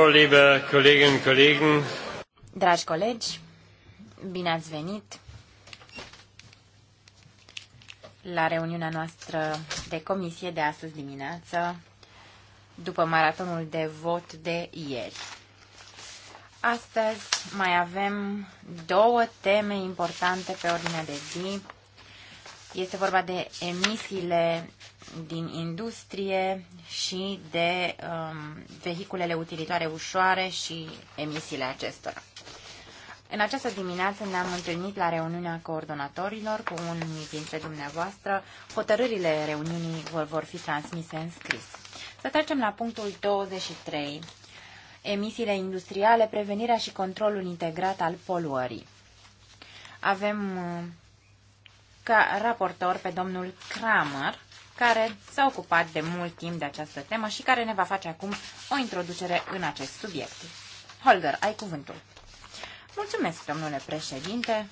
liebe Kolleginnen und Kollegen. Dragi colegi, bine ați venit la reuniunea noastră de comisie de astăzi dimineață, după maratonul de vot de ieri. Astăzi mai avem două teme importante pe ordinea de zi. Este vorba de emisiile din industrie și de um, vehiculele utilitoare ușoare și emisiile acestora. În această dimineață ne-am întâlnit la reuniunea coordonatorilor cu unii dintre dumneavoastră. Hotărârile reuniunii vor, vor fi transmise în scris. Să trecem la punctul 23. Emisiile industriale, prevenirea și controlul integrat al poluării. Avem uh, ca raportor pe domnul Kramer, care s-a ocupat de mult timp de această temă și care ne va face acum o introducere în acest subiect. Holger, ai cuvântul. Mulțumesc, domnule președinte.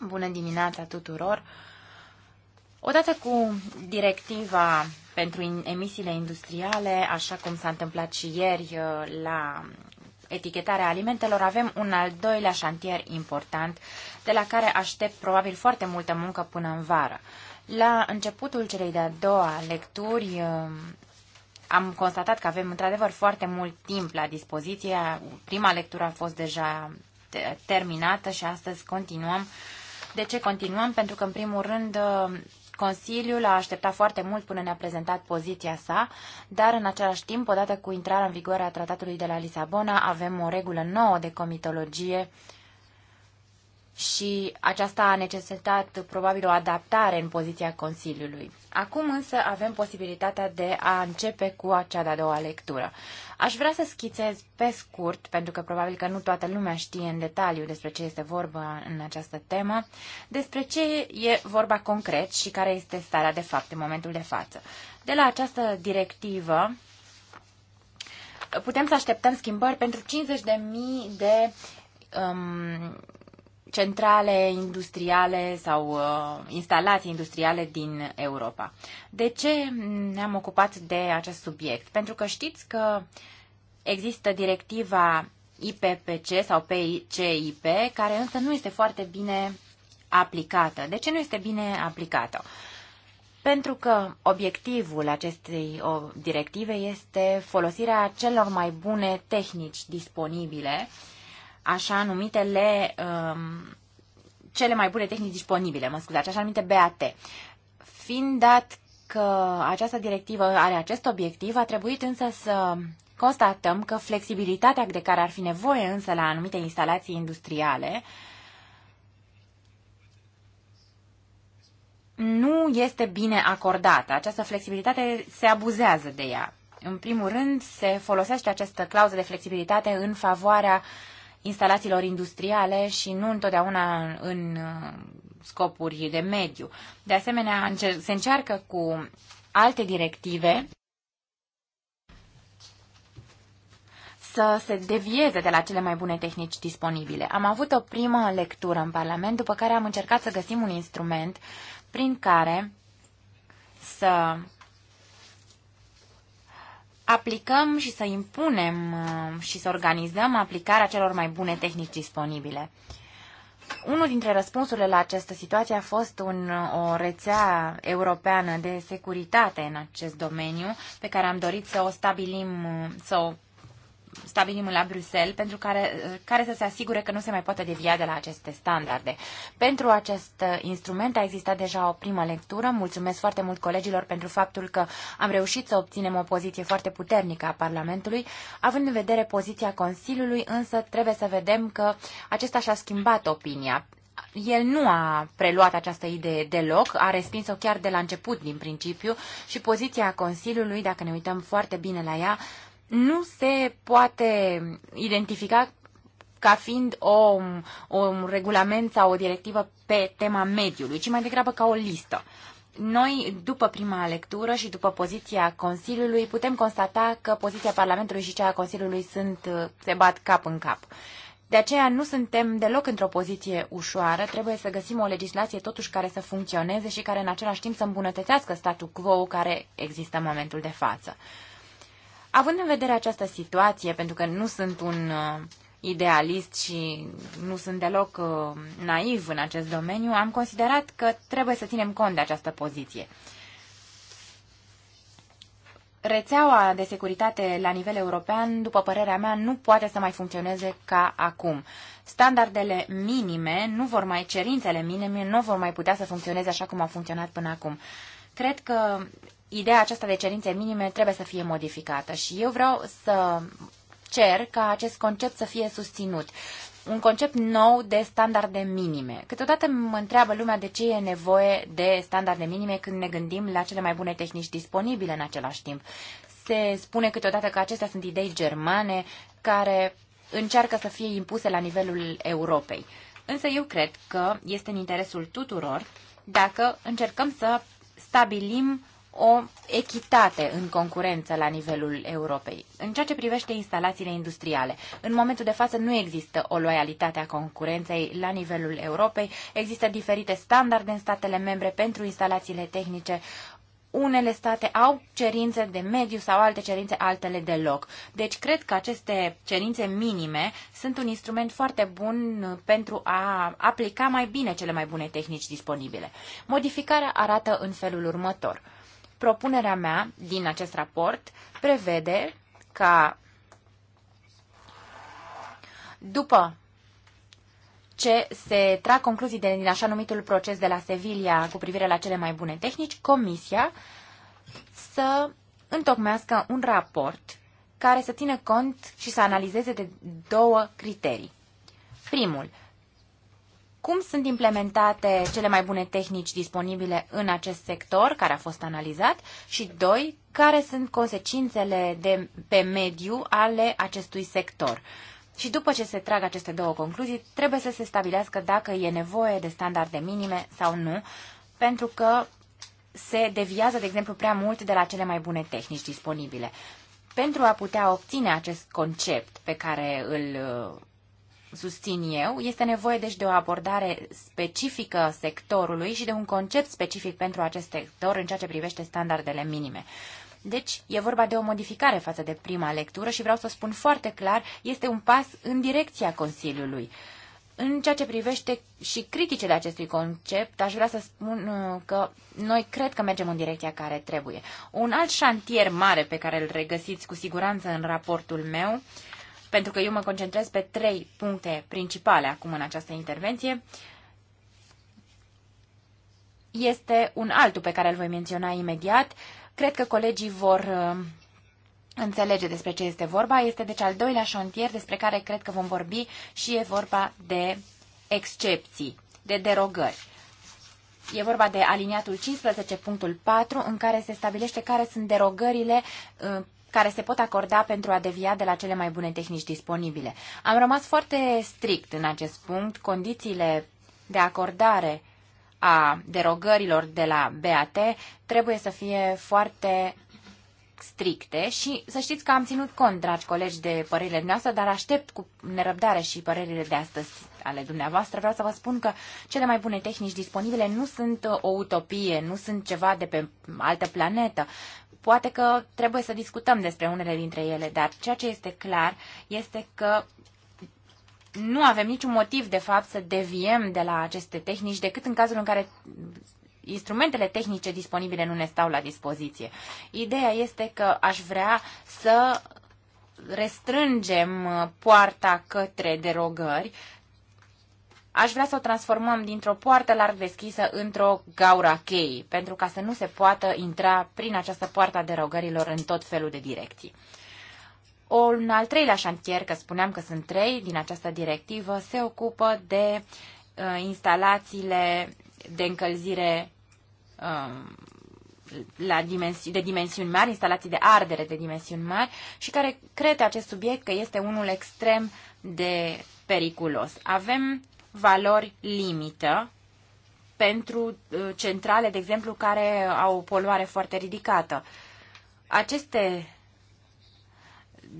Bună dimineața tuturor. Odată cu directiva pentru emisiile industriale, așa cum s-a întâmplat și ieri uh, la etichetarea alimentelor, avem un al doilea șantier important de la care aștept probabil foarte multă muncă până în vară. La începutul celei de-a doua lecturi um, am constatat că avem într-adevăr foarte mult timp la dispoziție. Prima lectură a fost deja terminată și astăzi continuăm. De ce continuăm? Pentru că, în primul rând, um, Consiliul a așteptat foarte mult până ne-a prezentat poziția sa, dar în același timp, odată cu intrarea în vigoare a tratatului de la Lisabona, avem o regulă nouă de comitologie uh, și aceasta a necesitat probabil o adaptare în poziția Consiliului. Acum însă avem posibilitatea de a începe cu acea de-a doua lectură. Aș vrea să schițez pe scurt, pentru că probabil că nu toată lumea știe în detaliu despre ce este vorba în această temă, despre ce e vorba concret și care este starea de fapt în momentul de față. De la această directivă putem să așteptăm schimbări pentru 50.000 de um, centrale industriale sau uh, instalații industriale din Europa. De ce ne-am ocupat de acest subiect? Pentru că știți că există directiva IPPC sau PCIP, care însă nu este foarte bine aplicată. De ce nu este bine aplicată? Pentru că obiectivul acestei directive este folosirea celor mai bune tehnici disponibile uh, așa numitele um, cele mai bune tehnici disponibile, mă scuzați, așa numite BAT. Fiind dat că această directivă are acest obiectiv, a trebuit însă să constatăm că flexibilitatea de care ar fi nevoie însă la anumite instalații industriale nu este bine acordată. Această flexibilitate se abuzează de ea. În primul rând, se folosește această clauză de flexibilitate în favoarea uh, instalațiilor industriale și nu întotdeauna în uh, scopuri de mediu. De asemenea, se încearcă cu alte directive să se devieze de la cele mai bune tehnici disponibile. Am avut o primă lectură în Parlament, după care am încercat să găsim un instrument prin care să aplicăm și să impunem uh, și să organizăm aplicarea celor mai bune tehnici disponibile. Unul dintre răspunsurile la această situație a fost un, o rețea europeană de securitate în acest domeniu, pe care am dorit să o stabilim, uh, să o stabilim la Bruxelles, pentru care, care să se asigure că nu se mai poate devia de la aceste standarde. Pentru acest uh, instrument a existat deja o primă lectură. Mulțumesc foarte mult colegilor pentru faptul că am reușit să obținem o poziție foarte puternică a Parlamentului. Având în vedere poziția Consiliului, însă trebuie să vedem că acesta și-a schimbat opinia el nu a preluat această idee deloc, a respins-o chiar de la început din principiu și poziția Consiliului, dacă ne uităm foarte bine la ea, nu se poate identifica ca fiind o, un regulament sau o directivă pe tema mediului, ci mai degrabă ca o listă. Noi, după prima lectură și după poziția Consiliului, putem constata că poziția Parlamentului și cea a Consiliului sunt, se bat cap în cap. De aceea nu suntem deloc într-o poziție ușoară, trebuie să găsim o legislație totuși care să funcționeze și care în același timp să îmbunătățească statul quo care există în momentul de față. Având în vedere această situație, pentru că nu sunt un uh, idealist și nu sunt deloc uh, naiv în acest domeniu, am considerat că trebuie să ținem cont de această poziție. Rețeaua de securitate la nivel european, după părerea mea, nu poate să mai funcționeze ca acum. Standardele minime nu vor mai, cerințele minime nu vor mai putea să funcționeze așa cum au funcționat până acum. Cred că ideea aceasta de cerințe minime trebuie să fie modificată și eu vreau să cer ca acest concept să fie susținut. Un concept nou de standarde minime. Câteodată mă întreabă lumea de ce e nevoie de standarde minime când ne gândim la cele mai bune tehnici disponibile în același timp. Se spune câteodată că acestea sunt idei germane care încearcă să fie impuse la nivelul Europei. Însă eu cred că este în interesul tuturor dacă încercăm să stabilim o echitate în concurență la nivelul Europei. În ceea ce privește instalațiile industriale, în momentul de față nu există o loialitate a concurenței la nivelul Europei. Există diferite standarde în statele membre pentru instalațiile tehnice. Unele state au cerințe de mediu sau alte cerințe, altele deloc. Deci cred că aceste cerințe minime sunt un instrument foarte bun pentru a aplica mai bine cele mai bune tehnici disponibile. Modificarea arată în felul următor Propunerea mea din acest raport prevede ca după ce se trag concluzii din așa numitul proces de la Sevilla cu privire la cele mai bune tehnici, Comisia să întocmească un raport care să țină cont și să analizeze de două criterii. Primul, cum sunt implementate cele mai bune tehnici disponibile în acest sector care a fost analizat? Și doi, care sunt consecințele de, pe mediu ale acestui sector? Și după ce se trag aceste două concluzii, trebuie să se stabilească dacă e nevoie de standarde minime sau nu, pentru că se deviază, de exemplu, prea mult de la cele mai bune tehnici disponibile. Pentru a putea obține acest concept pe care îl susțin eu. Este nevoie deci de o abordare specifică sectorului și de un concept specific pentru acest sector în ceea ce privește standardele minime. Deci, e vorba de o modificare față de prima lectură și vreau să spun foarte clar, este un pas în direcția Consiliului. În ceea ce privește și criticile acestui concept, aș vrea să spun uh, că noi cred că mergem în direcția care trebuie. Un alt șantier mare pe care îl regăsiți cu siguranță în raportul meu pentru că eu mă concentrez pe trei puncte principale acum în această intervenție, este un altul pe care îl voi menționa imediat. Cred că colegii vor uh, înțelege despre ce este vorba. Este deci al doilea șantier despre care cred că vom vorbi și e vorba de excepții, de derogări. E vorba de aliniatul 15.4 în care se stabilește care sunt derogările uh, care se pot acorda pentru a devia de la cele mai bune tehnici disponibile. Am rămas foarte strict în acest punct. Condițiile de acordare a derogărilor de la BAT trebuie să fie foarte stricte și să știți că am ținut cont, dragi colegi, de părerile noastre, dar aștept cu nerăbdare și părerile de astăzi ale dumneavoastră. Vreau să vă spun că cele mai bune tehnici disponibile nu sunt o utopie, nu sunt ceva de pe altă planetă. Poate că trebuie să discutăm despre unele dintre ele, dar ceea ce este clar este că nu avem niciun motiv, de fapt, să deviem de la aceste tehnici, decât în cazul în care instrumentele tehnice disponibile nu ne stau la dispoziție. Ideea este că aș vrea să restrângem poarta către derogări aș vrea să o transformăm dintr-o poartă larg deschisă într-o gaură cheie, pentru ca să nu se poată intra prin această poartă a derogărilor în tot felul de direcții. Un al treilea șantier, că spuneam că sunt trei din această directivă, se ocupă de uh, instalațiile de încălzire uh, la dimensi- de dimensiuni mari, instalații de ardere de dimensiuni mari și care crede acest subiect că este unul extrem de periculos. Avem valori limită pentru uh, centrale, de exemplu, care au o poluare foarte ridicată. Aceste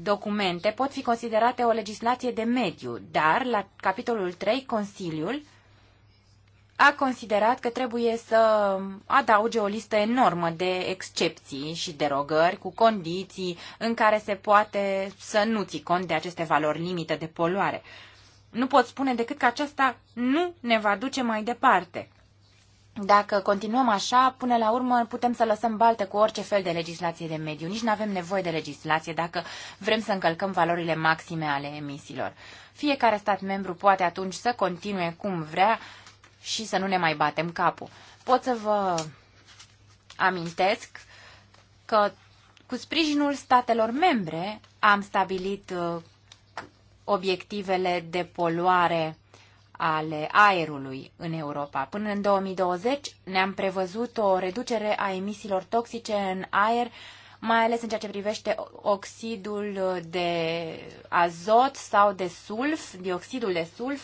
documente pot fi considerate o legislație de mediu, dar la capitolul 3 Consiliul a considerat că trebuie să adauge o listă enormă de excepții și derogări cu condiții în care se poate să nu ții cont de aceste valori limită de poluare nu pot spune decât că aceasta nu ne va duce mai departe. Dacă continuăm așa, până la urmă putem să lăsăm balte cu orice fel de legislație de mediu. Nici nu avem nevoie de legislație dacă vrem să încălcăm valorile maxime ale emisiilor. Fiecare stat membru poate atunci să continue cum vrea și să nu ne mai batem capul. Pot să vă amintesc că cu sprijinul statelor membre am stabilit uh, obiectivele de poluare ale aerului în Europa. Până în 2020 ne-am prevăzut o reducere a emisiilor toxice în aer, mai ales în ceea ce privește oxidul de azot sau de sulf, dioxidul de sulf,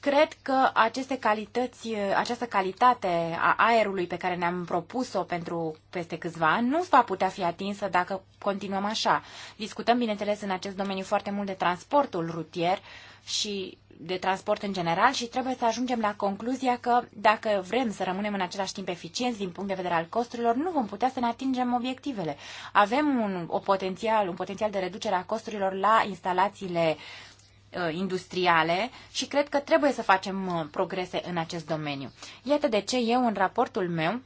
Cred că aceste calități, această calitate a aerului pe care ne-am propus-o pentru peste câțiva ani nu va putea fi atinsă dacă continuăm așa. Discutăm, bineînțeles, în acest domeniu foarte mult de transportul rutier și de transport în general și trebuie să ajungem la concluzia că dacă vrem să rămânem în același timp eficienți din punct de vedere al costurilor, nu vom putea să ne atingem obiectivele. Avem un, o potențial, un potențial de reducere a costurilor la instalațiile uh, Uh, industriale și cred că trebuie să facem uh, progrese în acest domeniu. Iată de ce eu, în raportul meu,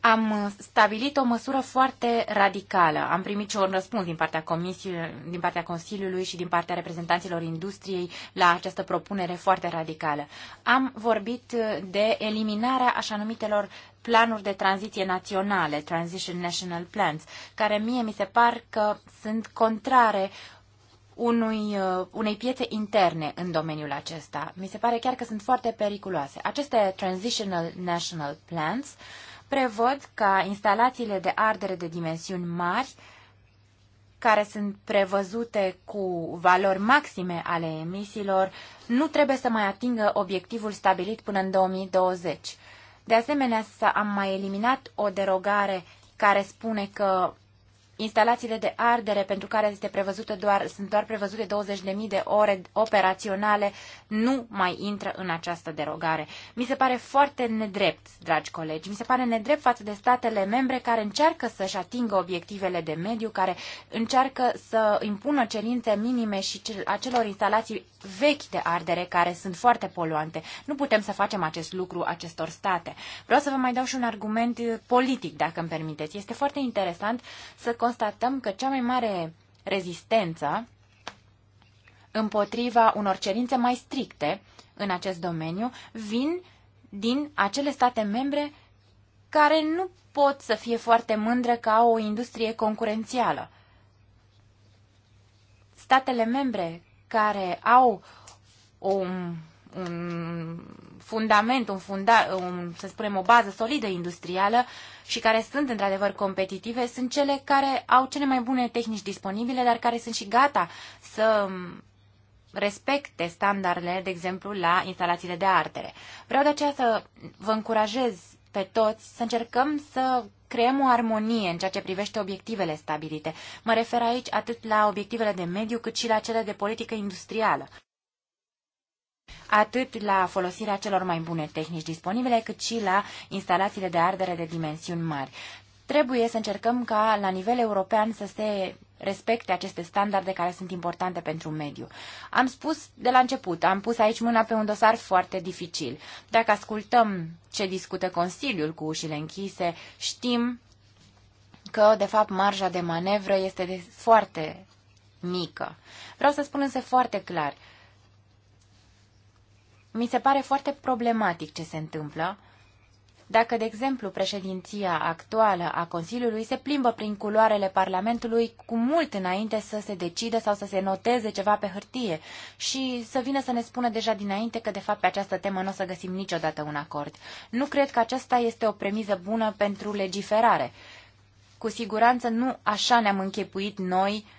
am uh, stabilit o măsură foarte radicală. Am primit și un răspuns din partea, comisiei, din partea Consiliului și din partea reprezentanților industriei la această propunere foarte radicală. Am vorbit de eliminarea așa numitelor planuri de tranziție naționale, Transition National Plans, care mie mi se par că sunt contrare unui, uh, unei piețe interne în domeniul acesta. Mi se pare chiar că sunt foarte periculoase. Aceste Transitional National Plants prevăd ca instalațiile de ardere de dimensiuni mari care sunt prevăzute cu valori maxime ale emisiilor nu trebuie să mai atingă obiectivul stabilit până în 2020. De asemenea, am mai eliminat o derogare care spune că instalațiile de ardere pentru care este prevăzute doar, sunt doar prevăzute 20.000 de ore operaționale nu mai intră în această derogare. Mi se pare foarte nedrept, dragi colegi, mi se pare nedrept față de statele membre care încearcă să-și atingă obiectivele de mediu, care încearcă să impună cerințe minime și acelor instalații vechi de ardere care sunt foarte poluante. Nu putem să facem acest lucru acestor state. Vreau să vă mai dau și un argument politic, dacă îmi permiteți. Este foarte interesant să constatăm că cea mai mare rezistență împotriva unor cerințe mai stricte în acest domeniu vin din acele state membre care nu pot să fie foarte mândre ca o industrie concurențială. Statele membre care au o, un fundament, un funda, un, să spunem, o bază solidă industrială și care sunt într-adevăr competitive, sunt cele care au cele mai bune tehnici disponibile, dar care sunt și gata să respecte standardele, de exemplu, la instalațiile de artere. Vreau de aceea să vă încurajez pe toți să încercăm să creăm o armonie în ceea ce privește obiectivele stabilite. Mă refer aici atât la obiectivele de mediu cât și la cele de politică industrială atât la folosirea celor mai bune tehnici disponibile, cât și la instalațiile de ardere de dimensiuni mari. Trebuie să încercăm ca la nivel european să se respecte aceste standarde care sunt importante pentru mediu. Am spus de la început, am pus aici mâna pe un dosar foarte dificil. Dacă ascultăm ce discută Consiliul cu ușile închise, știm că, de fapt, marja de manevră este de foarte mică. Vreau să spun însă foarte clar, mi se pare foarte problematic ce se întâmplă. Dacă, de exemplu, președinția actuală a Consiliului se plimbă prin culoarele Parlamentului cu mult înainte să se decide sau să se noteze ceva pe hârtie și să vină să ne spună deja dinainte că, de fapt, pe această temă nu o să găsim niciodată un acord. Nu cred că aceasta este o premiză bună pentru legiferare. Cu siguranță nu așa ne-am închepuit noi uh,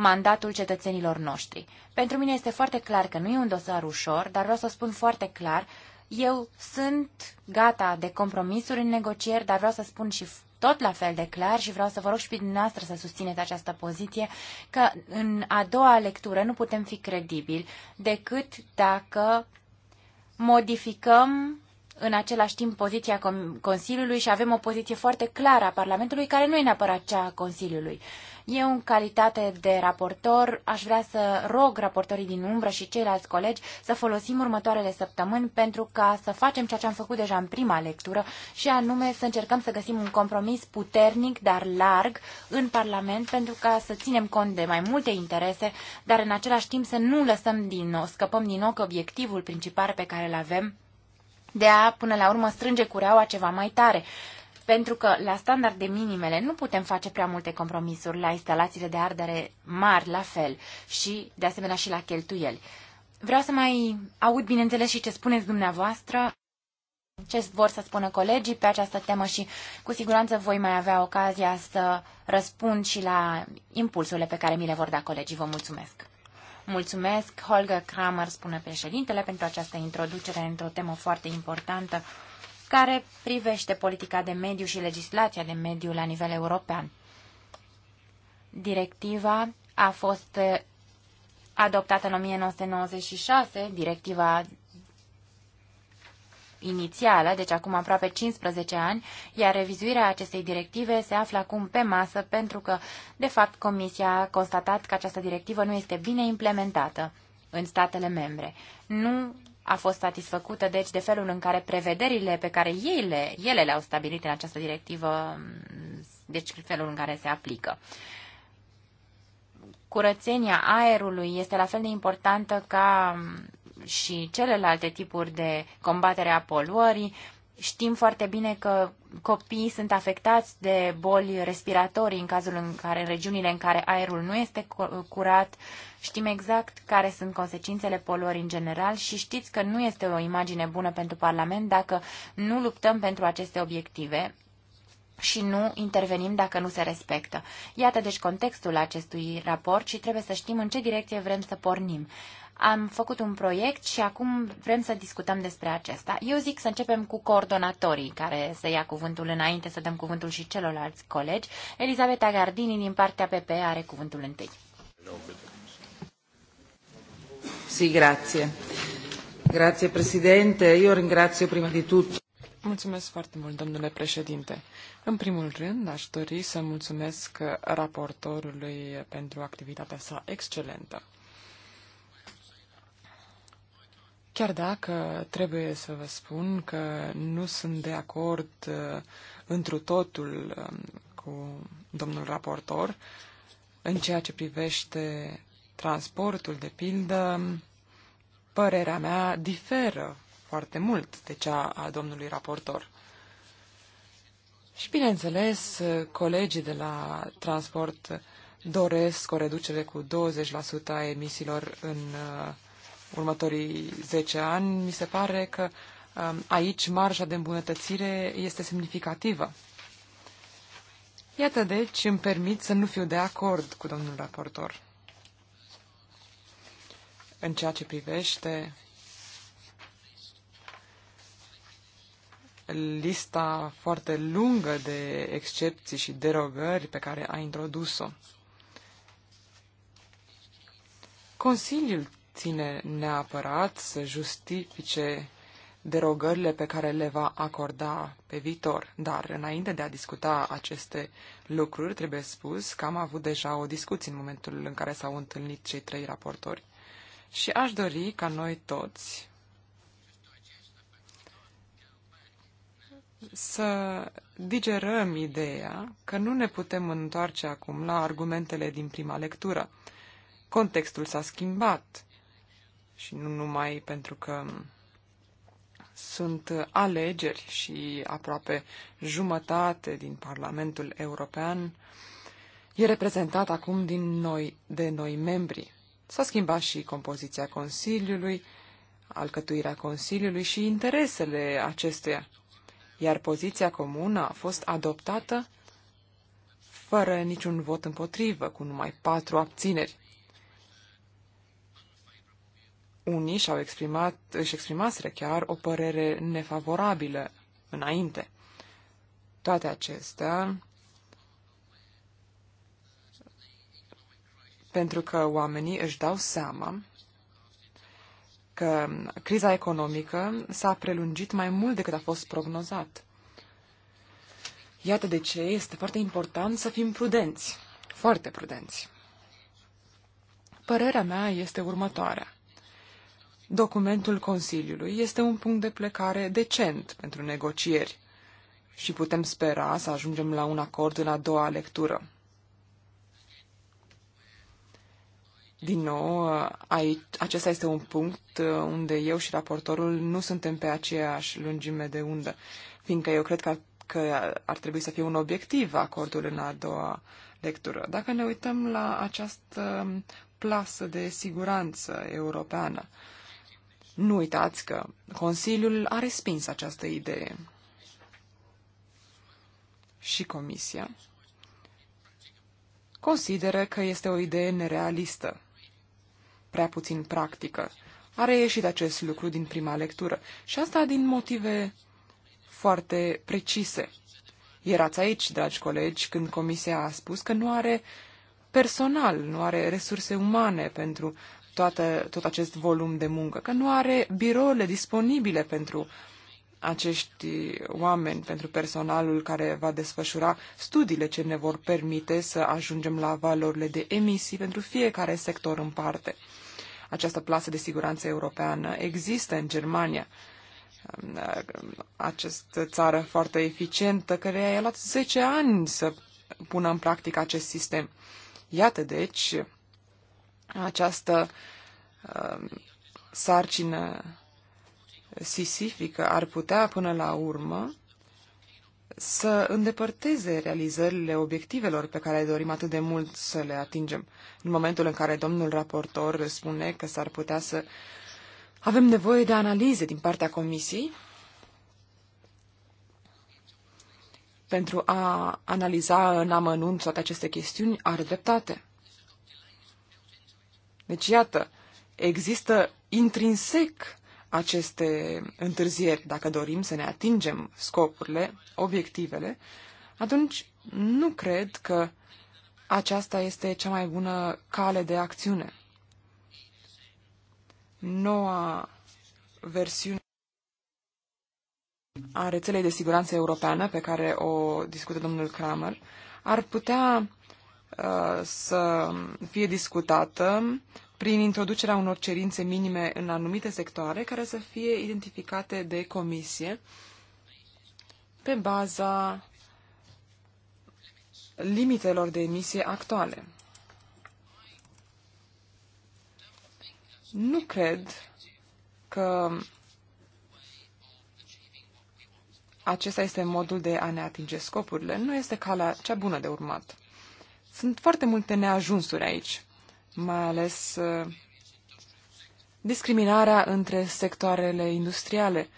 mandatul cetățenilor noștri. Pentru mine este foarte clar că nu e un dosar ușor, dar vreau să spun foarte clar, eu sunt gata de compromisuri în negocieri, dar vreau să spun și tot la fel de clar și vreau să vă rog și pe dumneavoastră să susțineți această poziție, că în a doua lectură nu putem fi credibili decât dacă modificăm în același timp poziția Consiliului și avem o poziție foarte clară a Parlamentului, care nu e neapărat cea a Consiliului. Eu, în calitate de raportor, aș vrea să rog raportorii din umbră și ceilalți colegi să folosim următoarele săptămâni pentru ca să facem ceea ce am făcut deja în prima lectură și anume să încercăm să găsim un compromis puternic, dar larg, în Parlament pentru ca să ținem cont de mai multe interese, dar în același timp să nu lăsăm din nou, scăpăm din ochi obiectivul principal pe care îl avem de a, până la urmă, strânge cureaua ceva mai tare pentru că la standarde minimele nu putem face prea multe compromisuri la instalațiile de ardere mari, la fel, și de asemenea și la cheltuieli. Vreau să mai aud, bineînțeles, și ce spuneți dumneavoastră, ce vor să spună colegii pe această temă și cu siguranță voi mai avea ocazia să răspund și la impulsurile pe care mi le vor da colegii. Vă mulțumesc! Mulțumesc, Holger Kramer, spune președintele, pentru această introducere într-o temă foarte importantă care privește politica de mediu și legislația de mediu la nivel european. Directiva a fost eh, adoptată în 1996, directiva inițială, deci acum aproape 15 ani, iar revizuirea acestei directive se află acum pe masă pentru că, de fapt, Comisia a constatat că această directivă nu este bine implementată în statele membre. Nu a fost satisfăcută, deci, de felul în care prevederile pe care ele, ele le-au stabilit în această directivă, deci felul în care se aplică. Curățenia aerului este la fel de importantă ca și celelalte tipuri de combatere a poluării. Știm foarte bine că copiii sunt afectați de boli respiratorii în cazul în care, în regiunile în care aerul nu este curat, știm exact care sunt consecințele poluării în general și știți că nu este o imagine bună pentru Parlament dacă nu luptăm pentru aceste obiective și nu intervenim dacă nu se respectă. Iată deci contextul acestui raport și trebuie să știm în ce direcție vrem să pornim. Am făcut un proiect și acum vrem să discutăm despre acesta. Eu zic să începem cu coordonatorii care să ia cuvântul înainte să dăm cuvântul și celorlalți colegi. Elizabeta Gardini din partea PP are cuvântul întâi. Sì, grazie. Grazie Presidente, io ringrazio prima di tutto. Mulțumesc foarte mult, domnule președinte. În primul rând, aș dori să mulțumesc raportorului pentru activitatea sa excelentă. Chiar dacă trebuie să vă spun că nu sunt de acord uh, întru totul uh, cu domnul raportor în ceea ce privește transportul, de pildă, părerea mea diferă foarte mult de cea a domnului raportor. Și, bineînțeles, colegii de la transport doresc o reducere cu 20% a emisiilor în uh, următorii 10 ani, mi se pare că um, aici marja de îmbunătățire este semnificativă. Iată deci, îmi permit să nu fiu de acord cu domnul raportor în ceea ce privește lista foarte lungă de excepții și derogări pe care a introdus-o. Consiliul ține neapărat să justifice derogările pe care le va acorda pe viitor. Dar înainte de a discuta aceste lucruri, trebuie spus că am avut deja o discuție în momentul în care s-au întâlnit cei trei raportori. Și aș dori ca noi toți să digerăm ideea că nu ne putem întoarce acum la argumentele din prima lectură. Contextul s-a schimbat și nu numai pentru că sunt alegeri și aproape jumătate din Parlamentul European e reprezentat acum din noi, de noi membri. S-a schimbat și compoziția Consiliului, alcătuirea Consiliului și interesele acesteia, iar poziția comună a fost adoptată fără niciun vot împotrivă, cu numai patru abțineri unii și-au exprimat, își exprimaseră chiar o părere nefavorabilă înainte. Toate acestea, pentru că oamenii își dau seama că criza economică s-a prelungit mai mult decât a fost prognozat. Iată de ce este foarte important să fim prudenți, foarte prudenți. Părerea mea este următoarea documentul Consiliului este un punct de plecare decent pentru negocieri și putem spera să ajungem la un acord în a doua lectură. Din nou, aici, acesta este un punct uh, unde eu și raportorul nu suntem pe aceeași lungime de undă, fiindcă eu cred că ar, că ar trebui să fie un obiectiv acordul în a doua lectură. Dacă ne uităm la această um, plasă de siguranță europeană, uh, nu uitați că Consiliul a respins această idee. Și Comisia consideră că este o idee nerealistă, prea puțin practică. A reieșit acest lucru din prima lectură și asta din motive foarte precise. Erați aici, dragi colegi, când Comisia a spus că nu are personal, nu are resurse umane pentru toate, tot acest volum de muncă, că nu are birourile disponibile pentru acești oameni, pentru personalul care va desfășura studiile ce ne vor permite să ajungem la valorile de emisii pentru fiecare sector în parte. Această plasă de siguranță europeană există în Germania, această țară foarte eficientă, care i-a luat 10 ani să pună în practică acest sistem. Iată, deci, această uh, sarcină sisifică ar putea, până la urmă, să îndepărteze realizările obiectivelor pe care dorim atât de mult să le atingem. În momentul în care domnul raportor spune că s-ar putea să avem nevoie de analize din partea comisiei pentru a analiza în amănunt toate aceste chestiuni, are dreptate. Deci, iată, există intrinsec aceste întârzieri. Dacă dorim să ne atingem scopurile, obiectivele, atunci nu cred că aceasta este cea mai bună cale de acțiune. Noua versiune a rețelei de siguranță europeană, pe care o discută domnul Kramer, ar putea Uh, să fie discutată prin introducerea unor cerințe minime în anumite sectoare care să fie identificate de comisie pe baza limitelor de emisie actuale. Nu cred că acesta este modul de a ne atinge scopurile. Nu este calea cea bună de urmat. Sunt foarte multe neajunsuri aici, mai ales uh, discriminarea între sectoarele industriale.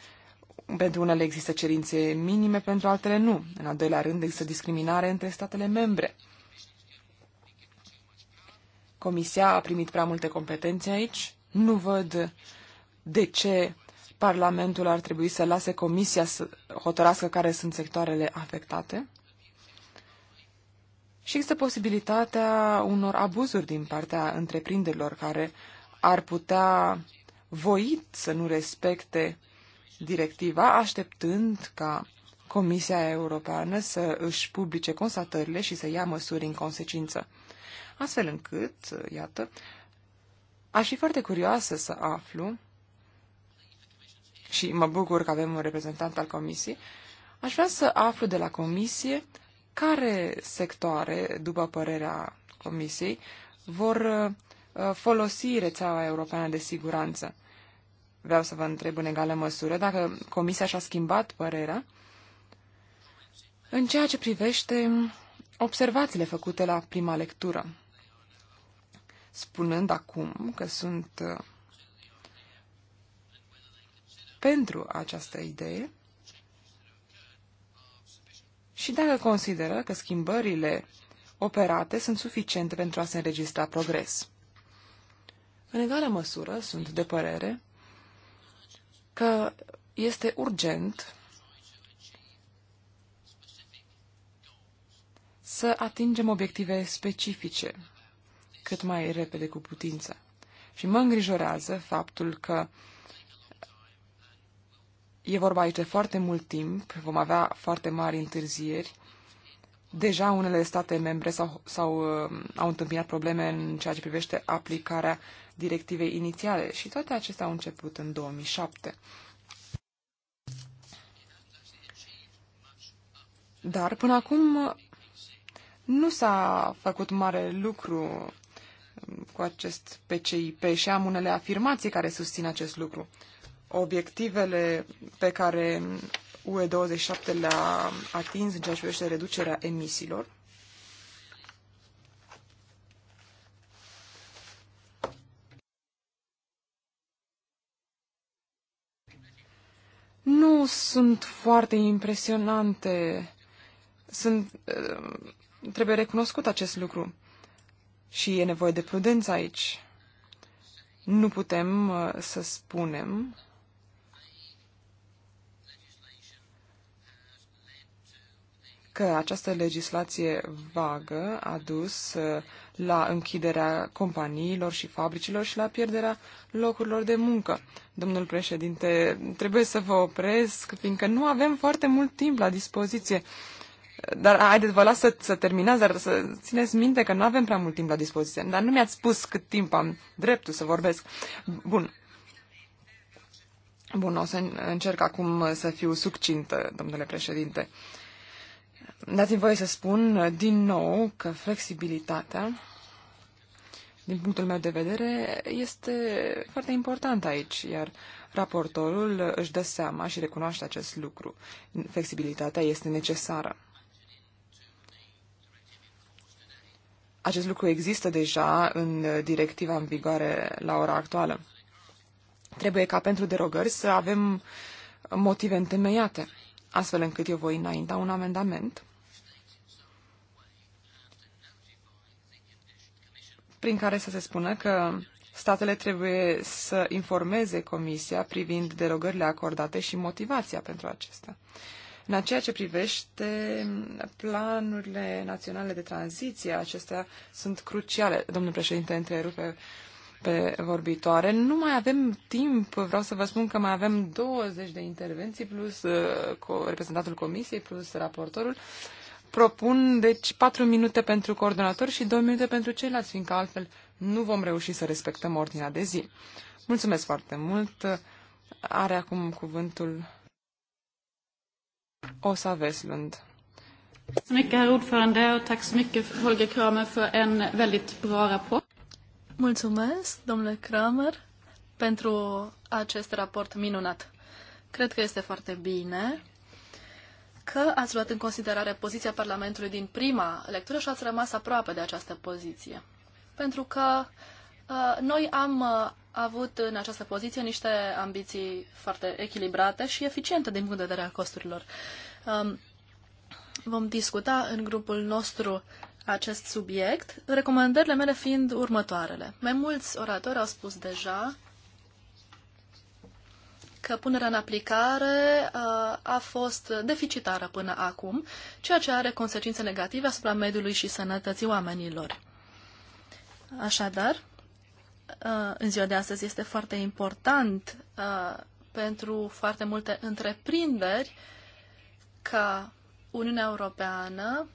Pentru unele există cerințe minime, pentru altele nu. În al doilea rând există discriminare între statele membre. Comisia a primit prea multe competențe aici. Nu văd de ce Parlamentul ar trebui să lase Comisia să hotărască care sunt sectoarele afectate. Și există posibilitatea unor abuzuri din partea întreprinderilor care ar putea voit să nu respecte directiva, așteptând ca Comisia Europeană să își publice constatările și să ia măsuri în consecință. Astfel încât, iată, aș fi foarte curioasă să aflu, și mă bucur că avem un reprezentant al Comisiei, aș vrea să aflu de la Comisie care sectoare, după părerea Comisiei, vor uh, folosi rețeaua europeană de siguranță. Vreau să vă întreb în egală măsură dacă Comisia și-a schimbat părerea în ceea ce privește observațiile făcute la prima lectură, spunând acum că sunt uh, pentru această idee și dacă consideră că schimbările operate sunt suficiente pentru a se înregistra progres. În egală măsură, sunt de părere că este urgent să atingem obiective specifice cât mai repede cu putință. Și mă îngrijorează faptul că E vorba aici de foarte mult timp, vom avea foarte mari întârzieri. Deja unele state membre s-au, s-au, uh, au întâmpinat probleme în ceea ce privește aplicarea directivei inițiale și toate acestea au început în 2007. Dar până acum nu s-a făcut mare lucru cu acest PCIP și am unele afirmații care susțin acest lucru obiectivele pe care UE27 le-a atins în ceea ce privește reducerea emisiilor. Nu sunt foarte impresionante. Sunt, uh, trebuie recunoscut acest lucru. Și e nevoie de prudență aici. Nu putem uh, să spunem că această legislație vagă a dus uh, la închiderea companiilor și fabricilor și la pierderea locurilor de muncă. Domnul președinte, trebuie să vă opresc, fiindcă nu avem foarte mult timp la dispoziție. Dar haideți, vă las să, să terminați, dar să țineți minte că nu avem prea mult timp la dispoziție. Dar nu mi-ați spus cât timp am dreptul să vorbesc. Bun. Bun, o să încerc acum să fiu succintă, domnule președinte. Uh, Dați-mi voie să spun uh, din nou că flexibilitatea, din punctul meu de vedere, este foarte importantă aici, iar raportorul uh, își dă seama și recunoaște acest lucru. Flexibilitatea este necesară. Acest lucru există deja în uh, directiva în vigoare la ora actuală. Trebuie ca pentru derogări să avem motive întemeiate, astfel încât eu voi înainta un amendament prin care să se spună că statele trebuie să informeze Comisia privind derogările acordate și motivația pentru acestea. În ceea ce privește planurile naționale de tranziție, acestea sunt cruciale. Domnul președinte, întrerupe pe vorbitoare. Nu mai avem timp, vreau să vă spun că mai avem 20 de intervenții, plus uh, cu reprezentantul comisiei, plus raportorul. Propun, deci, patru minute pentru coordonator și două minute pentru ceilalți, fiindcă altfel nu vom reuși să respectăm ordinea de zi. Mulțumesc foarte mult. Are acum cuvântul Osa Veslund. Mulțumesc, domnule Kramer, pentru acest raport minunat. Cred că este foarte bine că ați luat în considerare poziția Parlamentului din prima lectură și ați rămas aproape de această poziție. Pentru că uh, noi am uh, avut în această poziție niște ambiții foarte echilibrate și eficiente din punct de vedere a costurilor. Um, vom discuta în grupul nostru acest subiect, recomandările mele fiind următoarele. Mai mulți oratori au spus deja că punerea în aplicare uh, a fost deficitară până acum, ceea ce are consecințe negative asupra mediului și sănătății oamenilor. Așadar, uh, în ziua de astăzi este foarte important uh, pentru foarte multe întreprinderi ca Uniunea Europeană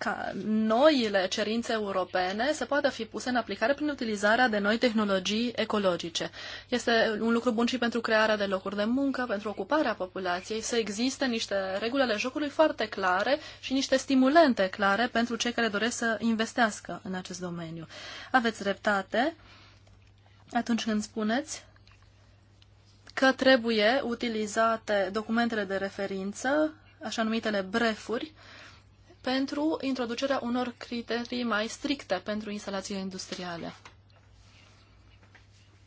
ca noile cerințe europene să poată fi puse în aplicare prin utilizarea de noi tehnologii ecologice. Este un lucru bun și pentru crearea de locuri de muncă, pentru ocuparea populației, să existe niște reguli ale jocului foarte clare și niște stimulente clare pentru cei care doresc să investească în acest domeniu. Aveți dreptate atunci când spuneți că trebuie utilizate documentele de referință, așa numitele brefuri, pentru introducerea unor criterii mai stricte pentru instalațiile industriale.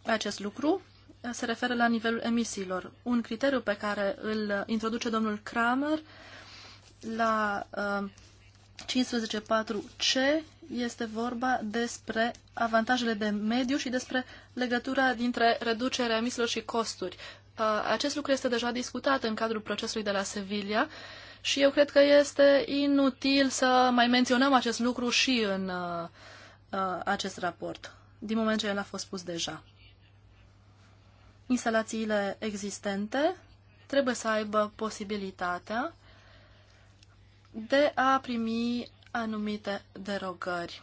Acest lucru se referă la nivelul emisiilor. Un criteriu pe care îl introduce domnul Kramer la uh, 15.4c este vorba despre avantajele de mediu și despre legătura dintre reducerea emisiilor și costuri. Uh, acest lucru este deja discutat în cadrul procesului de la Sevilla și eu cred că este inutil să mai menționăm acest lucru și în uh, uh acest raport, din moment ce el a fost spus deja. Instalațiile existente trebuie să aibă posibilitatea de a primi anumite derogări.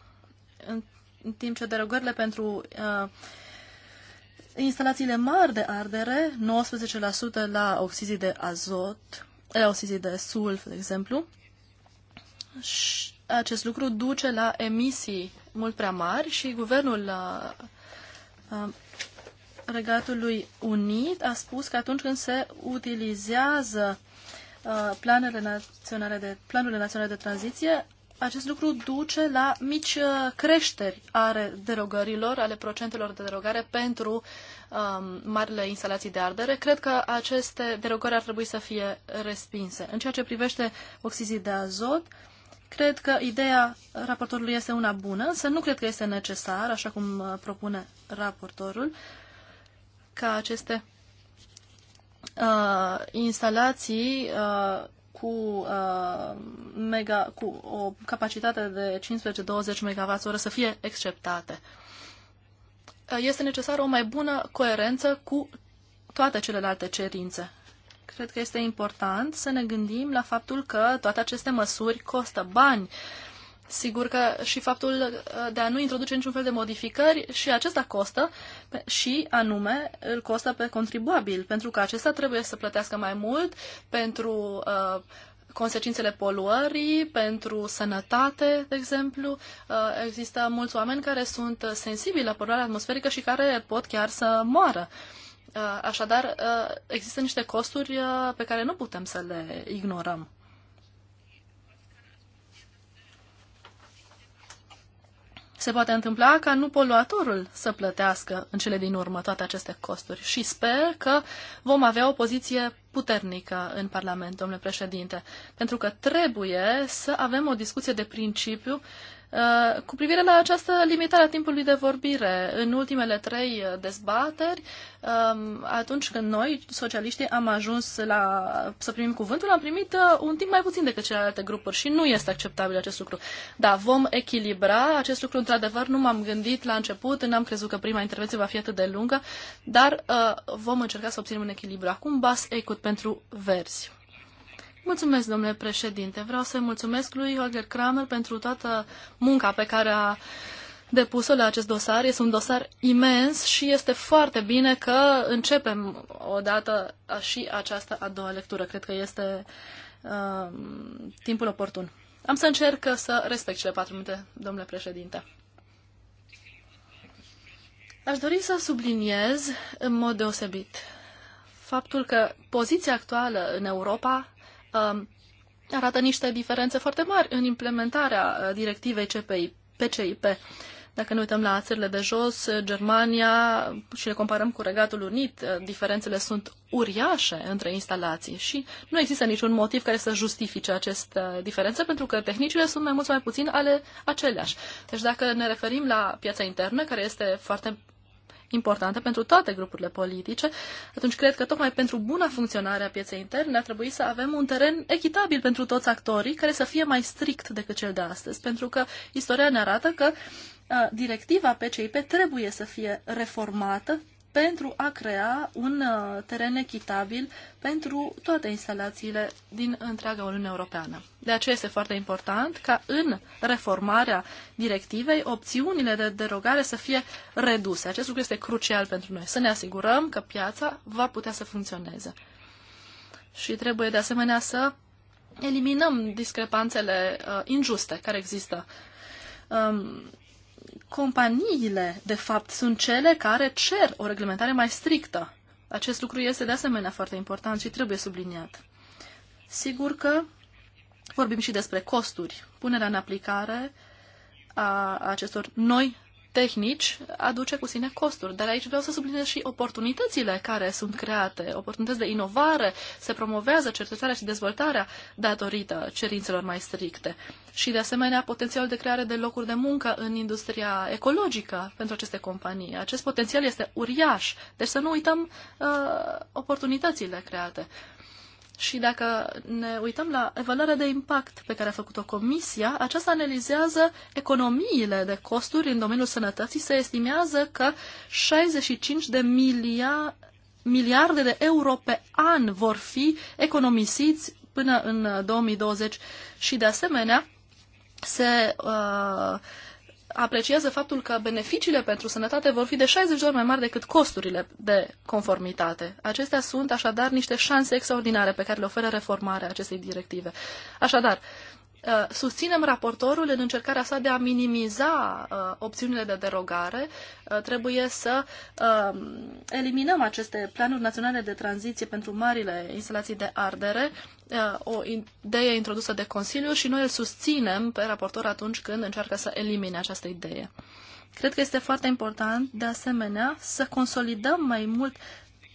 În, în timp ce derogările pentru uh, instalațiile mari de ardere, 19% la oxizii de azot, eosizii de sulf, de exemplu. Și acest lucru duce la emisii mult prea mari și guvernul uh, uh, Regatului Unit a spus că atunci când se utilizează uh, planurile, naționale de, planurile naționale de tranziție, acest lucru duce la mici creșteri ale derogărilor, ale procentelor de derogare pentru um, marile instalații de ardere, cred că aceste derogări ar trebui să fie respinse. În ceea ce privește oxizii de azot, cred că ideea raportorului este una bună, însă nu cred că este necesar, așa cum uh, propune raportorul, ca aceste uh, instalații uh, cu, uh, mega, cu o capacitate de 15-20 MWh să fie exceptate este necesară o mai bună coerență cu toate celelalte cerințe. Cred că este important să ne gândim la faptul că toate aceste măsuri costă bani. Sigur că și faptul uh, de a nu introduce niciun fel de modificări și acesta costă și anume îl costă pe contribuabil, pentru că acesta trebuie să plătească mai mult pentru uh, consecințele poluării pentru sănătate, de exemplu. Uh, există mulți oameni care sunt sensibili la poluarea atmosferică și care pot chiar să moară. Uh, așadar, uh, există niște costuri pe care nu putem să le ignorăm. se poate întâmpla ca nu poluatorul să plătească în cele din urmă toate aceste costuri. Și sper că vom avea o poziție puternică în Parlament, domnule președinte, pentru că trebuie să avem o discuție de principiu Uh, cu privire la această limitare a timpului de vorbire, în ultimele trei dezbateri, um, atunci când noi, socialiștii, am ajuns la, să primim cuvântul, am primit uh, un timp mai puțin decât celelalte grupuri și nu este acceptabil acest lucru. Da, vom echilibra acest lucru, într-adevăr, nu m-am gândit la început, n-am crezut că prima intervenție va fi atât de lungă, dar uh, vom încerca să obținem un echilibru. Acum, bas ecut pentru verzi. Mulțumesc, domnule președinte. Vreau să-i mulțumesc lui Holger Kramer pentru toată munca pe care a depus-o la acest dosar. Este un dosar imens și este foarte bine că începem odată și această a doua lectură. Cred că este uh, timpul oportun. Am să încerc să respect cele patru minute, domnule președinte. Aș dori să subliniez în mod deosebit faptul că poziția actuală în Europa Um, arată niște diferențe foarte mari în implementarea uh, directivei CPI, PCIP. Dacă ne uităm la țările de jos, uh, Germania și le comparăm cu Regatul Unit, uh, diferențele sunt uriașe între instalații și nu există niciun motiv care să justifice aceste diferențe pentru că tehnicile sunt mai mult sau mai puțin ale aceleași. Deci dacă ne referim la piața internă, care este foarte importante pentru toate grupurile politice, atunci cred că tocmai pentru buna funcționare a pieței interne ar trebui să avem un teren echitabil pentru toți actorii, care să fie mai strict decât cel de astăzi, pentru că istoria ne arată că uh, directiva PCIP trebuie să fie reformată, pentru a crea un uh, teren echitabil pentru toate instalațiile din întreaga Uniune Europeană. De aceea este foarte important ca în reformarea directivei opțiunile de derogare să fie reduse. Acest lucru este crucial pentru noi, să ne asigurăm că piața va putea să funcționeze. Și trebuie de asemenea să eliminăm discrepanțele uh, injuste care există. Um, companiile, de fapt, sunt cele care cer o reglementare mai strictă. Acest lucru este de asemenea foarte important și trebuie subliniat. Sigur că vorbim și despre costuri. Punerea în aplicare a acestor noi tehnici aduce cu sine costuri, dar aici vreau să subliniez și oportunitățile care sunt create, oportunități de inovare, se promovează cercetarea și dezvoltarea datorită cerințelor mai stricte și, de asemenea, potențial de creare de locuri de muncă în industria ecologică pentru aceste companii. Acest potențial este uriaș, deci să nu uităm uh, oportunitățile create. Uh, și dacă ne uităm la evaluarea de impact pe care a făcut-o comisia, aceasta analizează economiile de costuri în domeniul sănătății. Se estimează că 65 de milia, miliarde de euro pe an vor fi economisiți până în 2020 și de asemenea se uh, apreciază faptul că beneficiile pentru sănătate vor fi de 60 de ori mai mari decât costurile de conformitate. Acestea sunt așadar niște șanse extraordinare pe care le oferă reformarea acestei directive. Așadar, Uh, susținem raportorul în încercarea sa de a minimiza uh, opțiunile de derogare. Uh, trebuie să uh, eliminăm aceste planuri naționale de tranziție pentru marile instalații de ardere, uh, o idee introdusă de Consiliu și noi îl susținem pe raportor atunci când încearcă să elimine această idee. Cred că este foarte important, de asemenea, să consolidăm mai mult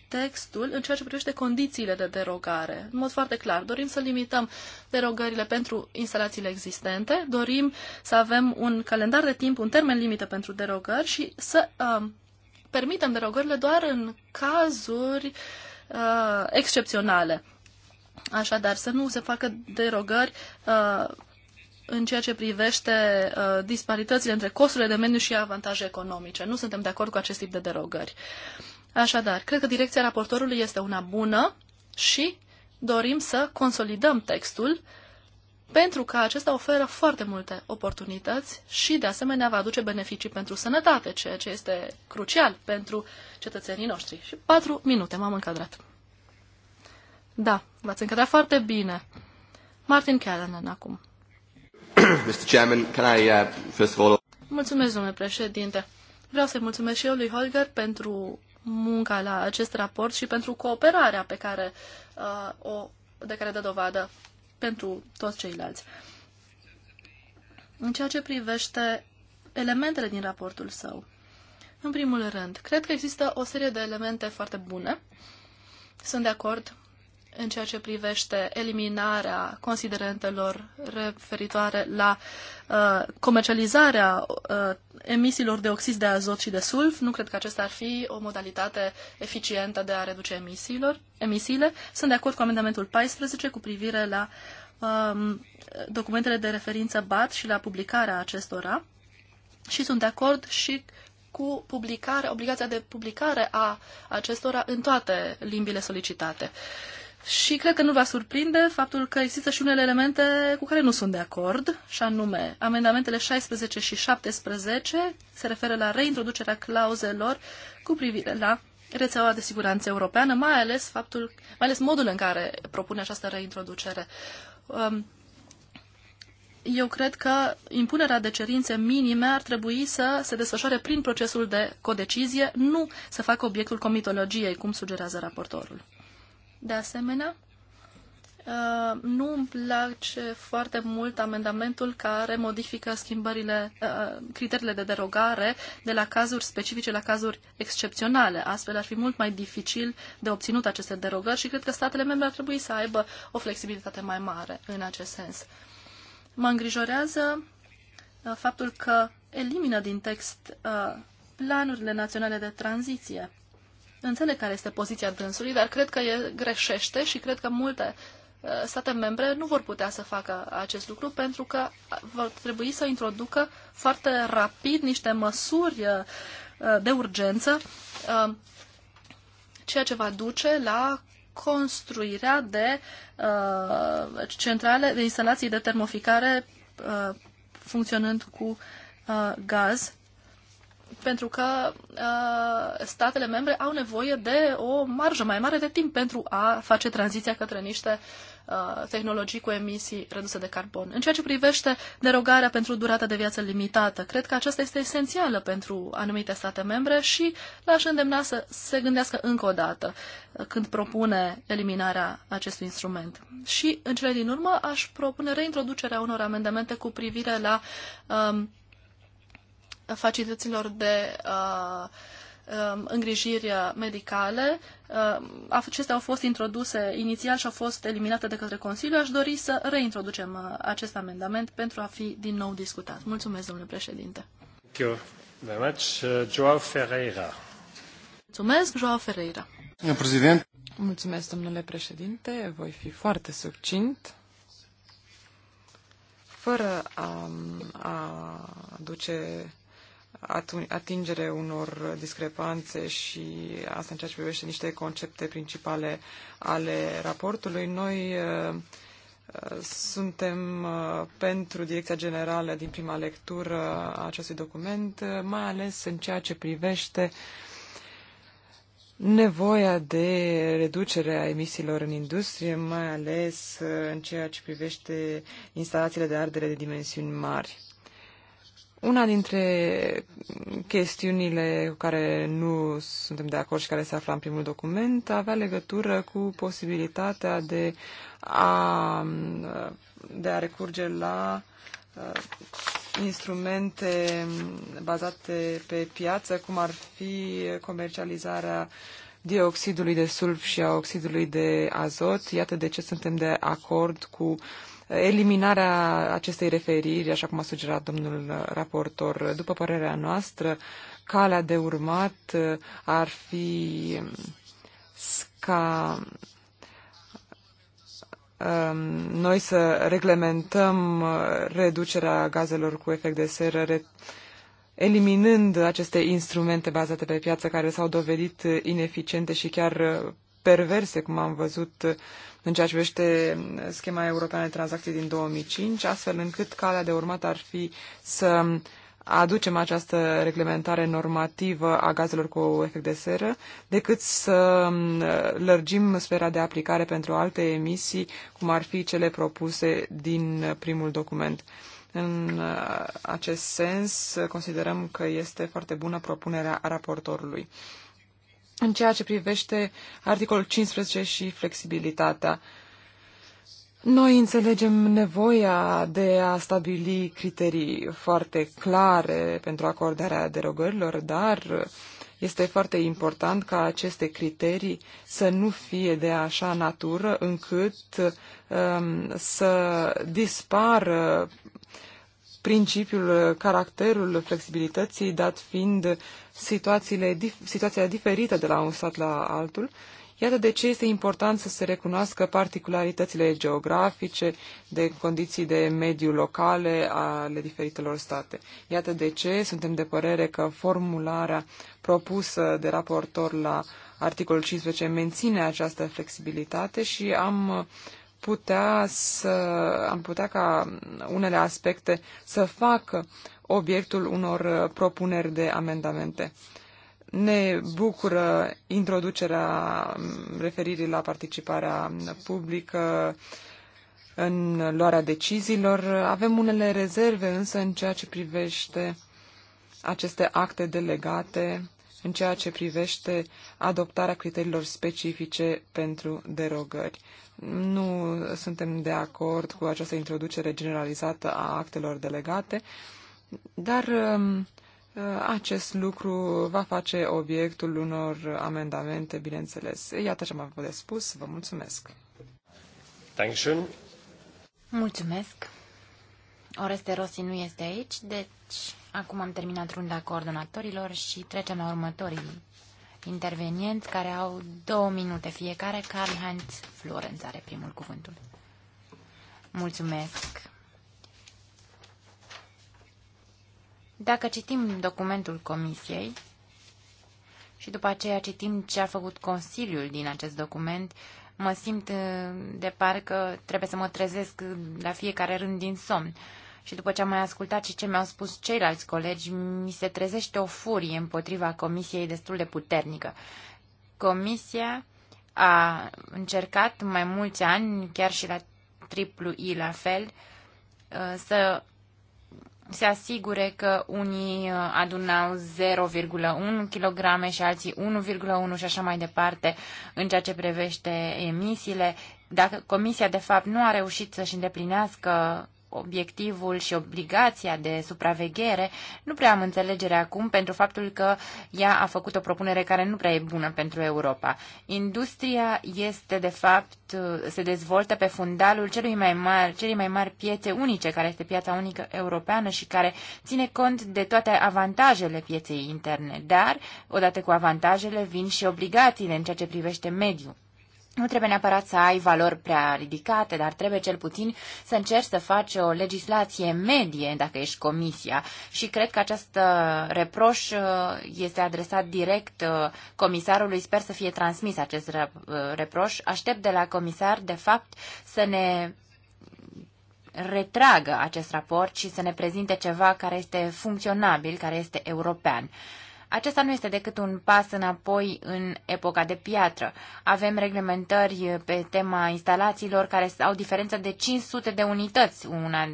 textul în ceea ce privește condițiile de derogare. În mod foarte clar, dorim să limităm derogările pentru instalațiile existente, dorim să avem un calendar de timp, un termen limită pentru derogări și să uh, permitem derogările doar în cazuri uh, excepționale. Așadar, să nu se facă derogări uh, în ceea ce privește uh, disparitățile între costurile de mediu și avantaje economice. Nu suntem de acord cu acest tip de derogări. Uh, Așadar, cred că direcția raportorului este una bună și dorim să consolidăm textul pentru că acesta oferă foarte multe oportunități și, de asemenea, va aduce beneficii pentru sănătate, ceea ce este crucial pentru cetățenii noștri. Și patru minute m-am încadrat. Da, v-ați încadrat foarte bine. Martin Callanan acum. Mr. Chairman, can I, uh, first of all... Mulțumesc, domnule președinte. Vreau să-i mulțumesc și eu lui Holger pentru munca la acest raport și pentru cooperarea pe care, uh, o, de care dă dovadă pentru toți ceilalți. În ceea ce privește elementele din raportul său, în primul rând, cred că există o serie de elemente foarte bune. Sunt de acord în ceea ce privește eliminarea considerentelor referitoare la uh, comercializarea uh, emisiilor de oxid de azot și de sulf. Nu cred că acesta ar fi o modalitate eficientă de a reduce emisiilor, emisiile. Sunt de acord cu amendamentul 14 cu privire la um, documentele de referință BAT și la publicarea acestora și sunt de acord și cu publicare, obligația de publicare a acestora în toate limbile solicitate. Uh, și cred că nu va surprinde faptul că există și unele elemente cu care nu sunt de acord, și anume amendamentele 16 și 17 se referă la reintroducerea clauzelor cu privire la rețeaua de siguranță europeană, mai ales, faptul, mai ales modul în care propune această reintroducere. Um, eu cred că impunerea de cerințe minime ar trebui să se desfășoare prin procesul de codecizie, nu să facă obiectul comitologiei, cum sugerează raportorul. De asemenea, uh, nu îmi place foarte mult amendamentul care modifică schimbările, uh, uh, criteriile de derogare de la cazuri specifice la cazuri excepționale. Astfel ar fi mult mai dificil de obținut aceste derogări și cred că statele membre ar trebui să aibă o flexibilitate mai mare în acest sens. Mă îngrijorează faptul că elimină din text planurile naționale de tranziție Înțeleg care este poziția dânsului, dar cred că e greșește și cred că multe uh, state membre nu vor putea să facă acest lucru pentru că vor trebui să introducă foarte rapid niște măsuri uh, de urgență, uh, ceea ce va duce la construirea de centrale, de instalații de termoficare funcționând cu gaz pentru că uh, statele membre au nevoie de o marjă mai mare de timp pentru a face tranziția către niște uh, tehnologii cu emisii reduse de carbon. În ceea ce privește derogarea pentru durata de viață limitată, cred că aceasta este esențială pentru anumite state membre și l-aș îndemna să se gândească încă o dată uh, când propune eliminarea acestui instrument. Și, în cele din urmă, aș propune reintroducerea unor amendamente cu privire la um, facilităților de uh, um, îngrijiri medicale. Uh, acestea au fost introduse inițial și au fost eliminate de către Consiliu. Aș dori să reintroducem uh, acest amendament pentru a fi din nou discutat. Mulțumesc, domnule președinte. Thank you very much. Uh, Joao Ferreira. Mulțumesc, Joao Ferreira. Domnule președinte. Mulțumesc, domnule președinte. Voi fi foarte succint. Fără a, a aduce atingere unor discrepanțe și asta în ceea ce privește niște concepte principale ale raportului. Noi uh, uh, suntem uh, pentru Direcția Generală din prima lectură a acestui document, mai ales în ceea ce privește nevoia de reducere a emisiilor în industrie, mai ales în ceea ce privește instalațiile de ardere de dimensiuni mari. Una dintre chestiunile cu care nu suntem de acord și care se afla în primul document avea legătură cu posibilitatea de a, de a recurge la uh, instrumente bazate pe piață, cum ar fi comercializarea dioxidului de sulf și a oxidului de azot. Iată de ce suntem de acord cu uh, eliminarea acestei referiri, așa cum a sugerat domnul raportor, după părerea noastră, calea de urmat uh, ar fi um, ca um, noi să reglementăm uh, reducerea gazelor cu efect de seră, eliminând aceste instrumente bazate pe piață care s-au dovedit ineficiente și chiar uh, perverse, cum am văzut în ceea ce vește schema europeană de tranzacții din 2005, astfel încât calea de urmat ar fi să aducem această reglementare normativă a gazelor cu efect de seră, decât să mm, lărgim sfera de aplicare pentru alte emisii, cum ar fi cele propuse din primul document. În uh, acest sens, considerăm că este foarte bună propunerea raportorului. În ceea ce privește articolul 15 și flexibilitatea, noi înțelegem nevoia de a stabili criterii foarte clare pentru acordarea derogărilor, dar este foarte important ca aceste criterii să nu fie de așa natură încât um, să dispară principiul, uh, caracterul flexibilității, dat fiind situațiile, situația diferită de la un stat la altul. Iată de ce este important să se recunoască particularitățile geografice, de condiții de mediu locale ale diferitelor state. Iată de ce suntem de părere că formularea propusă de raportor la articolul 15 menține această flexibilitate și am uh, putea să am putea ca unele aspecte să facă obiectul unor uh, propuneri de amendamente. Ne bucură introducerea mm, referirii la participarea publică în luarea deciziilor. Avem unele rezerve însă în ceea ce privește aceste acte delegate, în ceea ce privește adoptarea criteriilor specifice pentru derogări. Nu suntem de acord cu această introducere generalizată a actelor delegate, dar um, uh, acest lucru va face obiectul unor amendamente, bineînțeles. Iată ce am avut de spus. Vă mulțumesc. Dankeschön. Mulțumesc. Oreste Rossi nu este aici, deci acum am terminat runda coordonatorilor și trecem la următorii intervenienți care au două minute fiecare. Karl-Heinz Florenz are primul cuvântul. Mulțumesc. Dacă citim documentul Comisiei și după aceea citim ce a făcut Consiliul din acest document, mă simt eh, de parcă trebuie să mă trezesc la fiecare rând din somn. Uh, și după ce am mai ascultat și ce mi-au spus ceilalți colegi, mi se trezește o furie împotriva comisiei destul de puternică. Comisia a încercat mai mulți ani, chiar și la triplu I la fel, uh, să se asigure că unii uh, adunau 0,1 kg și alții 1,1 și așa mai departe în ceea ce privește emisiile. Dacă comisia de fapt nu a reușit să-și îndeplinească obiectivul și obligația de supraveghere, nu prea am înțelegere acum pentru faptul că ea a făcut o propunere care nu prea e bună pentru Europa. Industria este, de fapt, se dezvoltă pe fundalul celui mai mari, celei mai mari piețe unice, care este piața unică europeană și care ține cont de toate avantajele pieței interne. Dar, odată cu avantajele, vin și obligațiile în ceea ce privește mediul. Nu trebuie neapărat să ai valori prea ridicate, dar trebuie cel puțin să încerci să faci o legislație medie dacă ești comisia. Și cred că acest uh, reproș uh, este adresat direct uh, comisarului. Sper să fie transmis acest reproș. Aștept de la comisar, de fapt, să ne retragă acest raport și să ne prezinte ceva care este funcționabil, care este european. Acesta nu este decât un pas înapoi în epoca de piatră. Avem reglementări pe tema instalațiilor care au diferență de 500 de unități una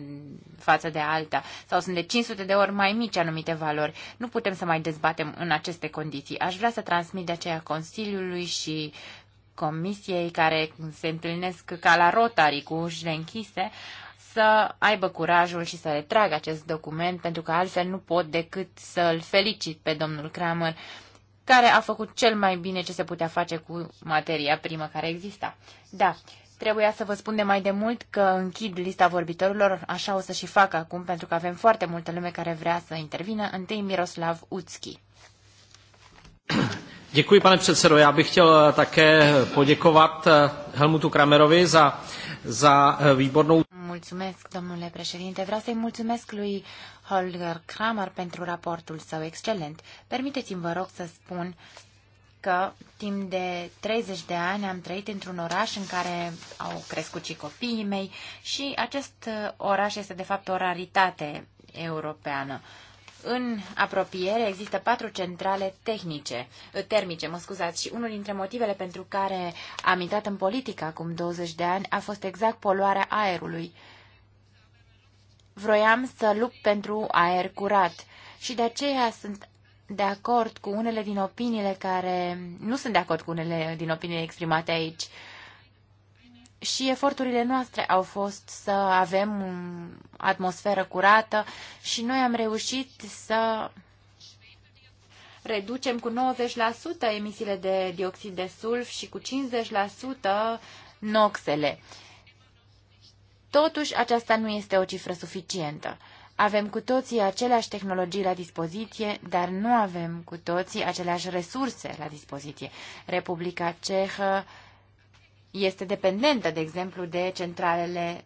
față de alta sau sunt de 500 de ori mai mici anumite valori. Nu putem să mai dezbatem în aceste condiții. Aș vrea să transmit de aceea Consiliului și Comisiei care se întâlnesc ca la rotarii cu ușile închise, să aibă curajul și să retragă acest document, pentru că altfel nu pot decât să-l felicit pe domnul Kramer, care a făcut cel mai bine ce se putea face cu materia primă care exista. Da, Trebuia să vă spun de mai de mult că închid lista vorbitorilor, așa o să și fac acum, pentru că avem foarte multă lume care vrea să intervină. Întâi Miroslav Utski. Děkuji, pane předsedo. Já bych chtěl eh, také eh, poděkovat eh, Helmutu Kramerovi za, za výbornou... Mulțumesc, domnule președinte. Vreau să-i mulțumesc lui Holger Kramer pentru raportul său excelent. Permiteți-mi, vă rog, să spun că timp de 30 de ani am trăit într-un oraș în care au crescut și copiii mei și acest oraș este de fapt o raritate europeană. În apropiere există patru centrale tehnice, eh, termice, mă scuzați, și unul dintre motivele pentru care am intrat în politică acum 20 de ani a fost exact poluarea aerului. Vroiam să lupt pentru aer curat și de aceea sunt de acord cu unele din opiniile care... Nu sunt de acord cu unele din opiniile exprimate aici și eforturile noastre au fost să avem o atmosferă curată și noi am reușit să reducem cu 90% emisiile de dioxid de sulf și cu 50% noxele. Totuși, aceasta nu este o cifră suficientă. Avem cu toții aceleași tehnologii la dispoziție, dar nu avem cu toții aceleași resurse la dispoziție. Republica Cehă este dependentă, de exemplu, de centralele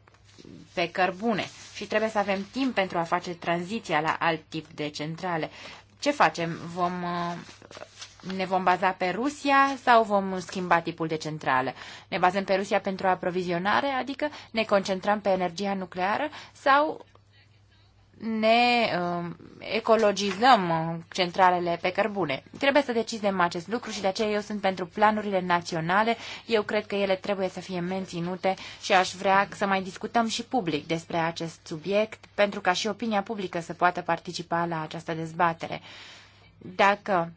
pe cărbune și trebuie să avem timp pentru a face tranziția la alt tip de centrale. Ce facem? Vom, uh, ne vom baza pe Rusia sau vom schimba tipul de centrale? Ne bazăm pe Rusia pentru aprovizionare, adică ne concentrăm pe energia nucleară sau ne uh, ecologizăm centralele pe cărbune. Trebuie să decidem acest lucru și de aceea eu sunt pentru planurile naționale. Eu cred că ele trebuie să fie menținute și aș vrea să mai discutăm și public despre acest subiect pentru ca și opinia publică să poată participa la această dezbatere. Dacă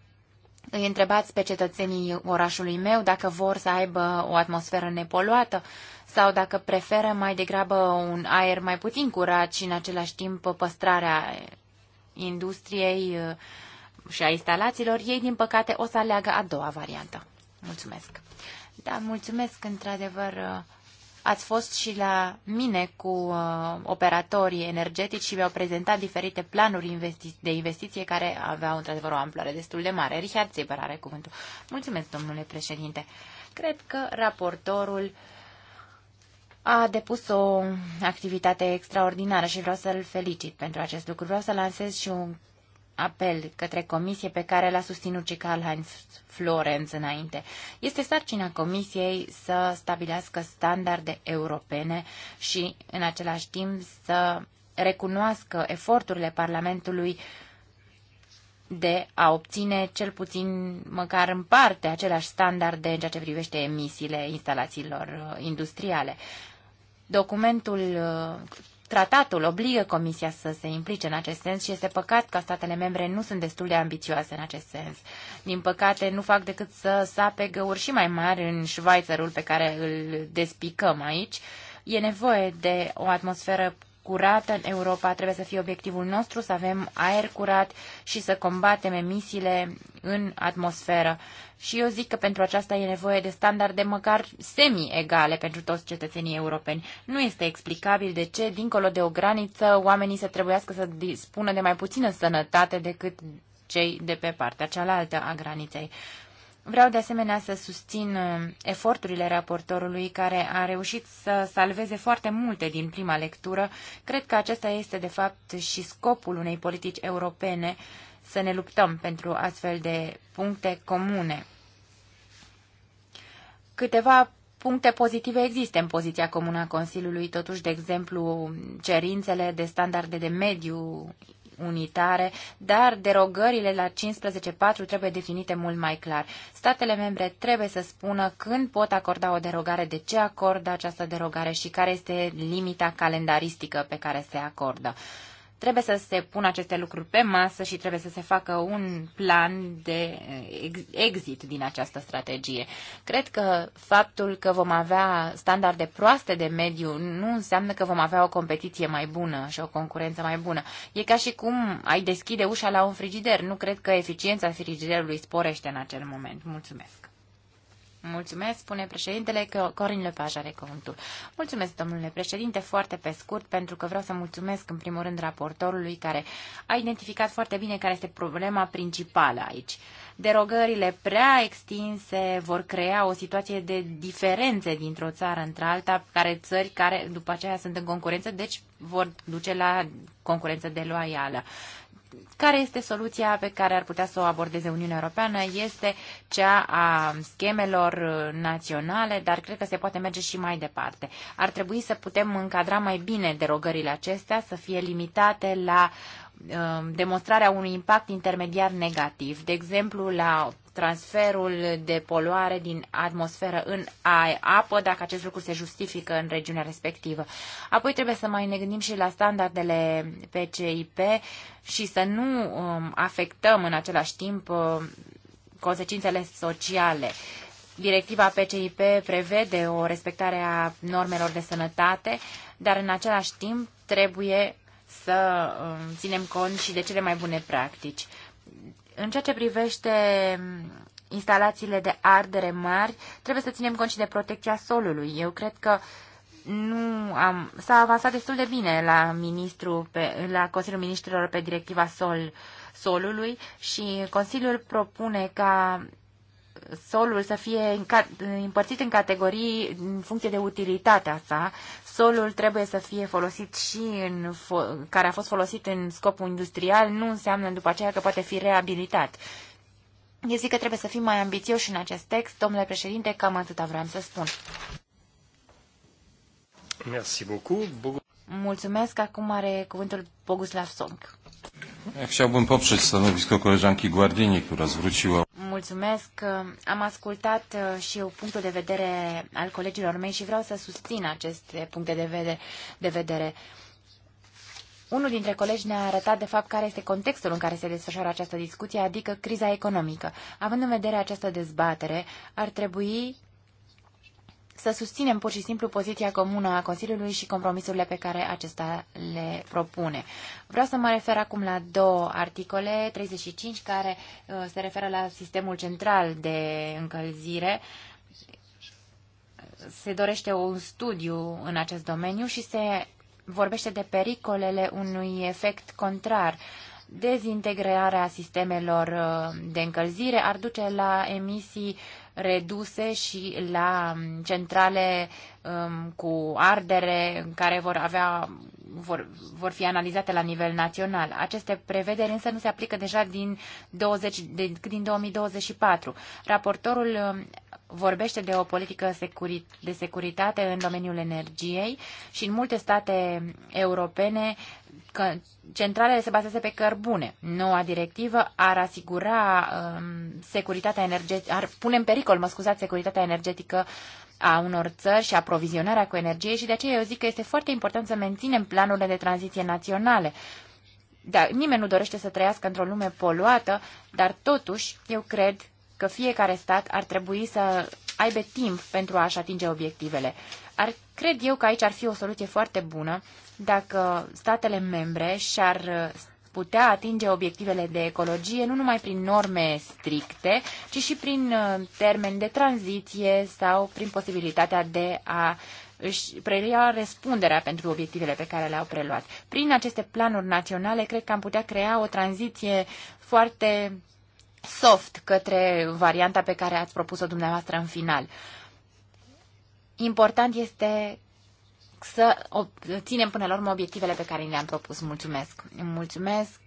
îi întrebați pe cetățenii orașului meu dacă vor să aibă o atmosferă nepoluată sau dacă preferă mai degrabă un aer mai puțin curat și în același timp păstrarea industriei uh, și a instalațiilor, ei din păcate o să aleagă a doua variantă. Mulțumesc! Da, mulțumesc într-adevăr uh, Ați fost și la mine cu uh, operatorii energetici și mi-au prezentat diferite planuri investi- de investiție care aveau într-adevăr o amploare destul de mare. Richard Zeber are cuvântul. Mulțumesc, domnule președinte. Cred că raportorul a depus o activitate extraordinară și vreau să-l felicit pentru acest lucru. Vreau să lansez și un apel către comisie pe care l-a susținut și Karl-Heinz Florenz înainte. Este sarcina comisiei să stabilească standarde europene și în același timp să recunoască eforturile Parlamentului de a obține cel puțin măcar în parte aceleași standarde în ceea ce privește emisiile instalațiilor uh, industriale. Documentul uh, Tratatul obligă Comisia să se implice în acest sens și este păcat că statele membre nu sunt destul de ambițioase în acest sens. Din păcate, nu fac decât să sape găuri și mai mari în Schweizerul pe care îl despicăm aici. E nevoie de o atmosferă curată în Europa trebuie să fie obiectivul nostru, să avem aer curat și să combatem emisiile în atmosferă. Și eu zic că pentru aceasta e nevoie de standarde măcar semi-egale pentru toți cetățenii europeni. Nu este explicabil de ce, dincolo de o graniță, oamenii să trebuiască să dispună de mai puțină sănătate decât cei de pe partea cealaltă a graniței. Vreau de asemenea să susțin uh, eforturile raportorului care a reușit să salveze foarte multe din prima lectură. Cred că acesta este de fapt și scopul unei politici europene să ne luptăm pentru astfel de puncte comune. Câteva puncte pozitive există în poziția comună a Consiliului, totuși, de exemplu, cerințele de standarde de mediu unitare, dar derogările la 15.4 trebuie definite mult mai clar. Statele membre trebuie să spună când pot acorda o derogare, de ce acordă această derogare și care este limita calendaristică pe care se acordă. Trebuie să se pună aceste lucruri pe masă și trebuie să se facă un plan de exit din această strategie. Cred că faptul că vom avea standarde proaste de mediu nu înseamnă că vom avea o competiție mai bună și o concurență mai bună. E ca și cum ai deschide ușa la un frigider. Nu cred că eficiența frigiderului sporește în acel moment. Mulțumesc. Mulțumesc, spune președintele, că Corin Lepaj are cuvântul. Mulțumesc, domnule președinte, foarte pe scurt, pentru că vreau să mulțumesc în primul rând raportorului care a identificat foarte bine care este problema principală aici. Derogările prea extinse vor crea o situație de diferențe dintr-o țară într-alta, care țări care după aceea sunt în concurență, deci vor duce la concurență deloială care este soluția pe care ar putea să o abordeze Uniunea Europeană? Este cea a schemelor uh, naționale, dar cred că se poate merge și mai departe. Ar trebui să putem încadra mai bine derogările acestea, să fie limitate la uh, demonstrarea unui impact intermediar negativ, de exemplu la transferul de poluare din atmosferă în apă, dacă acest lucru se justifică în regiunea respectivă. Apoi trebuie să mai ne gândim și la standardele PCIP și să nu um, afectăm în același timp um, consecințele sociale. Directiva PCIP prevede o respectare a normelor de sănătate, dar în același timp trebuie să um, ținem cont și de cele mai bune practici în ceea ce privește mm, instalațiile de ardere mari, trebuie să ținem cont și de protecția solului. Eu cred că nu am, s-a avansat destul de bine la, ministru pe, la Consiliul Ministrilor pe directiva sol, solului și Consiliul propune ca solul să fie împărțit în categorii în funcție de utilitatea sa, solul trebuie să fie folosit și în fo- care a fost folosit în scopul industrial, nu înseamnă după aceea că poate fi reabilitat. Eu zic că trebuie să fim mai ambițioși în acest text, domnule președinte, cam atâta vreau să spun. Merci beaucoup. Mulțumesc. Acum are cuvântul Boguslav Song. Ja chciałbym poprzeć stanowisko koleżanki Guardini, która zwróciła... Mulțumesc. Am ascultat și eu punctul de vedere al colegilor mei și vreau să susțin aceste puncte de, vede de vedere. Unul dintre colegi ne-a arătat de fapt care este contextul în care se desfășoară această discuție, adică criza economică. Având în vedere această dezbatere, ar trebui să susținem pur și simplu poziția comună a Consiliului și compromisurile pe care acesta le propune. Vreau să mă refer acum la două articole, 35, care uh, se referă la sistemul central de încălzire. Se dorește un studiu în acest domeniu și se vorbește de pericolele unui efect contrar dezintegrarea sistemelor uh, de încălzire ar duce la emisii reduse și la um, centrale um, cu ardere care vor avea vor, vor fi analizate la nivel național. Aceste prevederi însă nu se aplică deja din, 20, de, din 2024. Raportorul um, vorbește de o politică de securitate în domeniul energiei și în multe state europene centralele se bazează pe cărbune. Noua directivă ar asigura um, securitatea energetică, ar pune în pericol, mă scuzați, securitatea energetică a unor țări și aprovizionarea cu energie și de aceea eu zic că este foarte important să menținem planurile de tranziție naționale. Da, nimeni nu dorește să trăiască într-o lume poluată, dar totuși eu cred că fiecare stat ar trebui să aibă timp pentru a-și atinge obiectivele. Ar, cred eu că aici ar fi o soluție foarte bună dacă statele membre și-ar uh, putea atinge obiectivele de ecologie nu numai prin norme stricte, ci și prin uh, termeni de tranziție sau prin posibilitatea de a își preia răspunderea pentru obiectivele pe care le-au preluat. Prin aceste planuri naționale, cred că am putea crea o tranziție foarte soft către varianta pe care ați propus-o dumneavoastră în final. Important este să obținem până la urmă obiectivele pe care le-am propus. Mulțumesc! Mulțumesc!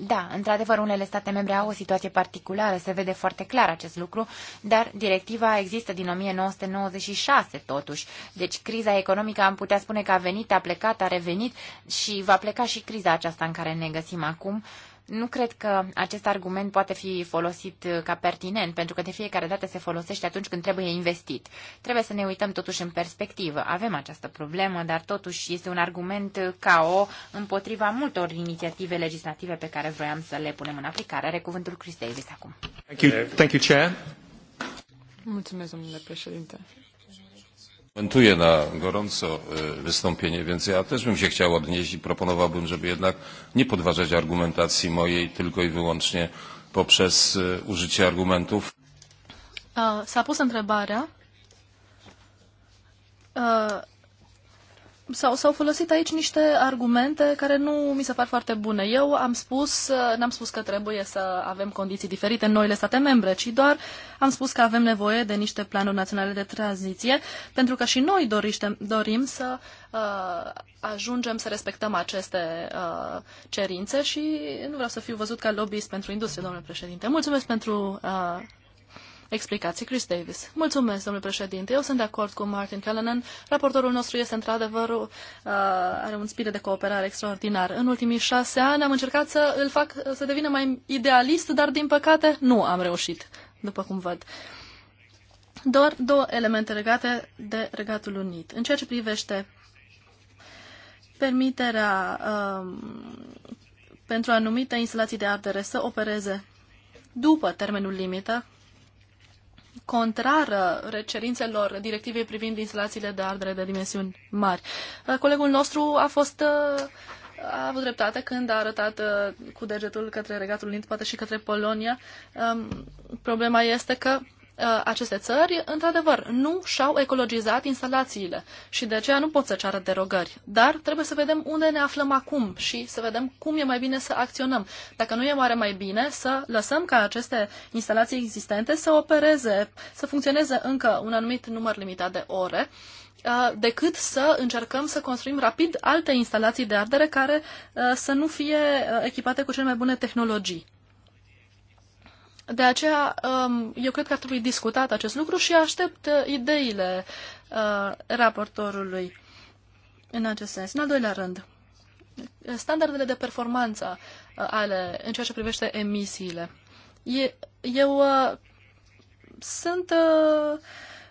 Da, într-adevăr, unele state membre au o situație particulară, se vede foarte clar acest lucru, dar directiva există din 1996 totuși. Deci criza economică am putea spune că a venit, a plecat, a revenit și va pleca și criza aceasta în care ne găsim acum nu cred că acest argument poate fi folosit uh, ca pertinent, pentru că de fiecare dată se folosește atunci când trebuie investit. Trebuie să ne uităm totuși în perspectivă. Avem această problemă, dar totuși este un argument uh, ca o împotriva multor inițiative legislative pe care vroiam să le punem în aplicare. Are cuvântul Chris Davis acum. Thank you, thank you Chair. Mulțumesc, domnule președinte. Komentuję na gorąco wystąpienie, więc ja też bym się chciał odnieść i proponowałbym, żeby jednak nie podważać argumentacji mojej tylko i wyłącznie poprzez użycie argumentów. S-a pus întrebarea s-au, folosit aici niște argumente care nu mi se par foarte bune. Eu am spus, uh, n-am spus că trebuie să avem condiții diferite în noile state membre, ci doar am spus că avem nevoie de niște planuri naționale de tranziție, pentru că și noi doriște, dorim să uh, ajungem să respectăm aceste uh, cerințe și nu vreau să fiu văzut ca lobbyist pentru industrie, domnule președinte. Mulțumesc pentru uh, explicații. Chris Davis. Mulțumesc, domnule președinte. Eu sunt de acord cu Martin Callanan. Raportorul nostru este într-adevăr, uh, are un spirit de cooperare extraordinar. În ultimii șase ani am încercat să îl fac să devină mai idealist, dar din păcate nu am reușit, după cum văd. Doar două elemente legate de Regatul Unit. În ceea ce privește permiterea um, pentru anumite instalații de ardere să opereze după termenul limită, contrară cerințelor directivei privind instalațiile de ardere de dimensiuni mari. Uh, colegul nostru a fost uh, a avut dreptate când a arătat uh, cu degetul către Regatul Unit, poate și către Polonia. Um, problema este că Uh, aceste țări, într-adevăr, nu și-au ecologizat instalațiile și de aceea nu pot să ceară derogări. Dar trebuie să vedem unde ne aflăm acum și să vedem cum e mai bine să acționăm. Dacă nu e mare mai bine să lăsăm ca aceste instalații existente să opereze, să funcționeze încă un anumit număr limitat de ore, uh, decât să încercăm să construim rapid alte instalații de ardere care uh, să nu fie echipate cu cele mai bune tehnologii. De aceea, um, eu cred că ar trebui discutat acest lucru și aștept uh, ideile uh, raportorului în acest sens. În al doilea rând, standardele de performanță uh, ale, în ceea ce privește emisiile. Eu sunt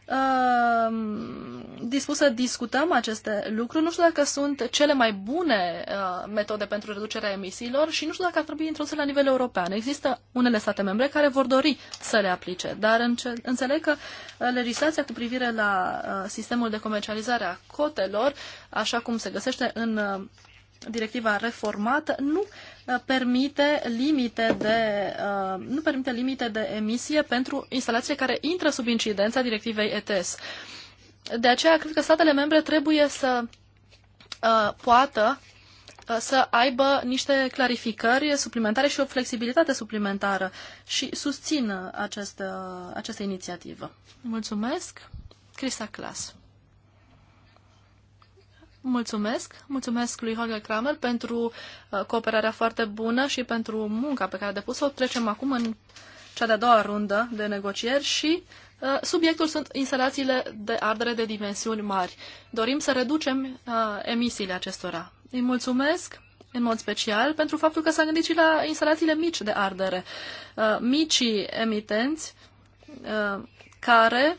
Ehm, dispus să discutăm aceste lucruri. Nu știu dacă sunt cele mai bune uh, metode pentru reducerea emisiilor și nu știu dacă ar trebui introduse la nivel european. Există unele state membre care vor dori să le aplice, dar înce- înțeleg că eh, legislația cu privire la uh, sistemul de comercializare a cotelor, așa cum se găsește în uh, directiva reformată nu uh, permite limite de, uh, nu permite limite de emisie pentru instalații care intră sub incidența directivei ETS. De aceea, cred că statele membre trebuie să uh, poată să aibă niște clarificări suplimentare și o flexibilitate suplimentară și susțin această, această inițiativă. Mulțumesc! Crisa Clas. Mulțumesc. Mulțumesc lui Holger Kramer pentru uh, cooperarea foarte bună și pentru munca pe care a depus-o. Trecem acum în cea de-a doua rundă de negocieri și uh, subiectul sunt instalațiile de ardere de dimensiuni mari. Dorim să reducem uh, emisiile acestora. Îi mulțumesc în mod special pentru faptul că s-a gândit și la instalațiile mici de ardere. micii emitenți care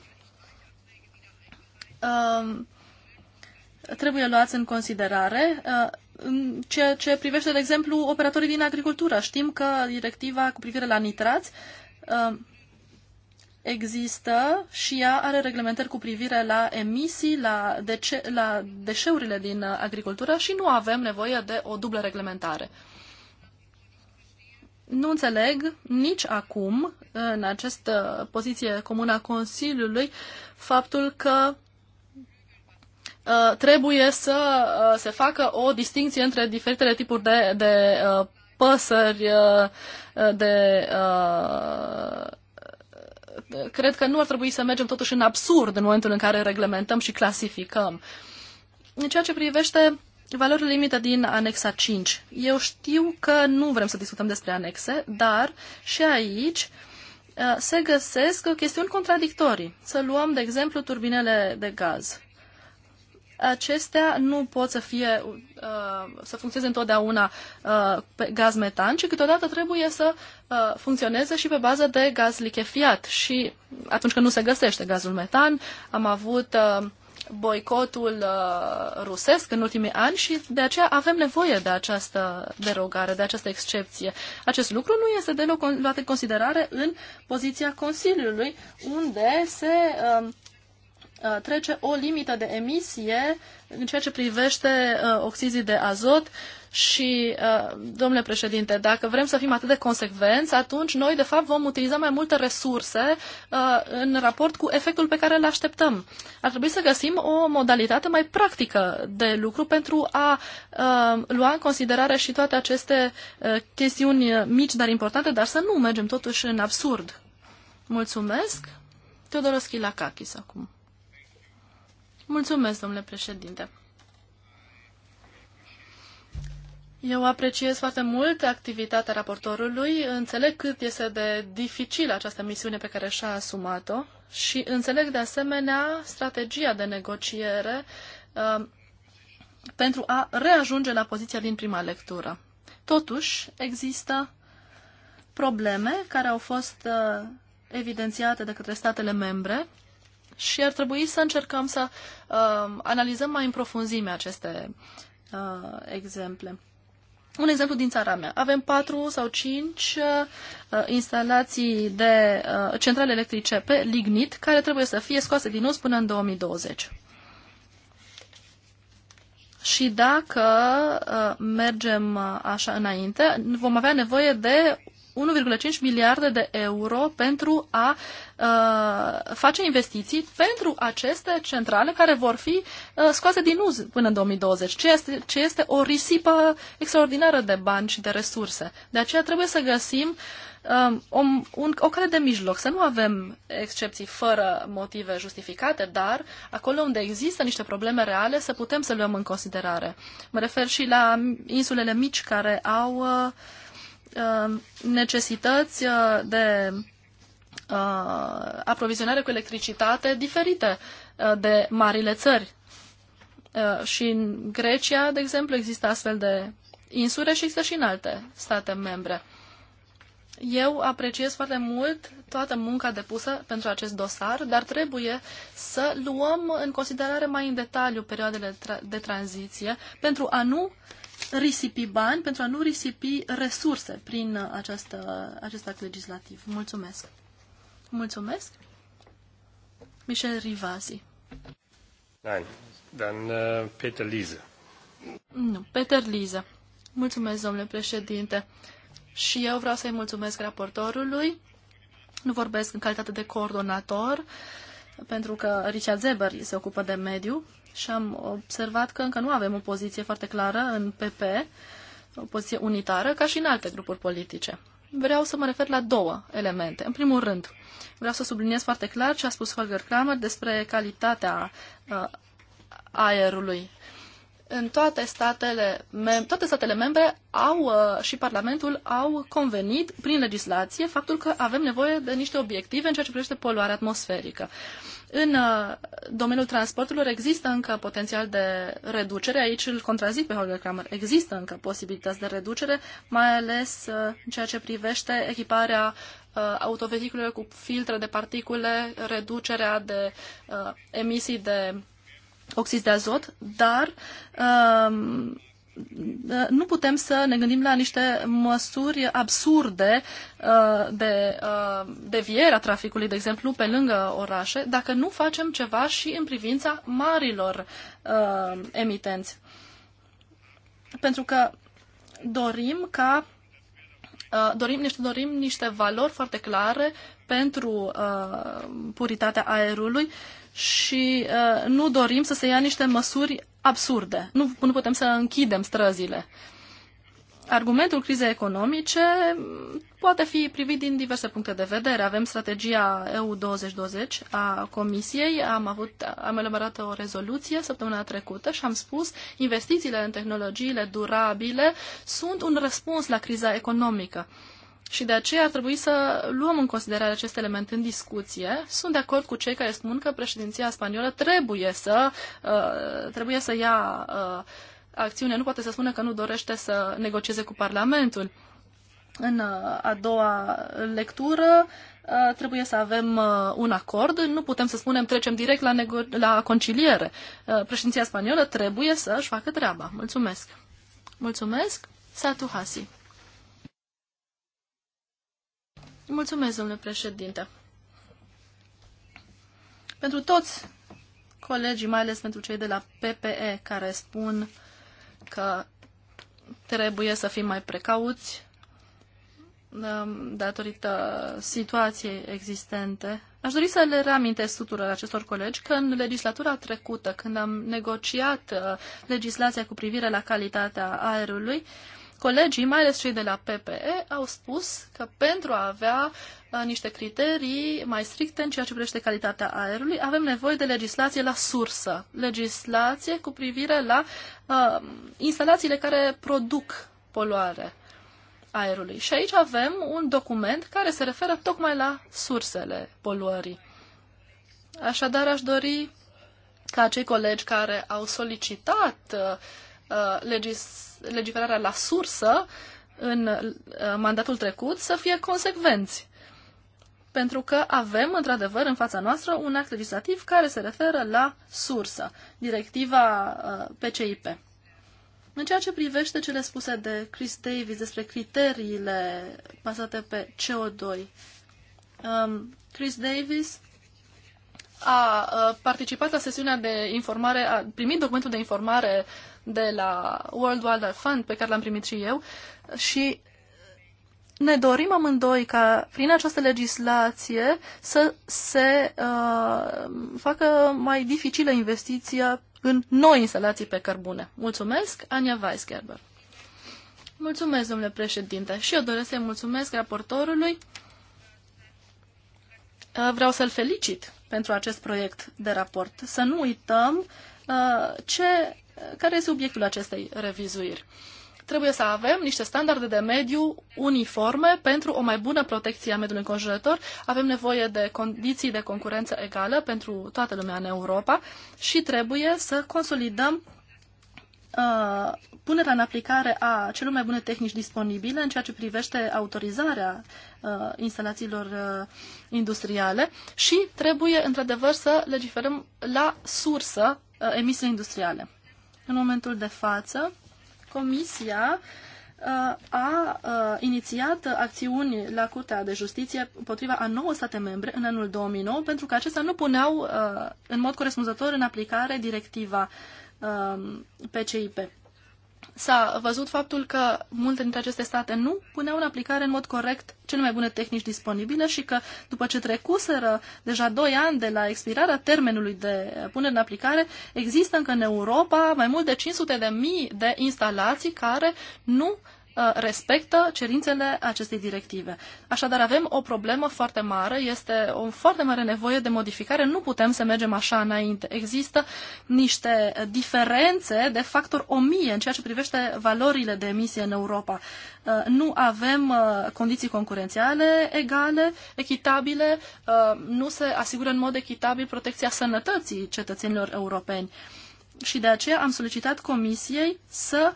trebuie luați în considerare. Uh, în ceea ce privește, de exemplu, operatorii din agricultură. Știm că directiva cu privire la nitrați uh, există și ea are reglementări cu privire la emisii, la, dece- la deșeurile din agricultură și nu avem nevoie de o dublă reglementare. Nu înțeleg nici acum, în această poziție comună a Consiliului, faptul că Uh, trebuie să uh, se facă o distinție între diferitele tipuri de, de uh, păsări, de cred că nu ar trebui să mergem totuși în absurd în momentul în care reglementăm și clasificăm. În ceea ce privește valorile limită din anexa 5, eu știu că nu vrem să discutăm despre anexe, dar și aici se găsesc chestiuni contradictorii. Să luăm, de exemplu, turbinele de gaz acestea nu pot să fie, uh, să funcționeze întotdeauna uh, pe gaz metan, ci câteodată trebuie să uh, funcționeze și pe bază de gaz lichefiat. Și atunci când nu se găsește gazul metan, am avut boicotul rusesc în ultimii ani și de aceea avem nevoie de această derogare, de această excepție. Acest lucru nu este deloc luat în considerare în poziția Consiliului, unde se Uh, trece o limită de emisie în ceea ce privește uh, oxizii de azot și, uh, domnule președinte, dacă vrem să fim atât de consecvenți, atunci noi, de fapt, vom utiliza mai multe resurse uh, în raport cu efectul pe care îl așteptăm. Ar trebui să găsim o modalitate mai practică de lucru pentru a uh, lua în considerare și toate aceste uh, chestiuni mici, dar importante, dar să nu mergem totuși în absurd. Mulțumesc! Teodoroschi Lacachis acum. Mulțumesc, domnule președinte. Eu apreciez foarte mult activitatea raportorului, înțeleg cât este de dificilă această misiune pe care și-a asumat-o și înțeleg de asemenea strategia de negociere uh, pentru a reajunge la poziția din prima lectură. Totuși, există probleme care au fost uh, evidențiate de către statele membre și ar trebui să încercăm să uh, analizăm mai în profunzime aceste uh, exemple. Un exemplu din țara mea. Avem patru sau cinci uh, instalații de uh, centrale electrice pe lignit care trebuie să fie scoase din us până în 2020. Și dacă uh, mergem uh, așa înainte, vom avea nevoie de 1,5 miliarde de euro pentru a uh, face investiții pentru aceste centrale care vor fi uh, scoase din uz până în 2020, ce este, ce este o risipă extraordinară de bani și de resurse. De aceea trebuie să găsim um, o, un, o cale de mijloc, să nu avem excepții fără motive justificate, dar acolo unde există niște probleme reale să putem să le luăm în considerare. Mă refer și la insulele mici care au uh, Uh, necesități uh, de uh, aprovizionare cu electricitate diferite de marile țări. Și în Grecia, de exemplu, există astfel de insule și există și în alte state membre. Eu apreciez foarte mult toată munca depusă pentru acest dosar, dar trebuie să luăm în considerare mai în detaliu perioadele de tranziție pentru a nu risipi bani, pentru a nu risipi resurse prin această, acest act legislativ. Mulțumesc! Mulțumesc! Michel Rivasi. Nein, dann uh, Peter Lise. Nu, Peter Liese. Mulțumesc, domnule președinte. Și eu vreau să-i mulțumesc raportorului. Nu vorbesc în calitate de coordonator, pentru că Richard Zeber se ocupă de mediu, și am observat că încă nu avem o poziție foarte clară în PP, o poziție unitară, ca și în alte grupuri politice. Vreau să mă refer la două elemente. În primul rând, vreau să subliniez foarte clar ce a spus Holger Kramer despre calitatea uh, aerului în toate statele, mem- toate statele membre au uh, și Parlamentul au convenit prin legislație faptul că avem nevoie de niște obiective în ceea ce privește poluarea atmosferică. În uh, domeniul transporturilor există încă potențial de reducere, aici îl contrazic pe Holger Kramer, există încă posibilități de reducere, mai ales uh, în ceea ce privește echiparea autovehiculelor cu filtre de particule, reducerea de emisii de oxid de azot, dar um, uh, nu putem să ne gândim la niște măsuri absurde uh, de uh, deviere a traficului, de exemplu, pe lângă orașe, dacă nu facem ceva și în privința marilor emitenți. Pentru că dorim ca dorim niște, dorim niște valori foarte clare pentru puritatea aerului și uh, nu dorim să se ia niște măsuri absurde. Nu, nu putem să închidem străzile. Argumentul crizei economice poate fi privit din diverse puncte de vedere. Avem strategia EU 2020 a Comisiei, am, avut, am elaborat o rezoluție săptămâna trecută și am spus investițiile în tehnologiile durabile sunt un răspuns la criza economică. Uh, și de aceea ar trebui să luăm în considerare acest element în discuție. Sunt de acord cu cei care spun că președinția spaniolă trebuie să, uh, trebuie să ia uh, acțiune. Nu poate să spună că nu dorește să negocieze cu Parlamentul. În uh, a doua lectură uh, trebuie să avem uh, un acord. Nu putem să spunem trecem direct la, la conciliere. Uh, președinția spaniolă trebuie să își facă treaba. Mulțumesc. Mulțumesc. Satu Hasi. Mulțumesc, domnule președinte. Pentru toți colegii, mai ales pentru cei de la PPE, care spun că trebuie să fim mai precauți um, datorită situației existente. Aș dori să le reamintesc tuturor acestor colegi că în legislatura trecută, când am negociat uh, legislația cu privire la calitatea aerului, uh, Colegii, mai ales cei de la PPE, au spus că pentru a avea uh, niște criterii mai stricte în ceea ce privește calitatea aerului, avem nevoie de legislație la sursă, legislație cu privire la uh, instalațiile care produc poluare aerului. Și aici avem un document care se referă tocmai la sursele poluării. Așadar, aș dori ca acei colegi care au solicitat uh, Uh, legis, legiferarea la sursă în uh, mandatul trecut să fie consecvenți. Pentru că avem, într-adevăr, în fața noastră un act legislativ care se referă la sursă, directiva PCIP. Uh, în ceea ce privește cele spuse de Chris Davis despre criteriile bazate pe CO2, um, Chris Davis a participat la sesiunea de informare, a primit documentul de informare de la World Wildlife Fund, pe care l-am primit și eu, și ne dorim amândoi ca prin această legislație să se uh, facă mai dificilă investiția în noi instalații pe cărbune. Mulțumesc, Ania Weisgerber. Mulțumesc, domnule președinte, și eu doresc să-i mulțumesc raportorului. Uh, vreau să-l felicit pentru acest proiect de raport. Să nu uităm uh, ce care este obiectul acestei revizuiri? Trebuie să avem niște standarde de mediu uniforme pentru o mai bună protecție a mediului înconjurător. Avem nevoie de condiții de concurență egală pentru toată lumea în Europa și trebuie să consolidăm Uh, punerea în aplicare a celor mai bune tehnici disponibile în ceea ce privește autorizarea uh, instalațiilor uh, industriale și trebuie, într-adevăr, să legiferăm la sursă uh, emisiile industriale. În momentul de față, Comisia uh, a uh, inițiat acțiuni la Curtea de Justiție împotriva a 9 state membre în anul 2009 pentru că acestea nu puneau uh, în mod corespunzător în aplicare directiva PCIP s-a văzut faptul că multe dintre aceste state nu puneau în aplicare în mod corect cele mai bune tehnici disponibile și că după ce trecuseră deja doi ani de la expirarea termenului de punere în aplicare, există încă în Europa mai mult de 500 de mii de instalații care nu Uh, respectă cerințele acestei directive. Așadar, avem o problemă foarte mare, este o foarte mare nevoie de modificare, nu putem să mergem așa înainte. Există niște diferențe de factor 1000 în ceea ce privește valorile de emisie în Europa. Uh, nu avem uh, condiții concurențiale egale, echitabile, nu se asigură în mod echitabil protecția sănătății cetățenilor europeni. Și de aceea am solicitat Comisiei să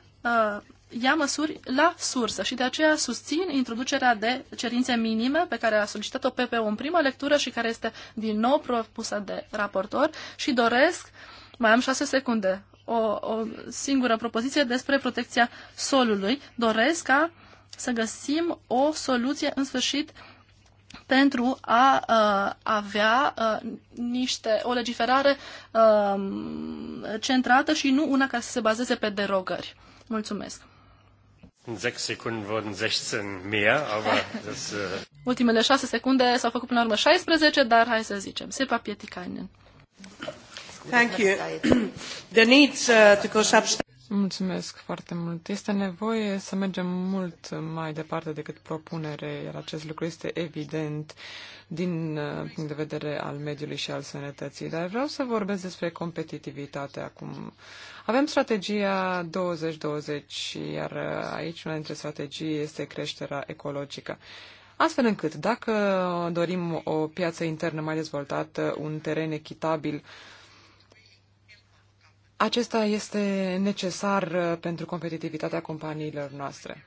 ia măsuri la sursă și de aceea susțin introducerea de cerințe minime pe care a solicitat-o PPU în prima lectură și care este din nou propusă de raportor și doresc, mai am șase secunde, o, o singură propoziție despre protecția solului. Doresc ca să găsim o soluție în sfârșit pentru a uh, avea uh, niște, o legiferare uh, centrată și nu una care să se bazeze pe derogări. Mulțumesc! In 6 16 das, uh... Ultimele 6 secunde s-au făcut până la urmă 16, dar hai să zicem. Sepa Pietikainen. Thank you. The need uh, to go Mulțumesc foarte mult. Este nevoie să mergem mult mai departe decât propunere, iar acest lucru este evident din uh, punct de vedere al mediului și al sănătății. Dar vreau să vorbesc despre competitivitate acum. Avem strategia 2020, iar uh, aici una dintre strategii este creșterea ecologică. Astfel încât, dacă dorim o piață internă mai dezvoltată, un teren echitabil, acesta este necesar uh, pentru competitivitatea companiilor noastre.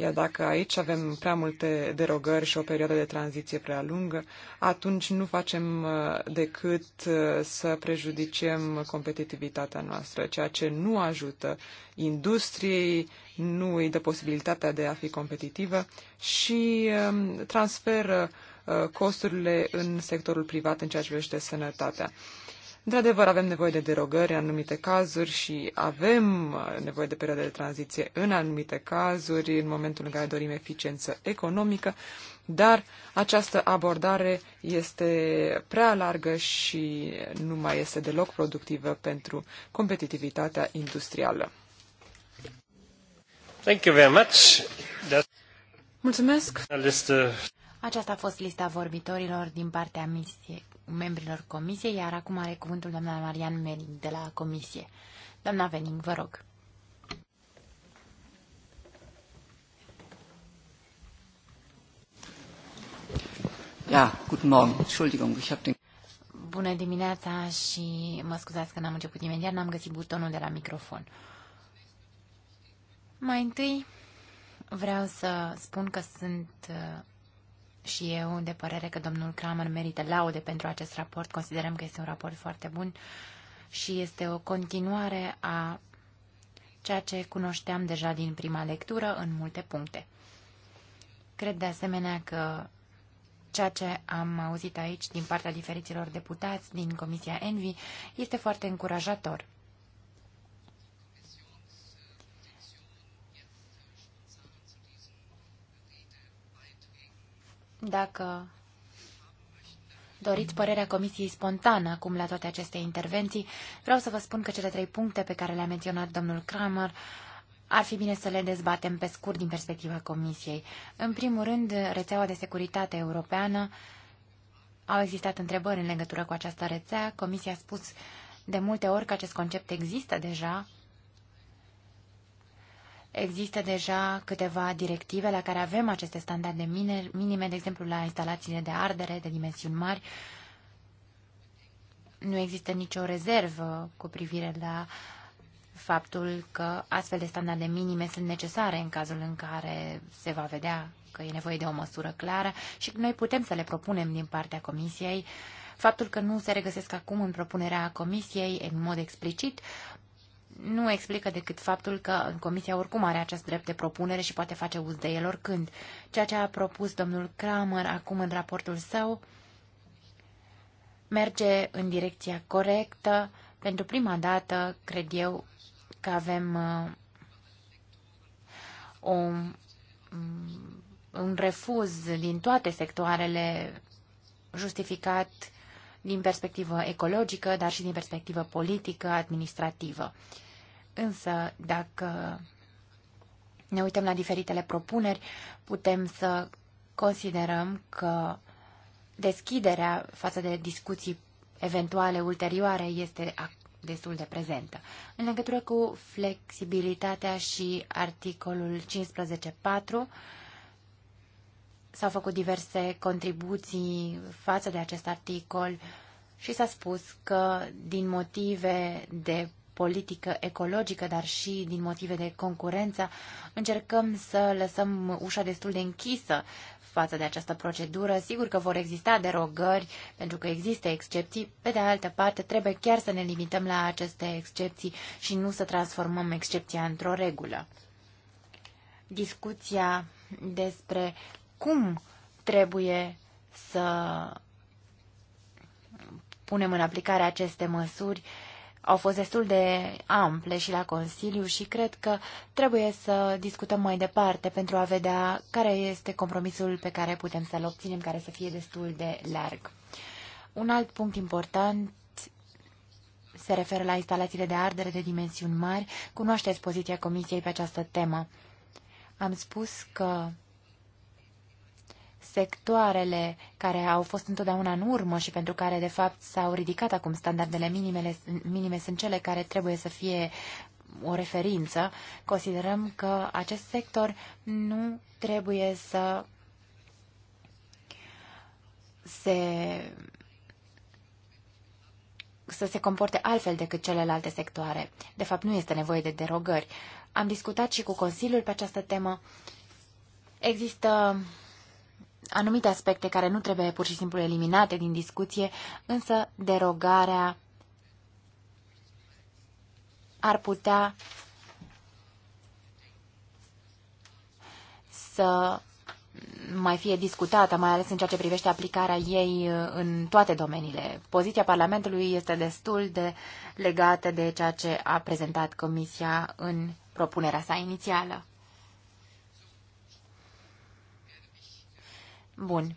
Iar dacă aici avem prea multe derogări și o perioadă de tranziție prea lungă, atunci nu facem uh, decât uh, să prejudiciem competitivitatea noastră, ceea ce nu ajută industriei, nu îi dă posibilitatea de a fi competitivă și um, transferă uh, costurile în sectorul privat în ceea ce privește sănătatea. Într-adevăr, avem nevoie de derogări în anumite cazuri și avem uh, nevoie de perioade de tranziție în anumite cazuri, în momentul în care dorim eficiență economică, dar această abordare este prea largă și nu mai este deloc productivă pentru competitivitatea industrială. Thank you very much. Mulțumesc! Uh, Aceasta a fost lista vorbitorilor din partea misiei membrilor comisiei, iar acum are cuvântul doamna Marian Mening de la comisie. Doamna Vening, vă rog. Ja, guten Morgen. Entschuldigung, ich habe den Bună dimineața și mă scuzați că n-am început imediat, n-am găsit butonul de la microfon. Mai întâi vreau să spun că sunt și eu de părere că domnul Kramer merită laude pentru acest raport. Considerăm că este un raport foarte bun și este o continuare a ceea ce cunoșteam deja din prima lectură în multe puncte. Cred de asemenea că ceea ce am auzit aici din partea diferiților deputați din Comisia Envi este foarte încurajator. Dacă doriți părerea comisiei spontană acum la toate aceste intervenții, vreau să vă spun că cele trei puncte pe care le-a menționat domnul Kramer ar fi bine să le dezbatem pe scurt din perspectiva comisiei. În primul rând, rețeaua de securitate europeană. Au existat întrebări în legătură cu această rețea. Comisia a spus de multe ori că acest concept există deja Există deja câteva directive la care avem aceste standarde minime, de exemplu la instalațiile de ardere de dimensiuni mari. Nu există nicio rezervă cu privire la faptul că astfel de standarde minime sunt necesare în cazul în care se va vedea că e nevoie de o măsură clară și noi putem să le propunem din partea Comisiei. Faptul că nu se regăsesc acum în propunerea Comisiei în mod explicit nu explică decât faptul că Comisia oricum are acest drept de propunere și poate face uz de el oricând. Ceea ce a propus domnul Kramer acum în raportul său merge în direcția corectă. Pentru prima dată, cred eu, că avem uh, un, un refuz din toate sectoarele justificat din perspectivă ecologică, dar și din perspectivă politică, administrativă. Uh, Însă, dacă ne uităm la diferitele propuneri, putem să considerăm că deschiderea față de discuții eventuale ulterioare este destul de prezentă. În legătură cu flexibilitatea și articolul 15.4, s-au făcut diverse contribuții față de acest articol și s-a spus că din motive de politică ecologică, dar și din motive de concurență, încercăm să lăsăm ușa destul de închisă față de această procedură. Sigur că vor exista derogări, pentru că există excepții. Pe de altă parte, trebuie chiar să ne limităm la aceste excepții și nu să transformăm excepția într-o regulă. Discuția despre cum trebuie să punem în aplicare aceste măsuri uh, au fost destul de ample și la Consiliu și cred că trebuie să discutăm mai departe pentru a vedea care este compromisul pe care putem să-l obținem, care să fie destul de larg. Un alt punct important se referă la instalațiile de ardere de dimensiuni mari. Cunoașteți poziția Comisiei pe această temă. Am spus că sectoarele care au fost întotdeauna în urmă și pentru care, de fapt, s-au ridicat acum standardele minimele, minime sunt cele care trebuie să fie o referință, considerăm că acest sector nu trebuie să se să se comporte altfel decât celelalte sectoare. De fapt, nu este nevoie de derogări. Am discutat și cu Consiliul pe această temă. Există anumite aspecte care nu trebuie pur și simplu eliminate din discuție, însă derogarea ar putea să mai fie discutată, mai ales în ceea ce privește aplicarea ei uh, în toate domeniile. Poziția Parlamentului este destul de legată de ceea ce a prezentat Comisia în propunerea sa inițială. Bun.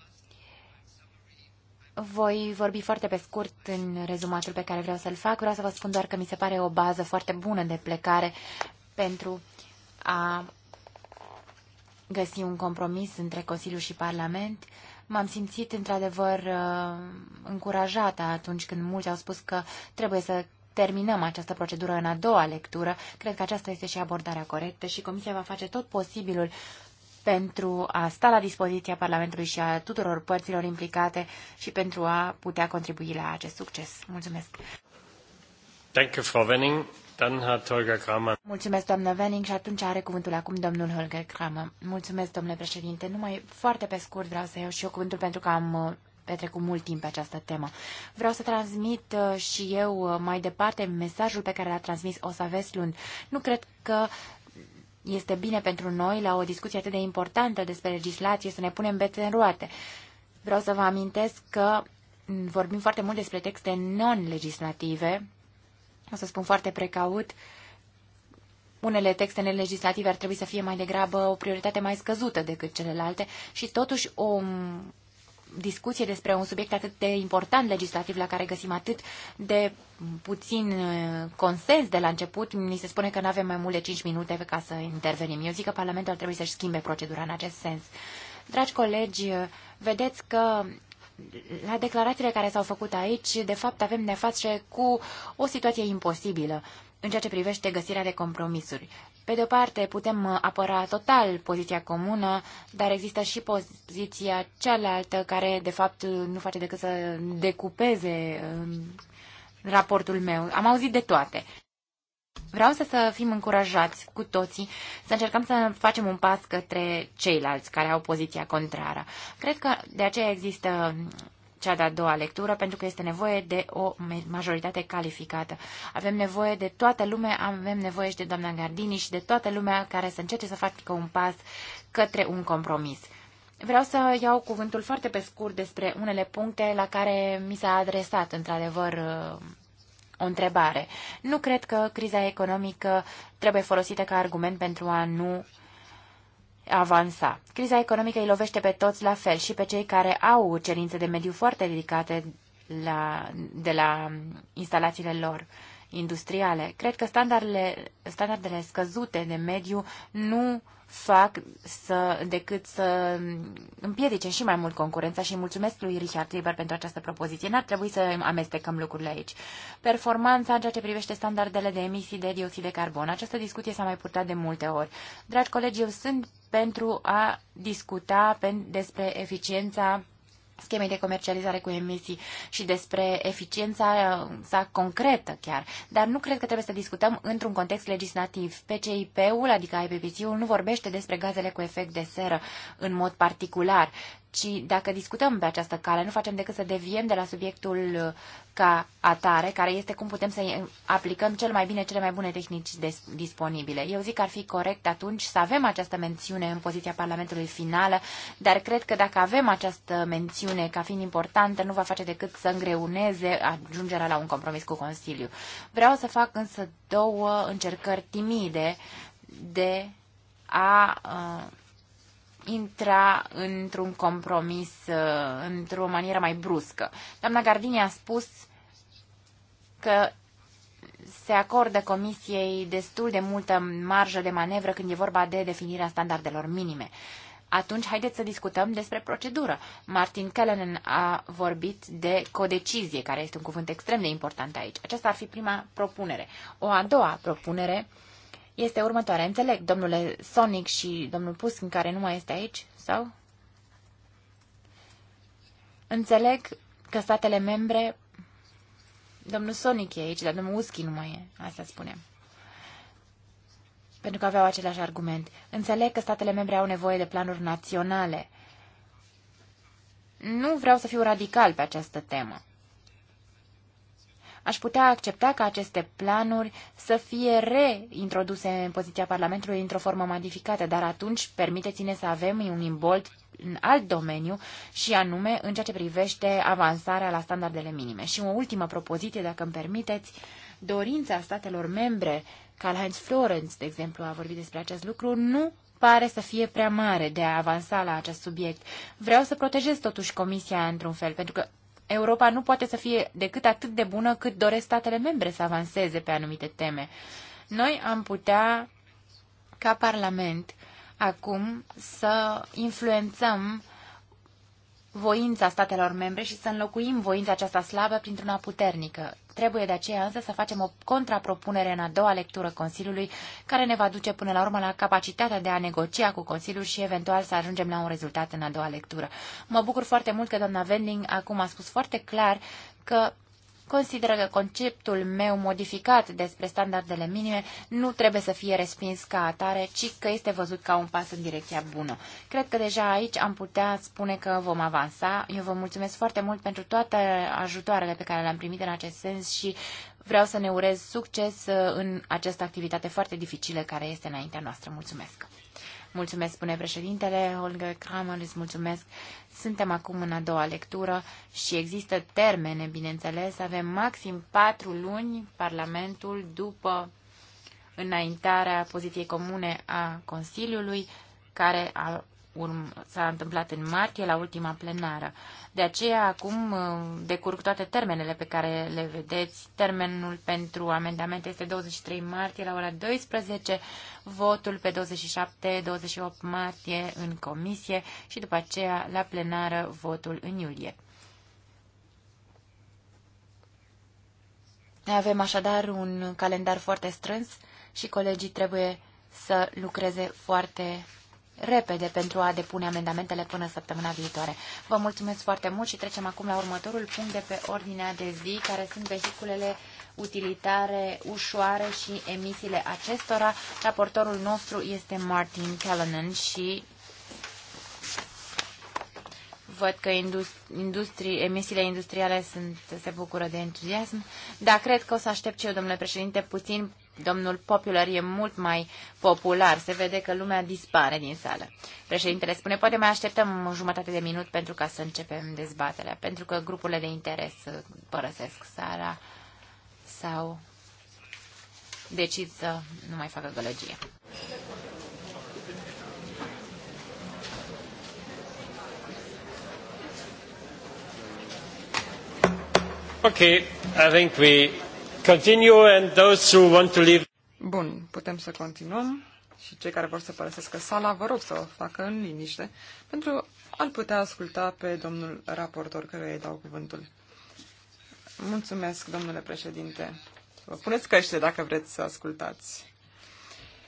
Voi vorbi foarte pe scurt în rezumatul pe care vreau să-l fac. Vreau să vă spun doar că mi se pare o bază foarte bună de plecare pentru a găsi un compromis între Consiliu și Parlament. M-am simțit într-adevăr uh, încurajată atunci când mulți au spus că trebuie să terminăm această procedură în a doua lectură. Cred că aceasta este și abordarea corectă și Comisia va face tot posibilul pentru a sta la dispoziția Parlamentului și a tuturor părților implicate și pentru a putea contribui la acest succes. Mulțumesc! you, Frau Wenning. Dann hat Holger Kramer. Mulțumesc, doamnă Wenning, și atunci are cuvântul acum domnul Holger Kramer. Mulțumesc, domnule președinte. Numai foarte pe scurt vreau să iau și eu cuvântul pentru că am uh, petrecut mult timp pe această temă. Vreau să transmit uh, și eu uh, mai departe mesajul pe care l-a transmis Osa Veslund. Nu cred că este bine pentru noi la o discuție atât de importantă despre legislație să ne punem bețe în roate. Vreau să vă amintesc că vorbim foarte mult despre texte non-legislative. O să spun foarte precaut, unele texte nelegislative ar trebui să fie mai degrabă o prioritate mai scăzută decât celelalte și totuși o discuție despre un subiect atât de important legislativ la care găsim atât de puțin uh, consens de la început, ni se spune că nu avem mai mult de 5 minute ca să intervenim. Eu zic că Parlamentul ar trebui să-și schimbe procedura în acest sens. Dragi colegi, uh, vedeți că la declarațiile care s-au făcut aici, de fapt avem de face cu o situație imposibilă în ceea ce privește găsirea de compromisuri. Pe de o parte, putem uh, apăra total poziția comună, dar există și poziția cealaltă, care, de fapt, uh, nu face decât să decupeze um, raportul meu. Am auzit de toate. Vreau să, să fim încurajați cu toții să încercăm să facem un pas către ceilalți care au poziția contrară. Cred că de aceea există cea de-a doua lectură, pentru că este nevoie de o majoritate calificată. Avem nevoie de toată lumea, avem nevoie și de doamna Gardini și de toată lumea care să încerce să facă un pas către un compromis. Vreau să iau cuvântul foarte pe scurt despre unele puncte la care mi s-a adresat, într-adevăr, o întrebare. Nu cred că criza economică trebuie folosită ca argument pentru a nu avansa. Criza economică îi lovește pe toți la fel și pe cei care au cerințe de mediu foarte ridicate la, de la instalațiile lor industriale. Cred că standardele, standardele scăzute de mediu nu fac să, decât să împiedice și mai mult concurența și mulțumesc lui Richard Lieber pentru această propoziție. N-ar trebui să amestecăm lucrurile aici. Performanța în ceea ce privește standardele de emisii de dioxid de carbon. Această discuție s-a mai purtat de multe ori. Dragi colegi, eu sunt pentru a discuta despre eficiența schemei de comercializare cu emisii și despre eficiența uh, sa concretă chiar. Dar nu cred că trebuie să discutăm într-un context legislativ. PCIP-ul, adică IPPC-ul, nu vorbește despre gazele cu efect de seră în mod particular ci dacă discutăm pe această cale, nu facem decât să deviem de la subiectul ca atare, care este cum putem să aplicăm cel mai bine cele mai bune tehnici disponibile. Eu zic că ar fi corect atunci să avem această mențiune în poziția Parlamentului finală, dar cred că dacă avem această mențiune ca fiind importantă, nu va face decât să îngreuneze ajungerea la un compromis cu Consiliu. Vreau să fac însă două încercări timide de a uh, intra într-un compromis uh, într-o manieră mai bruscă. Doamna Gardini a spus că se acordă Comisiei destul de multă marjă de manevră când e vorba de definirea standardelor minime. Atunci, haideți să discutăm despre procedură. Martin Kellenen a vorbit de codecizie, care este un cuvânt extrem de important aici. Aceasta ar fi prima propunere. O a doua propunere uh, este următoarea. Înțeleg, domnule Sonic și domnul Puskin, care nu mai este aici, sau? Înțeleg că statele membre... Domnul Sonic e aici, dar domnul Uschi nu mai e, asta spunem. Pentru că aveau același argument. Înțeleg că statele membre au nevoie de planuri naționale. Nu vreau să fiu radical pe această temă aș putea accepta ca aceste planuri să fie reintroduse în poziția Parlamentului într-o formă modificată, dar atunci permiteți-ne să avem un imbolt în alt domeniu și anume în ceea ce privește avansarea la standardele minime. Și o ultimă propoziție, dacă îmi permiteți, dorința statelor membre, Karl-Heinz Florenz, de exemplu, a vorbit despre acest lucru, nu pare să fie prea mare de a avansa la acest subiect. Vreau să protejez totuși Comisia într-un fel, pentru că Europa nu poate să fie decât atât de bună cât doresc statele membre să avanseze pe anumite teme. Noi am putea, ca Parlament, acum să influențăm voința statelor membre și să înlocuim voința aceasta slabă printr-una puternică. Trebuie de aceea însă să facem o contrapropunere în a doua lectură Consiliului, care ne va duce până la urmă la capacitatea de a negocia cu Consiliul și eventual să ajungem la un rezultat în a doua lectură. Mă bucur foarte mult că doamna Vending acum a spus foarte clar că consideră că conceptul meu modificat despre standardele minime nu trebuie să fie respins ca atare, ci că este văzut ca un pas în direcția bună. Cred că deja aici am putea spune că vom avansa. Eu vă mulțumesc foarte mult pentru toate ajutoarele pe care le-am primit în acest sens și vreau să ne urez succes uh, în această activitate foarte dificilă care este înaintea noastră. Mulțumesc! Mulțumesc, spune președintele Holger Kramer, îți mulțumesc suntem acum în a doua lectură și există termene, bineînțeles. Avem maxim patru luni Parlamentul după înaintarea poziției comune a Consiliului, care a s-a întâmplat în martie la ultima plenară. De aceea acum uh, decurg toate termenele pe care le vedeți. Termenul pentru amendamente este 23 martie la ora 12, votul pe 27-28 martie în comisie și după aceea la plenară votul în iulie. Avem așadar un calendar foarte strâns și colegii trebuie să lucreze foarte repede pentru a depune amendamentele până săptămâna viitoare. Vă mulțumesc foarte mult și trecem acum la următorul punct de pe ordinea de zi, care sunt vehiculele utilitare ușoare și emisiile acestora. Raportorul nostru este Martin Callanan și văd că industri, emisiile industriale sunt, se bucură de entuziasm. Da, cred că o să aștept și eu, domnule președinte, puțin Domnul Popular e mult mai popular. Se vede că lumea dispare din sală. Președintele spune, poate mai așteptăm jumătate de minut pentru ca să începem dezbaterea, pentru că grupurile de interes uh, părăsesc sala sau decid să nu mai facă gălăgie. Okay, I think we Continue and those who want to leave. Bun, putem să continuăm și cei care vor să părăsească sala, vă rog să o facă în liniște pentru a-l putea asculta pe domnul raportor care îi dau cuvântul. Mulțumesc, domnule președinte. Vă puneți căște dacă vreți să ascultați.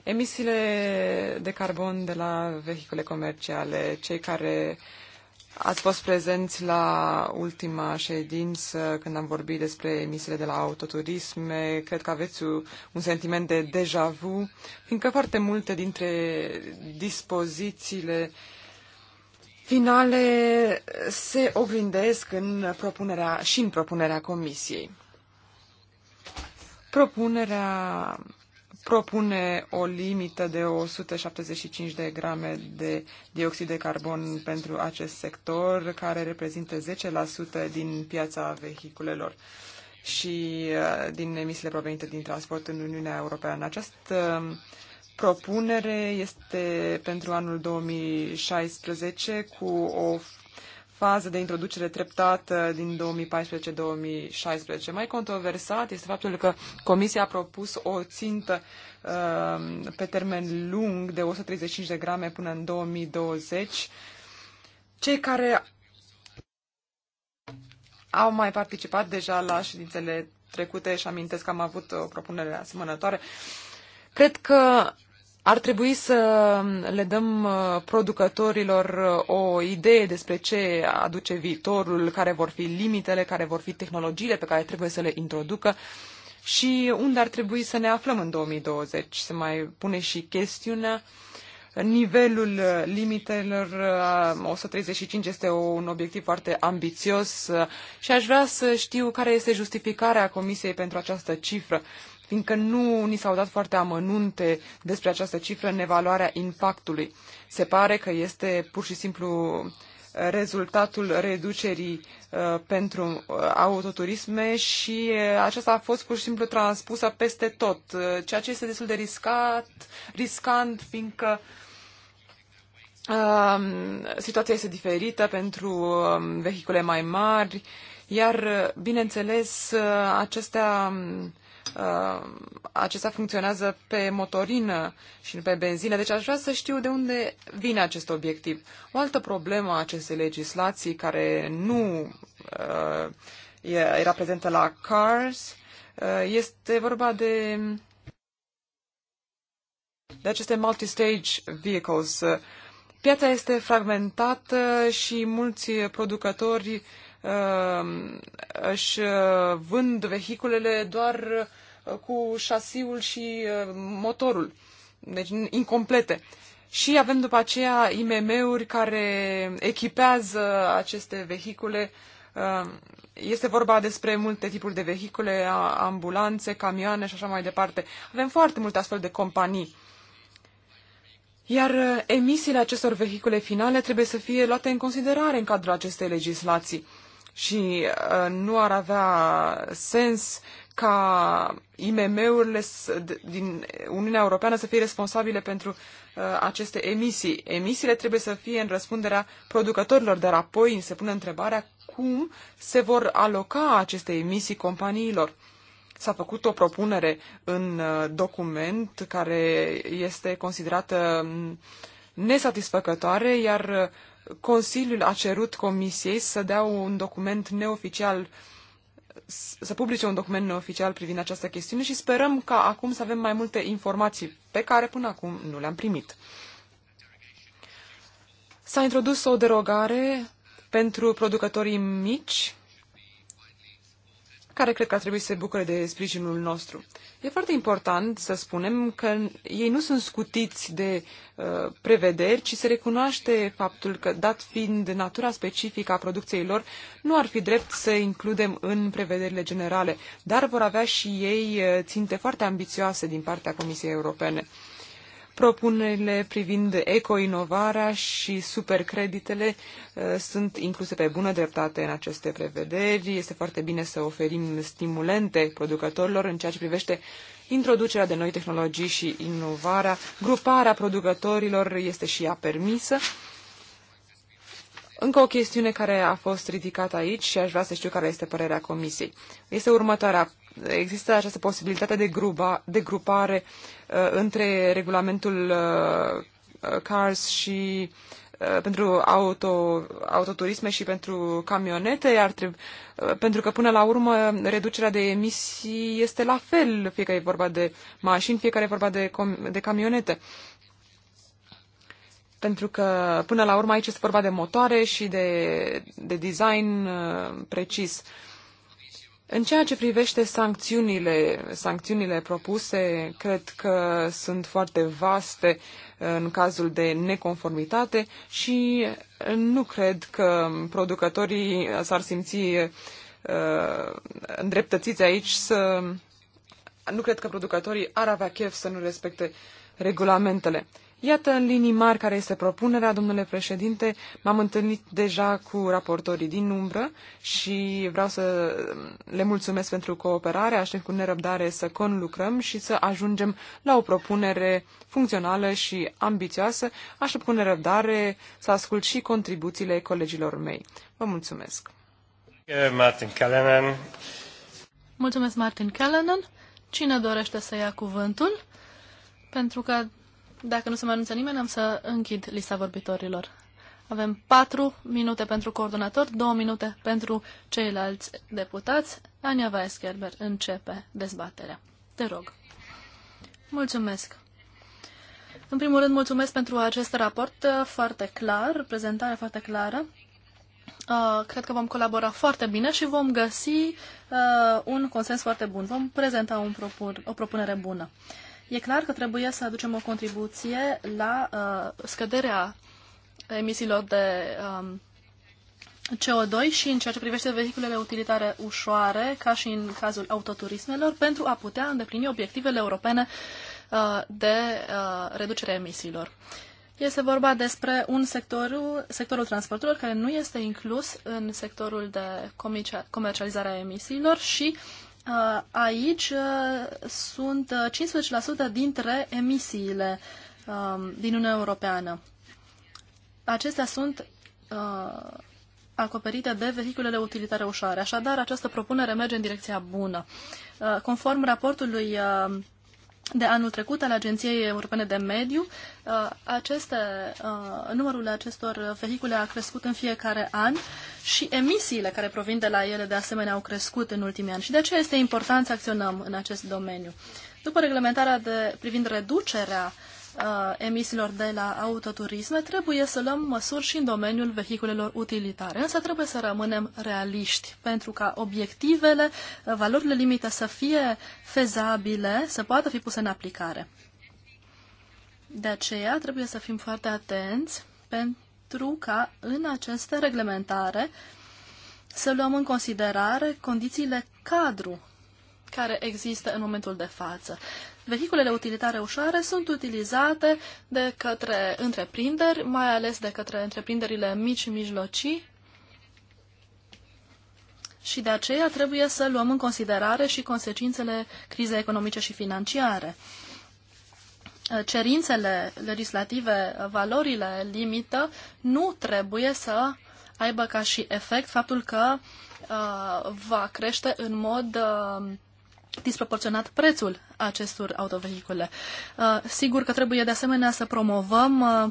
Emisiile de carbon de la vehicule comerciale, cei care uh, Ați fost prezenți la ultima ședință când am vorbit despre emisiile de la autoturisme. Cred că aveți un sentiment de deja vu, fiindcă foarte multe dintre dispozițiile finale se oglindesc în propunerea și în propunerea comisiei. Propunerea propune o limită de 175 de grame de dioxid de carbon pentru acest sector, care reprezintă 10% din piața vehiculelor și uh, din emisiile provenite din transport în Uniunea Europeană. Această um, propunere este pentru anul 2016 cu o fază de introducere treptată din 2014-2016. Mai controversat este faptul că Comisia a propus o țintă uh, pe termen lung de 135 de grame până în 2020. Cei care au mai participat deja la ședințele trecute și amintesc că am avut o propunere asemănătoare. Cred că ar trebui să le dăm uh, producătorilor uh, o idee despre ce aduce viitorul, care vor fi limitele, care vor fi tehnologiile pe care trebuie să le introducă și unde ar trebui să ne aflăm în 2020. Se mai pune și chestiunea nivelul uh, limitelor 135 este un obiectiv foarte ambițios și aș vrea să știu care este justificarea Comisiei pentru această cifră fiindcă nu ni s-au dat foarte amănunte despre această cifră în evaluarea impactului. Se pare că este pur și simplu uh, rezultatul reducerii uh, pentru uh, autoturisme și uh, aceasta a fost pur și simplu transpusă peste tot, uh, ceea ce este destul de riscat, riscant, fiindcă um, situația este diferită pentru um, vehicule mai mari, iar, uh, bineînțeles, acestea um, Uh, acesta funcționează pe motorină și nu pe benzină, deci aș vrea să știu de unde vine acest obiectiv. O altă problemă a acestei legislații care nu uh, era prezentă la CARS uh, este vorba de de aceste multi-stage vehicles. Piața este fragmentată și mulți producători Um, își uh, vând vehiculele doar uh, cu șasiul și uh, motorul, deci incomplete. Și avem după aceea IMM-uri care echipează aceste vehicule. Um, este vorba despre multe tipuri de vehicule, ambulanțe, camioane și așa mai departe. Avem foarte multe astfel de companii. Iar emisiile acestor vehicule finale trebuie să fie luate în considerare în cadrul acestei legislații și uh, nu ar avea sens ca IMM-urile din Uniunea Europeană să fie responsabile pentru uh, aceste emisii. Emisiile trebuie să fie în răspunderea producătorilor, dar apoi se pune întrebarea cum se vor aloca aceste emisii companiilor. S-a făcut o propunere în uh, document care este considerată mm, nesatisfăcătoare, iar uh, Consiliul a cerut Comisiei să dea un document neoficial, să publice un document neoficial privind această chestiune și sperăm ca acum să avem mai multe informații pe care până acum nu le-am primit. S-a introdus o derogare pentru producătorii mici, care cred că ar trebui să se bucure de sprijinul nostru. E foarte important să spunem că ei nu sunt scutiți de uh, prevederi, ci se recunoaște faptul că, dat fiind natura specifică a producției lor, nu ar fi drept să includem în prevederile generale, dar vor avea și ei uh, ținte foarte ambițioase din partea Comisiei Europene. Propunerile privind ecoinovarea și supercreditele uh, sunt incluse pe bună dreptate în aceste prevederi. Este foarte bine să oferim stimulente producătorilor în ceea ce privește introducerea de noi tehnologii și inovarea. Gruparea producătorilor este și ea permisă. Încă o chestiune care a fost ridicată aici și aș vrea să știu care este părerea Comisiei. Este următoarea există această posibilitate de, grupa, de grupare uh, între regulamentul uh, uh CARS și uh, pentru auto, autoturisme și pentru camionete, iar trebu- uh, pentru că până la urmă reducerea de emisii este la fel, fie că e vorba de mașini, fie că e vorba de, com- de camionete. Pentru că până la urmă aici este vorba de motoare și de, de design uh, precis. Uh, în ceea ce privește sancțiunile, sancțiunile propuse, cred că sunt foarte vaste uh, în cazul de neconformitate și uh, nu cred că producătorii s-ar simți uh, îndreptățiți aici să... Nu cred că producătorii ar avea chef să nu respecte regulamentele. Iată în linii mari care este propunerea, domnule președinte. M-am întâlnit deja cu raportorii din umbră și vreau să le mulțumesc pentru cooperare. Aștept cu nerăbdare să conlucrăm și să ajungem la o propunere funcțională și ambițioasă. Aștept cu nerăbdare să ascult și contribuțiile colegilor mei. Vă mulțumesc! Martin Callanan. Mulțumesc, Martin Callanan. Cine dorește să ia cuvântul? Pentru că dacă nu se mai anunță nimeni, am să închid lista vorbitorilor. Avem patru minute pentru coordonator, două minute pentru ceilalți deputați. Ania Weisgerber începe dezbaterea. Te rog. Mulțumesc. În primul rând, mulțumesc pentru acest raport uh, foarte clar, prezentare foarte clară. Uh, cred că vom colabora foarte bine și vom găsi uh, un consens foarte bun. Vom prezenta un propun- o propunere bună. E clar că trebuie să aducem o contribuție la uh, scăderea emisiilor de um, CO2 și în ceea ce privește vehiculele utilitare ușoare, ca și în cazul autoturismelor, pentru a putea îndeplini obiectivele europene uh, de uh, reducere a emisiilor. Este vorba despre un sectorul, sectorul transporturilor care nu este inclus în sectorul de comercializare a emisiilor și Uh, aici uh, sunt 15% uh, dintre emisiile um, din Uniunea Europeană. Acestea sunt acoperite de vehiculele utilitare ușoare. Așadar, această propunere merge în direcția bună. Conform raportului de anul trecut al Agenției Europene de Mediu. Uh, aceste, uh, numărul acestor vehicule a crescut în fiecare an și emisiile care provin de la ele de asemenea au crescut în ultimii ani și de aceea este important să acționăm în acest domeniu. După reglementarea de, privind reducerea uh, Uh, emisiilor de la autoturisme, trebuie să luăm măsuri și în domeniul vehiculelor utilitare. Însă trebuie să rămânem realiști, pentru ca obiectivele, uh, valorile limite să fie fezabile, să poată fi puse în aplicare. De aceea trebuie să fim foarte atenți pentru ca în aceste reglementare să luăm în considerare condițiile cadru care există în momentul de față vehiculele utilitare ușoare sunt utilizate de către întreprinderi, mai ales de către întreprinderile mici și mijlocii, și de aceea trebuie să luăm în considerare și consecințele crizei economice și financiare. Cerințele legislative, valorile limită, nu trebuie să aibă ca și efect faptul că uh, va crește în mod uh, disproporționat prețul acestor autovehicule. Uh, sigur că trebuie de asemenea să promovăm uh,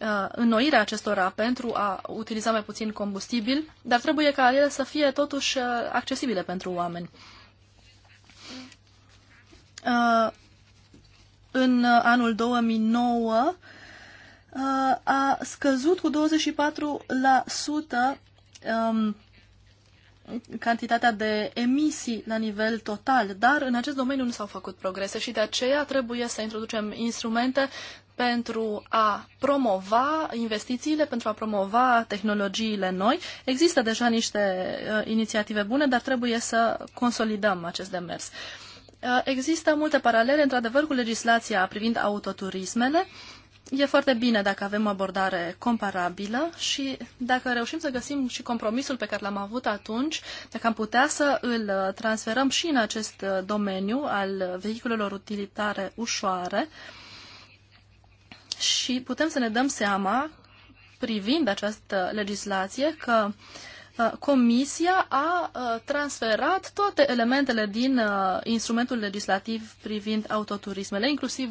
uh, înnoirea acestora pentru a utiliza mai puțin combustibil, dar trebuie ca ele să fie totuși accesibile pentru oameni. În anul 2009 a scăzut cu 24% cantitatea de emisii la nivel total, dar în acest domeniu nu s-au făcut progrese și de aceea trebuie să introducem instrumente pentru a promova investițiile, pentru a promova tehnologiile noi. Există deja niște uh, inițiative bune, dar trebuie să consolidăm acest demers. Uh, există multe paralele, într-adevăr, cu legislația privind autoturismele. Uh, e foarte bine dacă avem o abordare comparabilă și dacă reușim să găsim și compromisul pe care l-am avut atunci, dacă am putea să îl transferăm și în acest domeniu al vehiculelor utilitare ușoare și putem să ne dăm seama, privind această legislație, că uh, Uh, comisia a uh, transferat toate elementele din uh, instrumentul legislativ privind autoturismele, inclusiv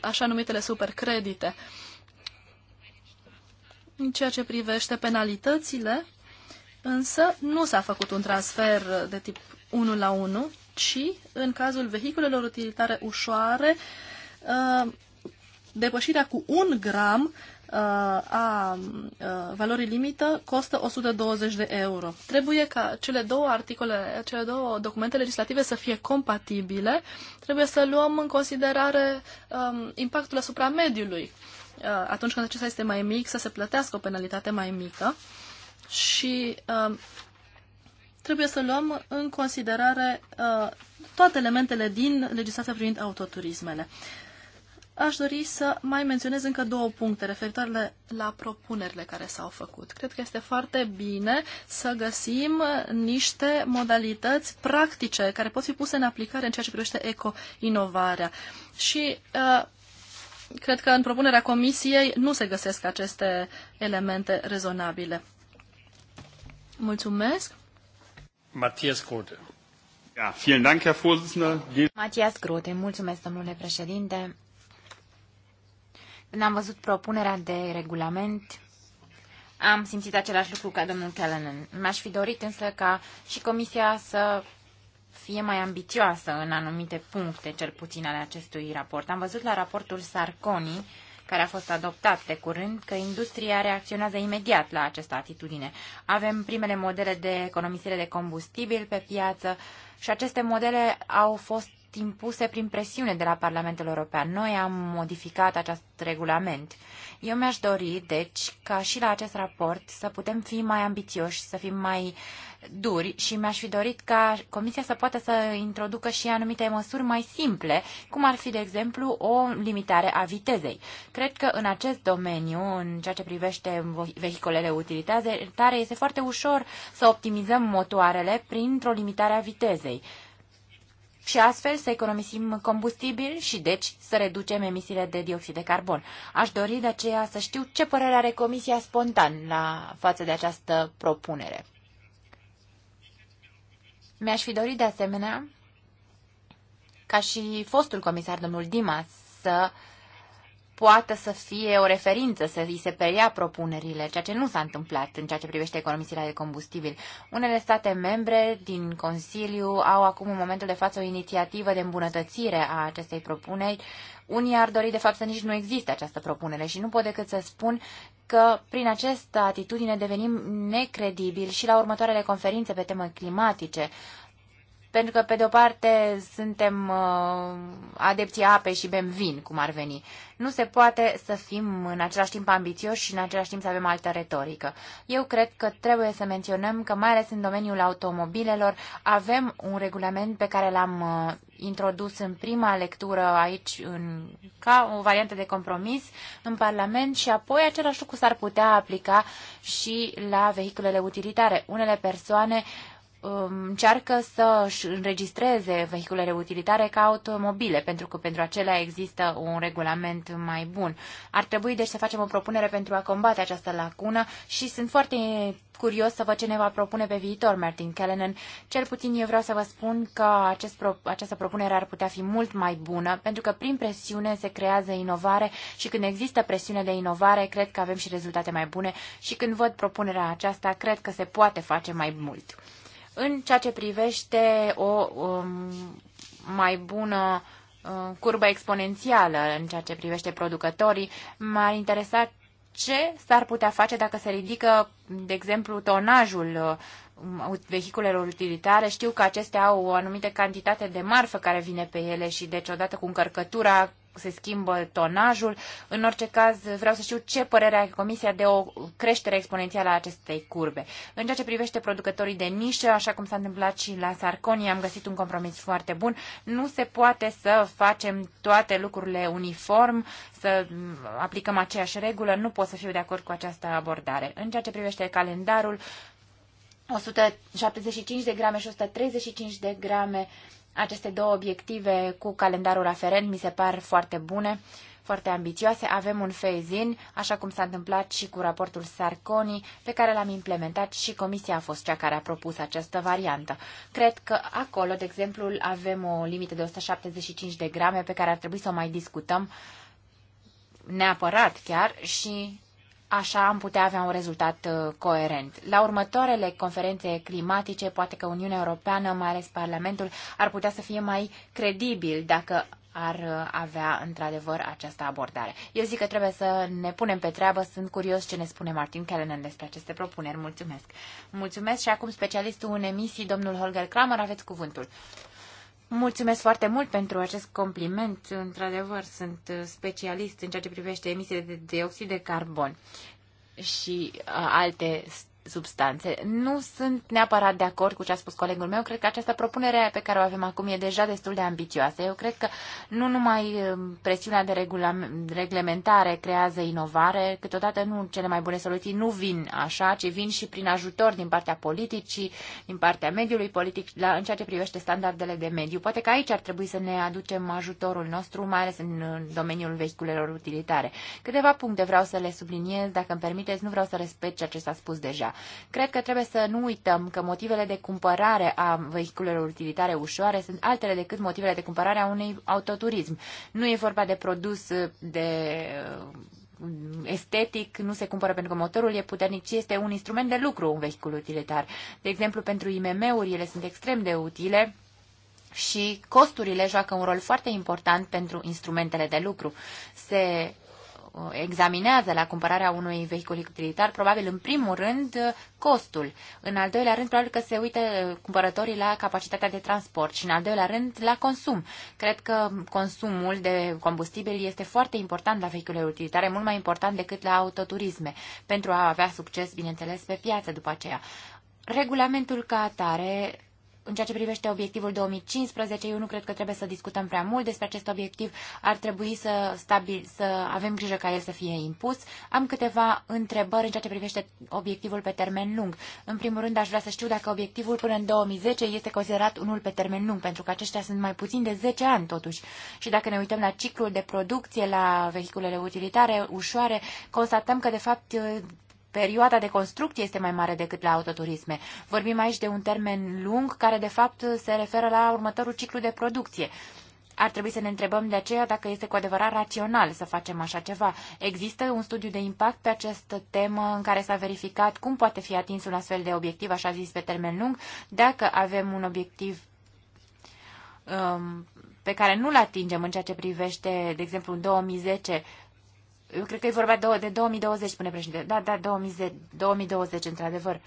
așa numitele supercredite. În ceea ce privește penalitățile, însă nu s-a făcut un transfer de tip 1 la 1, ci în cazul vehiculelor utilitare ușoare, depășirea cu un gram Uh, a uh, valorii limită costă 120 de euro. Trebuie ca cele două articole, cele două documente legislative să fie compatibile. Trebuie să luăm în considerare um, impactul asupra mediului uh, atunci când acesta este mai mic, să se plătească o penalitate mai mică și uh, trebuie să luăm în considerare uh, toate elementele din legislația privind autoturismele. Aș dori să mai menționez încă două puncte referitoare la propunerile care s-au făcut. Cred că este foarte bine să găsim niște modalități practice care pot fi puse în aplicare în ceea ce privește eco-inovarea. Și uh, cred că în propunerea comisiei nu se găsesc aceste elemente rezonabile. Mulțumesc. Matias Grote. Ja, vielen Dank, Herr Vorsitzender. Matias Grote, mulțumesc, domnule președinte. Când am văzut propunerea de regulament. Am simțit același lucru ca domnul Callanan. Mi-aș fi dorit însă ca și comisia să fie mai ambițioasă în anumite puncte, cel puțin ale acestui raport. Am văzut la raportul Sarconi, care a fost adoptat de curând, că industria reacționează imediat la această atitudine. Avem primele modele de economisire de combustibil pe piață și aceste modele au fost impuse prin presiune de la Parlamentul European. Noi am modificat acest regulament. Eu mi-aș dori, deci, ca și la acest raport să putem fi mai ambițioși, să fim mai duri și mi-aș fi dorit ca Comisia să poată să introducă și anumite măsuri mai simple, cum ar fi, de exemplu, o limitare a vitezei. Cred că în acest domeniu, în ceea ce privește vehiculele utilitare, este foarte ușor să optimizăm motoarele printr-o limitare a vitezei și astfel să economisim combustibil și deci să reducem emisiile de dioxid de carbon. Aș dori de aceea să știu ce părere are Comisia spontan la față de această propunere. Mi-aș fi dorit de asemenea ca și fostul comisar domnul Dimas să uh, poată să fie o referință, să îi se preia propunerile, ceea ce nu s-a întâmplat în ceea ce privește economisirea de combustibil. Unele state membre din Consiliu au acum în momentul de față o inițiativă de îmbunătățire a acestei propuneri. Unii ar dori de fapt să nici nu existe această propunere și nu pot decât să spun că prin această atitudine devenim necredibili și la următoarele conferințe pe temă climatice pentru că, pe de-o parte, suntem uh, adepții ape și bem vin, cum ar veni. Nu se poate să fim în același timp ambițioși și în același timp să avem altă retorică. Eu cred că trebuie să menționăm că, mai ales în domeniul automobilelor, avem un regulament pe care l-am uh, introdus în prima lectură aici în, ca o variantă de compromis în Parlament și apoi același lucru s-ar putea aplica și la vehiculele utilitare. Unele persoane uh, Um, încearcă să își înregistreze vehiculele utilitare ca automobile, pentru că pentru acelea există un regulament mai bun. Ar trebui deci să facem o propunere pentru a combate această lacună și sunt foarte curios să văd ce ne va propune pe viitor Martin Kellenen. Cel puțin eu vreau să vă spun că acest pro- această propunere ar putea fi mult mai bună, pentru că prin presiune se creează inovare și când există presiune de inovare, cred că avem și rezultate mai bune și când văd propunerea aceasta, cred că se poate face mai mult în ceea ce privește o um, mai bună um, curbă exponențială în ceea ce privește producătorii. M-ar interesa ce s-ar putea face dacă se ridică, de exemplu, tonajul uh, vehiculelor utilitare. Știu că acestea au o anumită cantitate de marfă care vine pe ele și deci odată cu încărcătura se schimbă tonajul. În orice caz, vreau să știu ce părere are Comisia de o creștere exponențială a acestei curbe. În ceea ce privește producătorii de nișă, așa cum s-a întâmplat și la Sarconi, am găsit un compromis foarte bun. Nu se poate să facem toate lucrurile uniform, să aplicăm aceeași regulă. Nu pot să fiu de acord cu această abordare. În ceea ce privește calendarul, 175 de grame și 135 de grame aceste două obiective cu calendarul aferent mi se par foarte bune, foarte ambițioase. Avem un phase-in, așa cum s-a întâmplat și cu raportul Sarconi, pe care l-am implementat și comisia a fost cea care a propus această variantă. Cred că acolo, de exemplu, avem o limită de 175 de grame pe care ar trebui să o mai discutăm neapărat chiar și Așa am putea avea un rezultat uh, coerent. La următoarele conferințe climatice, poate că Uniunea Europeană, mai ales Parlamentul, ar putea să fie mai credibil dacă ar uh, avea într-adevăr această abordare. Eu zic că trebuie să ne punem pe treabă, sunt curios ce ne spune Martin Kellenen despre aceste propuneri. Mulțumesc! Mulțumesc și acum specialistul în emisii, domnul Holger Kramer, aveți cuvântul. Mulțumesc foarte mult pentru acest compliment. Într-adevăr, sunt uh, specialist în ceea ce privește emisiile de dioxid de carbon și uh, alte substanțe. Nu sunt neapărat de acord cu ce a spus colegul meu. Cred că această propunere pe care o avem acum e deja destul de ambițioasă. Eu cred că nu numai um, presiunea de reglementare creează inovare, câteodată nu cele mai bune soluții nu vin așa, ci vin și prin ajutor din partea politicii, din partea mediului politic, la, în ceea ce privește standardele de mediu. Poate că aici ar trebui să ne aducem ajutorul nostru, mai ales în domeniul vehiculelor utilitare. Câteva puncte vreau să le subliniez, dacă îmi permiteți, nu vreau să respect ceea ce s-a spus deja. Cred că trebuie să nu uităm că motivele de cumpărare a vehiculelor utilitare ușoare sunt altele decât motivele de cumpărare a unui autoturism. Nu e vorba de produs de uh, estetic, nu se cumpără pentru că motorul e puternic, ci este un instrument de lucru un vehicul utilitar. De exemplu, pentru IMM-uri ele sunt extrem de utile și costurile joacă un rol foarte important pentru instrumentele de lucru. Se Uh, examinează la cumpărarea unui vehicul utilitar, probabil în primul rând uh, costul. În al doilea rând, probabil că se uită uh, cumpărătorii la capacitatea de transport și în al doilea rând la consum. Cred că consumul de combustibil este foarte important la vehiculele utilitare, mult mai important decât la autoturisme, pentru a avea succes, bineînțeles, pe piață după aceea. Regulamentul ca atare în ceea ce privește obiectivul 2015, eu nu cred că trebuie să discutăm prea mult despre acest obiectiv. Ar trebui să, stabil, să avem grijă ca el să fie impus. Am câteva întrebări în ceea ce privește obiectivul pe termen lung. În primul rând, aș vrea să știu dacă obiectivul până în 2010 este considerat unul pe termen lung, pentru că aceștia sunt mai puțin de 10 ani, totuși. Și dacă ne uităm la ciclul de producție, la vehiculele utilitare, ușoare, constatăm că, de fapt, perioada de construcție este mai mare decât la autoturisme. Vorbim aici de un termen lung care de fapt se referă la următorul ciclu de producție. Ar trebui să ne întrebăm de aceea dacă este cu adevărat rațional să facem așa ceva. Există un studiu de impact pe această temă în care s-a verificat cum poate fi atins un astfel de obiectiv, așa zis, pe termen lung, dacă avem un obiectiv um, pe care nu-l atingem în ceea ce privește, de exemplu, în 2010 eu cred că e vorba de, de 2020, spune președinte. Da, da, 2020, 2020, într-adevăr.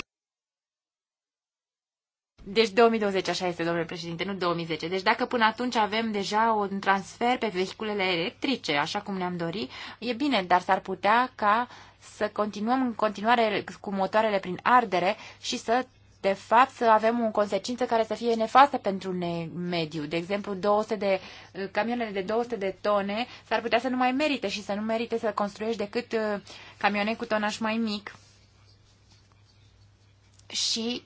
Deci 2020, așa este, domnule președinte, nu 2010. Deci dacă până atunci avem deja un transfer pe vehiculele electrice, așa cum ne-am dorit, e bine, dar s-ar putea ca să continuăm în continuare cu motoarele prin ardere și să de fapt să avem o consecință care să fie nefastă pentru ne mediu. De exemplu, 200 de uh, camioane de 200 de tone s-ar putea să nu mai merite și să nu merite să construiești decât uh, camioane cu tonaj mai mic. Și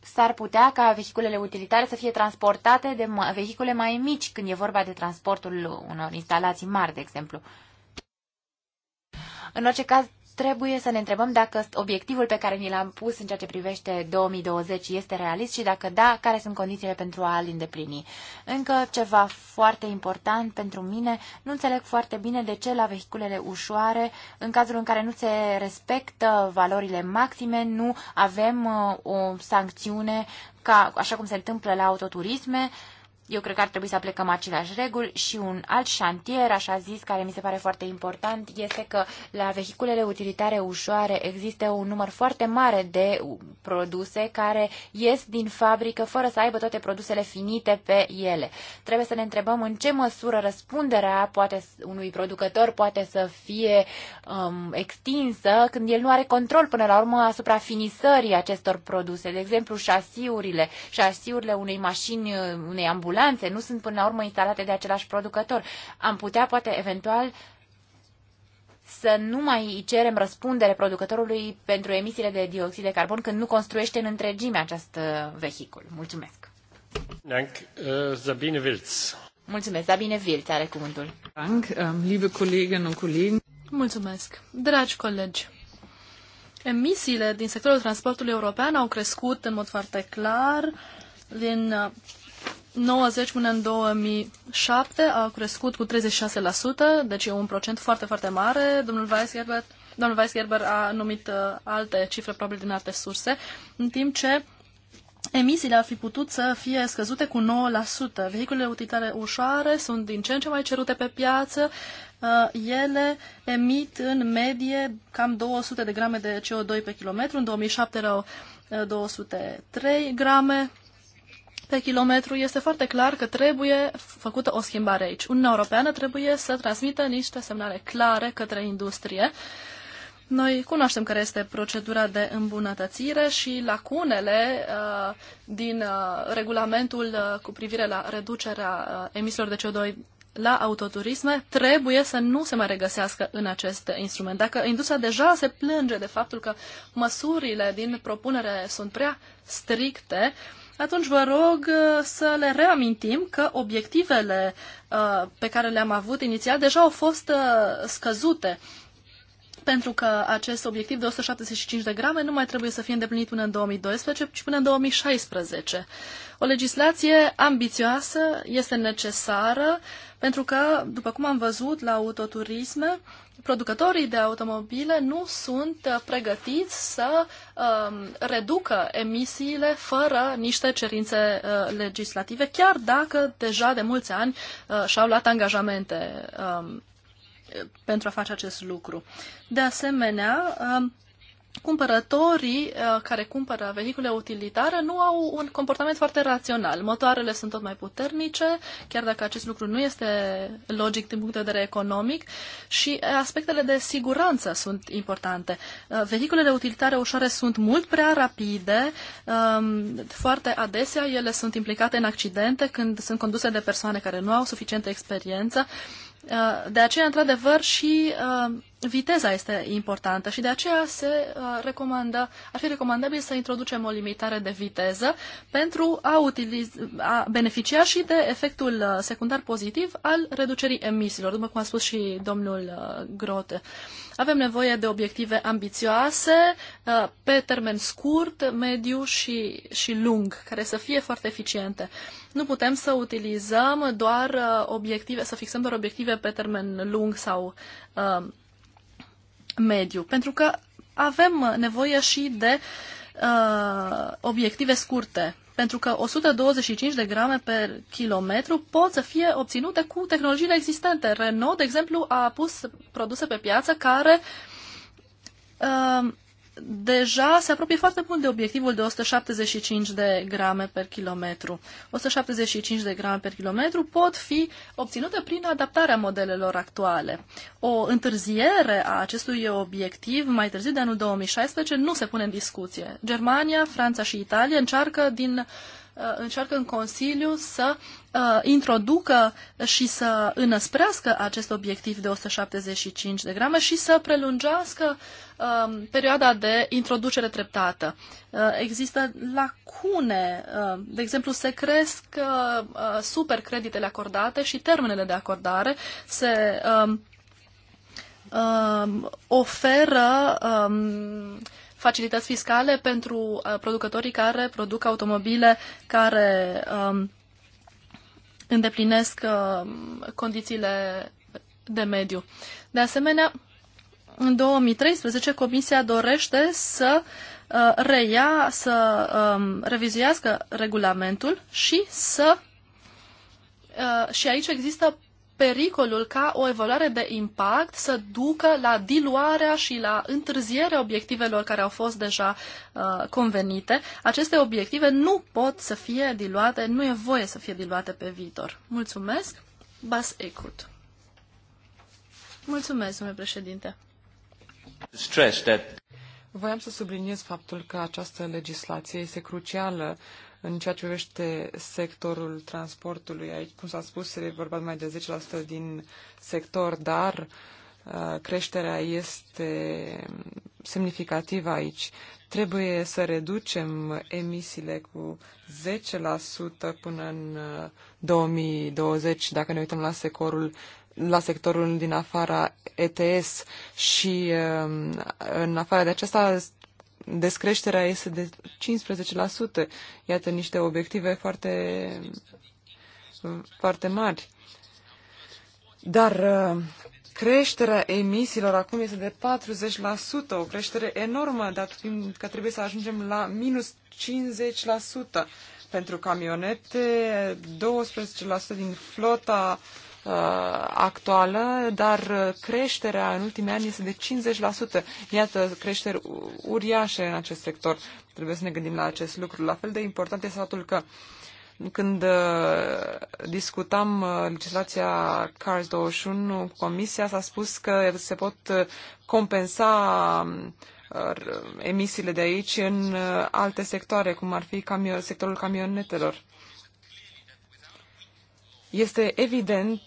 s-ar putea ca vehiculele utilitare să fie transportate de vehicule mai mici când e vorba de transportul unor instalații mari, de exemplu. În orice caz, trebuie să ne întrebăm dacă obiectivul pe care ni l-am pus în ceea ce privește 2020 este realist și dacă da, care sunt condițiile pentru a-l îndeplini. Încă ceva foarte important pentru mine, nu înțeleg foarte bine de ce la vehiculele ușoare, în cazul în care nu se respectă valorile maxime, nu avem uh, o sancțiune ca, așa cum se întâmplă la autoturisme, uh, eu cred că ar trebui să aplicăm aceleași reguli și un alt șantier, așa zis, care mi se pare foarte important, este că la vehiculele utilitare ușoare există un număr foarte mare de produse care ies din fabrică fără să aibă toate produsele finite pe ele. Trebuie să ne întrebăm în ce măsură răspunderea poate unui producător poate să fie um, extinsă când el nu are control până la urmă asupra finisării acestor produse. De exemplu, șasiurile, șasiurile unei mașini, unei ambulanțe, balanțe, nu sunt până la urmă instalate de același producător. Am putea poate eventual să nu mai cerem răspundere producătorului pentru emisiile de dioxid de carbon când nu construiește în întregime acest uh, vehicul. Mulțumesc. Dank, uh, Sabine Wilz. Mulțumesc, Sabine Wilz are cuvântul. Dank, um, liebe Kolleginnen und Kollegen. Mulțumesc. Dragi colegi, emisiile din sectorul transportului european au crescut în mod foarte clar din uh, 90 până în 2007 a crescut cu 36%, deci e un procent foarte, foarte mare. Domnul Weisgerber, domnul Weisgerber a numit uh, alte cifre, probabil din alte surse, în timp ce emisiile ar fi putut să fie scăzute cu 9%. Vehiculele utilitare ușoare sunt din ce în ce mai cerute pe piață. Uh, ele emit în medie cam 200 de grame de CO2 pe kilometru. În 2007 erau 203 uh, grame pe kilometru, este foarte clar că trebuie făcută o schimbare aici. Uniunea Europeană trebuie să transmită niște semnale clare către industrie. Noi cunoaștem care este procedura de îmbunătățire și lacunele uh, din uh, regulamentul uh, cu privire la reducerea uh, emisiilor de CO2 la autoturisme trebuie să nu se mai regăsească în acest instrument. Dacă industria deja se plânge de faptul că măsurile din propunere sunt prea stricte, uh, atunci vă rog uh, să le reamintim că obiectivele uh, pe care le-am avut inițial deja au fost uh, scăzute pentru că acest obiectiv de 175 de grame nu mai trebuie să fie îndeplinit până în 2012, ci până în 2016. O legislație ambițioasă este necesară pentru că, după cum am văzut la autoturisme, producătorii de automobile nu sunt uh, pregătiți să um, reducă emisiile fără niște cerințe uh, legislative, chiar dacă deja de mulți ani uh, și-au luat angajamente um, pentru a face acest lucru. De asemenea, um, cumpărătorii uh, care cumpără vehicule utilitare nu au un comportament foarte rațional. Motoarele sunt tot mai puternice, chiar dacă acest lucru nu este logic din punct de vedere economic și uh, aspectele de siguranță sunt importante. Uh, vehiculele utilitare ușoare sunt mult prea rapide, um, foarte adesea ele sunt implicate în accidente când sunt conduse de persoane care nu au suficientă experiență. De aceea, într-adevăr, și viteza este importantă și de aceea se uh, recomandă, ar fi recomandabil să introducem o limitare de viteză pentru a, utiliz, a beneficia și de efectul uh, secundar pozitiv al reducerii emisiilor, după cum a spus și domnul uh, Grote. Avem nevoie de obiective ambițioase, pe termen scurt, mediu și, și lung, care să fie foarte eficiente. Nu putem să utilizăm doar obiective, să fixăm doar obiective pe termen lung sau mediu, pentru că avem nevoie și de uh, obiective scurte, pentru că 125 de grame per kilometru pot să fie obținute cu tehnologiile existente. Renault, de exemplu, a pus produse pe piață care uh, deja se apropie foarte mult de obiectivul de 175 de grame per kilometru. 175 de grame per kilometru pot fi obținute prin adaptarea modelelor actuale. O întârziere a acestui obiectiv mai târziu de anul 2016 nu se pune în discuție. Germania, Franța și Italia încearcă din uh, încearcă în Consiliu să uh, introducă și să înăsprească acest obiectiv de 175 de grame și să prelungească uh, perioada de introducere treptată. Uh, există lacune, uh, de exemplu, se cresc uh, uh supercreditele acordate și termenele de acordare, se uh, uh, oferă uh, facilități fiscale pentru uh, producătorii care produc automobile care um, îndeplinesc uh, condițiile de mediu. De asemenea, în 2013 Comisia dorește să uh, reia, să um, revizuiască regulamentul și să uh, și aici există pericolul ca o evaluare de impact să ducă la diluarea și la întârzierea obiectivelor care au fost deja uh, convenite. Aceste obiective nu pot să fie diluate, nu e voie să fie diluate pe viitor. Mulțumesc, Bas Ecut. Mulțumesc, domnule președinte. Voiam să subliniez faptul că această legislație este crucială în ceea ce privește sectorul transportului, aici, cum s-a spus, se vorba mai de 10% din sector, dar uh, creșterea este semnificativă aici. Trebuie să reducem emisiile cu 10% până în 2020, uh, dacă ne uităm la sectorul la sectorul din afara ETS și um, în afara de aceasta descreșterea este de 15%. Iată niște obiective foarte, foarte mari. Dar uh, creșterea emisiilor acum este de 40%, o creștere enormă, dat fiind că trebuie să ajungem la minus 50% pentru camionete, 12% din flota uh, Uh, actuală, dar creșterea în ultimii ani este de 50%. Iată, creșteri uriașe în acest sector. Trebuie să ne gândim la acest lucru. La fel de important este faptul că când uh, discutam uh, legislația CARS 21, comisia s-a spus că se pot compensa um, emisiile de aici în alte sectoare, cum ar fi sectorul camionetelor. Este evident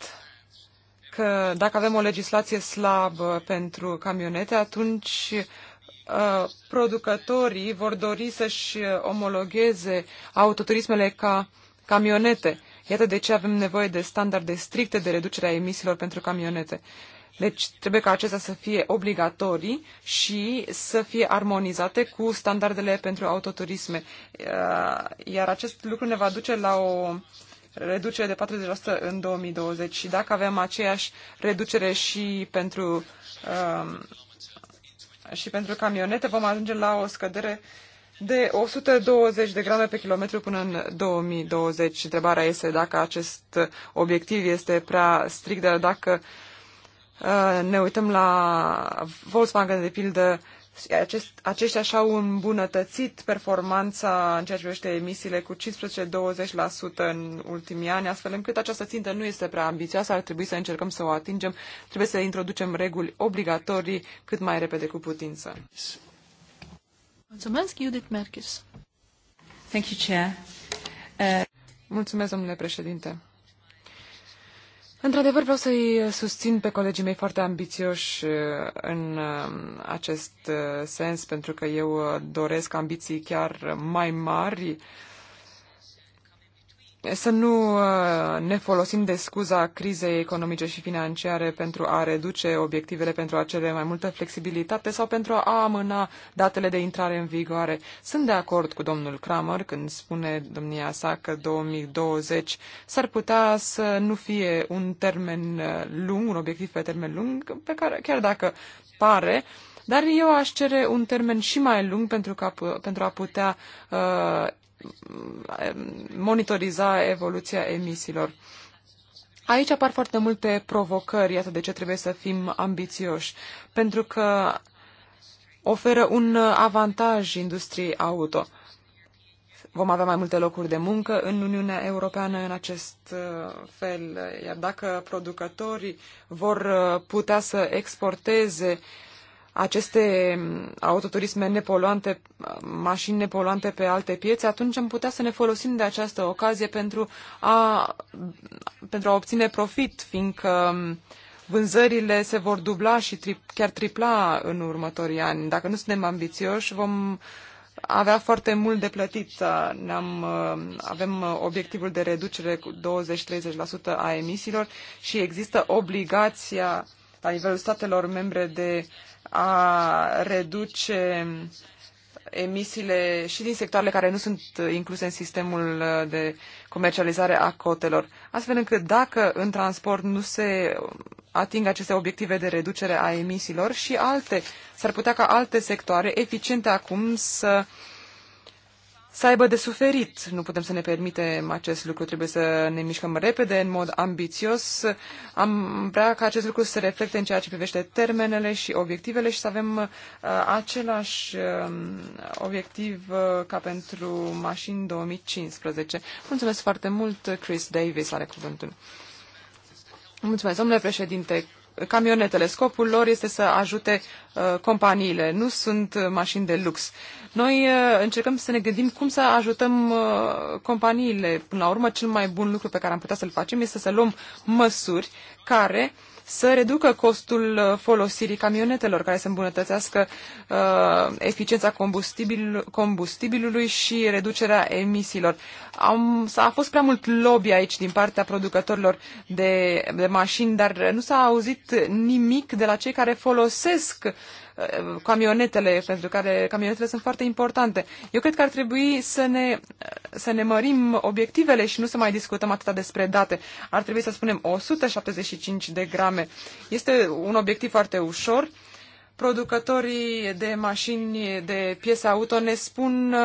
că dacă avem o legislație slabă pentru camionete, atunci uh, producătorii vor dori să-și omologheze autoturismele ca camionete. Iată de ce avem nevoie de standarde stricte de reducere a emisiilor pentru camionete. Deci trebuie ca acestea să fie obligatorii și să fie armonizate cu standardele pentru autoturisme. Uh, iar acest lucru ne va duce la o reducere de 40% în 2020 și dacă avem aceeași reducere și pentru, um, și pentru camionete, vom ajunge la o scădere de 120 de grame pe kilometru până în 2020. Întrebarea este dacă acest obiectiv este prea strict, dar dacă uh, ne uităm la Volkswagen, de pildă, acest, aceștia și-au îmbunătățit performanța în ceea ce privește emisiile cu 15-20% în ultimii ani, astfel încât această țintă nu este prea ambițioasă, ar trebui să încercăm să o atingem, trebuie să introducem reguli obligatorii cât mai repede cu putință. Mulțumesc, Judith Merkis. Thank you, Chair. Uh... Mulțumesc, domnule președinte. Într-adevăr, vreau să-i susțin pe colegii mei foarte ambițioși uh, în uh, acest uh, sens, pentru că eu doresc ambiții chiar mai mari să nu uh, ne folosim de scuza crizei economice și financiare pentru a reduce obiectivele, pentru a cere mai multă flexibilitate sau pentru a amâna datele de intrare în vigoare. Sunt de acord cu domnul Kramer când spune domnia sa că 2020 s-ar putea să nu fie un termen uh, lung, un obiectiv pe termen lung, pe care, chiar dacă pare, dar eu aș cere un termen și mai lung pentru, ca, pentru a putea uh, monitoriza evoluția emisiilor. Aici apar foarte multe provocări, iată de ce trebuie să fim ambițioși, pentru că oferă un avantaj industriei auto. Vom avea mai multe locuri de muncă în Uniunea Europeană în acest uh, fel, iar dacă producătorii vor uh, putea să exporteze uh, aceste autoturisme nepoluante, mașini nepoluante pe alte piețe, atunci am putea să ne folosim de această ocazie pentru a, pentru a obține profit, fiindcă um, vânzările se vor dubla și tri, chiar tripla în următorii ani. Dacă nu suntem ambițioși, vom avea foarte mult de plătit. Ne-am, uh, avem uh, obiectivul de reducere cu 20-30% a emisiilor și există obligația la nivelul statelor membre de a reduce emisiile și din sectoarele care nu sunt incluse în sistemul de comercializare a cotelor, astfel încât dacă în transport nu se ating aceste obiective de reducere a emisiilor și alte, s-ar putea ca alte sectoare eficiente acum să uh, să aibă de suferit. Nu putem să ne permitem acest lucru, trebuie să ne mișcăm repede, în mod ambițios. Am vrea ca acest lucru să se reflecte în ceea ce privește termenele și obiectivele și să avem uh, același uh, obiectiv uh, ca pentru mașini 2015. Mulțumesc foarte mult, Chris Davis are cuvântul. Mulțumesc, domnule președinte camionetele. Scopul lor este să ajute uh, companiile, nu sunt uh, mașini de lux. Noi uh, încercăm să ne gândim cum să ajutăm companiile. Până la urmă, cel mai bun lucru pe care am putea să-l facem este să luăm măsuri care uh, să reducă costul uh, folosirii camionetelor, care să îmbunătățească uh, eficiența combustibil, combustibilului și reducerea emisiilor. Am, s-a fost prea mult lobby aici din partea producătorilor de, de mașini, dar nu s-a auzit nimic de la cei care folosesc uh, camionetele, pentru care camionetele sunt foarte importante. Eu cred că ar trebui să ne, să ne mărim obiectivele și nu să mai discutăm atâta despre date. Ar trebui să spunem 175 de grame. Este un obiectiv foarte ușor producătorii de mașini, de piese auto ne spun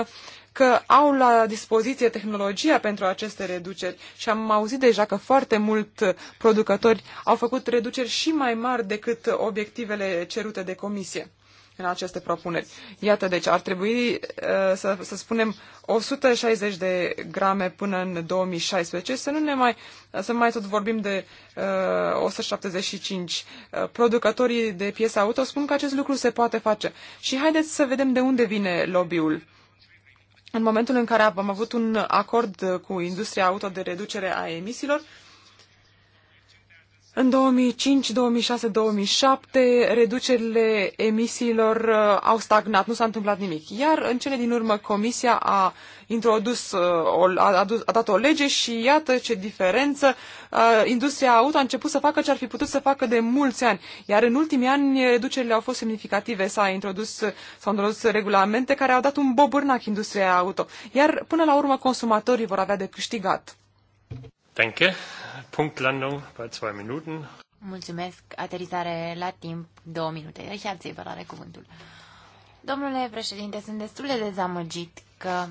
că au la dispoziție tehnologia pentru aceste reduceri și am auzit deja că foarte mult producători au făcut reduceri și mai mari decât obiectivele cerute de comisie în aceste propuneri. Iată, deci ar trebui uh, să, să spunem 160 de grame până în 2016, să nu ne mai, să mai tot vorbim de uh, 175. Uh, producătorii de piese auto spun că acest lucru se poate face. Și haideți să vedem de unde vine lobby-ul în momentul în care am avut un acord cu industria auto de reducere a emisiilor, în 2005, 2006, 2007, reducerile emisiilor uh, au stagnat, nu s-a întâmplat nimic. Iar în cele din urmă, Comisia a introdus, uh, a, adus, a dat o lege și iată ce diferență. Uh, industria auto a început să facă ce ar fi putut să facă de mulți ani. Iar în ultimii ani, reducerile au fost semnificative. S-a introdus, s-au introdus regulamente care au dat un bobârnac industriei auto. Iar până la urmă, consumatorii vor avea de câștigat. Thank you. Punktlandung bei 2 Minuten. Mulțumesc. Aterizare la timp, două minute. Richard ați are cuvântul. Domnule președinte, sunt destul de dezamăgit că,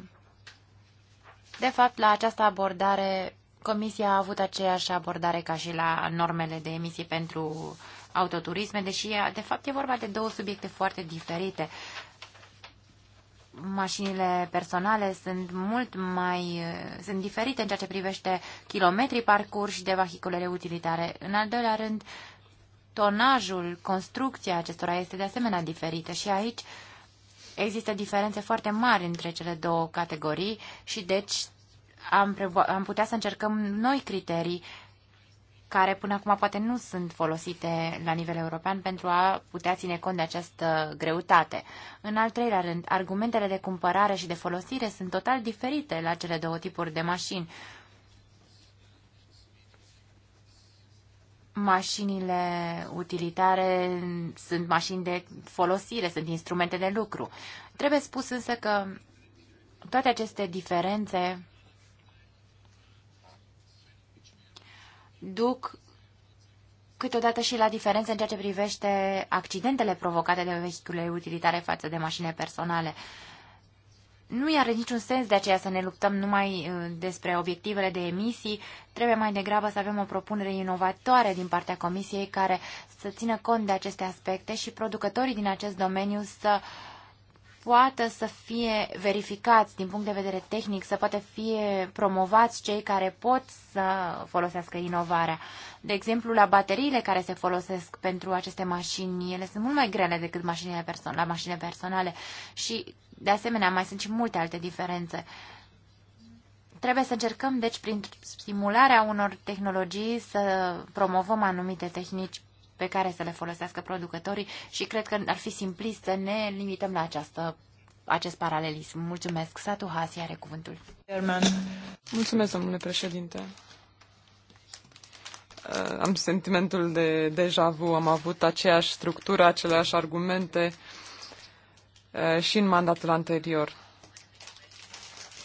de fapt, la această abordare, Comisia a avut aceeași abordare ca și la normele de emisii pentru autoturisme, deși, de fapt, e vorba de două subiecte foarte diferite mașinile personale sunt mult mai sunt diferite în ceea ce privește kilometrii parcurși de vehiculele utilitare. În al doilea rând, tonajul, construcția acestora este de asemenea diferită și aici există diferențe foarte mari între cele două categorii și deci am, am putea să încercăm noi criterii care până acum poate nu sunt folosite la nivel european pentru a putea ține cont de această greutate. În al treilea rând, argumentele de cumpărare și de folosire sunt total diferite la cele două tipuri de mașini. mașinile utilitare sunt mașini de folosire, sunt instrumente de lucru. Trebuie spus însă că toate aceste diferențe duc câteodată și la diferențe în ceea ce privește accidentele provocate de vehicule utilitare față de mașini personale. Nu are niciun sens de aceea să ne luptăm numai uh, despre obiectivele de emisii, trebuie mai degrabă să avem o propunere inovatoare din partea Comisiei care să țină cont de aceste aspecte și producătorii din acest domeniu să uh, poată să fie verificați din punct de vedere tehnic, să poată fi promovați cei care pot să folosească inovarea. De exemplu, la bateriile care se folosesc pentru aceste mașini, ele sunt mult mai grele decât mașinile person- la mașinile personale și, de asemenea, mai sunt și multe alte diferențe. Trebuie să încercăm, deci, prin stimularea unor tehnologii să promovăm anumite tehnici pe care să le folosească producătorii și cred că ar fi simplist să ne limităm la această acest paralelism. Mulțumesc. Satu Hasi are cuvântul. German. Mulțumesc, domnule președinte. Uh, am sentimentul de deja vu, am avut aceeași structură, aceleași argumente uh, și în mandatul anterior.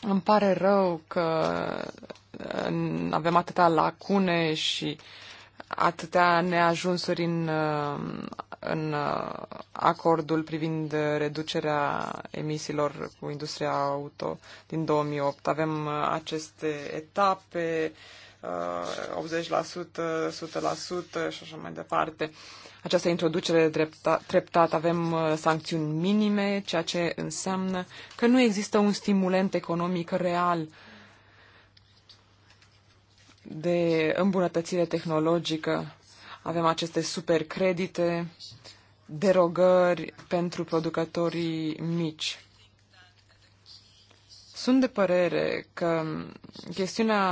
Îmi pare rău că uh, avem atâtea lacune și uh, atâtea neajunsuri în, în acordul privind reducerea emisiilor cu industria auto din 2008. Avem aceste etape, 80%, 100% și așa mai departe. Această introducere drepta, treptat avem uh, sancțiuni minime, ceea ce înseamnă că nu există un stimulent economic real uh, de îmbunătățire tehnologică. Avem aceste supercredite, derogări pentru producătorii mici. Sunt de părere că chestiunea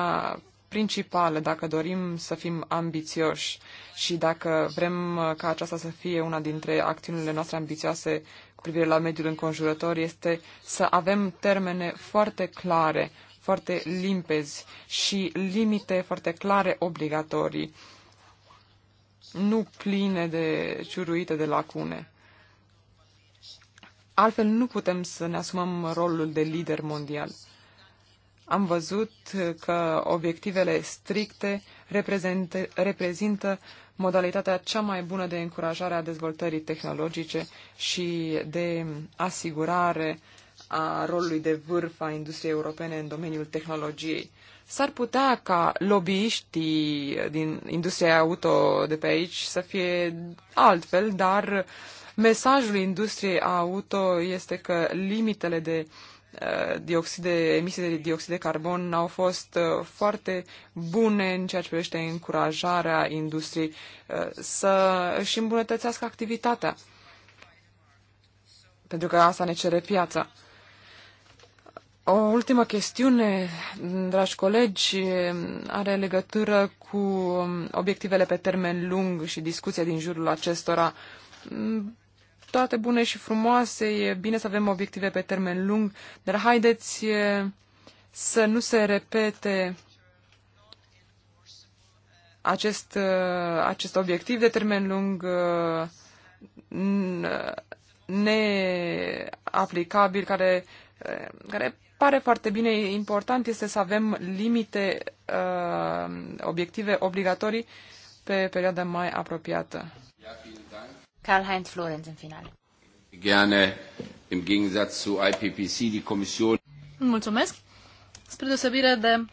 principală, dacă dorim să fim ambițioși și dacă vrem uh, ca aceasta să fie una dintre acțiunile noastre ambițioase cu privire la mediul înconjurător, este să avem termene foarte clare foarte limpezi și limite foarte clare obligatorii, nu pline de ciuruite de lacune. Altfel nu putem să ne asumăm rolul de lider mondial. Am văzut că obiectivele stricte reprezintă modalitatea cea mai bună de încurajare a dezvoltării tehnologice și de asigurare a rolului de vârf a industriei europene în domeniul tehnologiei. S-ar putea ca lobbyiștii din industria auto de pe aici să fie altfel, dar mesajul industriei auto este că limitele de uh, dioxide, de, emisii de dioxid de carbon au fost uh, foarte bune în ceea ce privește încurajarea industriei uh, să își îmbunătățească activitatea. Pentru că asta ne cere piața. O ultimă chestiune, dragi colegi, are legătură cu obiectivele pe termen lung și discuția din jurul acestora. Toate bune și frumoase, e bine să avem obiective pe termen lung, dar haideți să nu se repete acest, acest obiectiv de termen lung neaplicabil, care, care pare foarte bine, important este să avem limite, uh, obiective obligatorii pe perioada mai apropiată. Karl-Heinz Florenz în final. Gerne, im Gegensatz zu IPPC, die Kommission... Mulțumesc. Spre deosebire de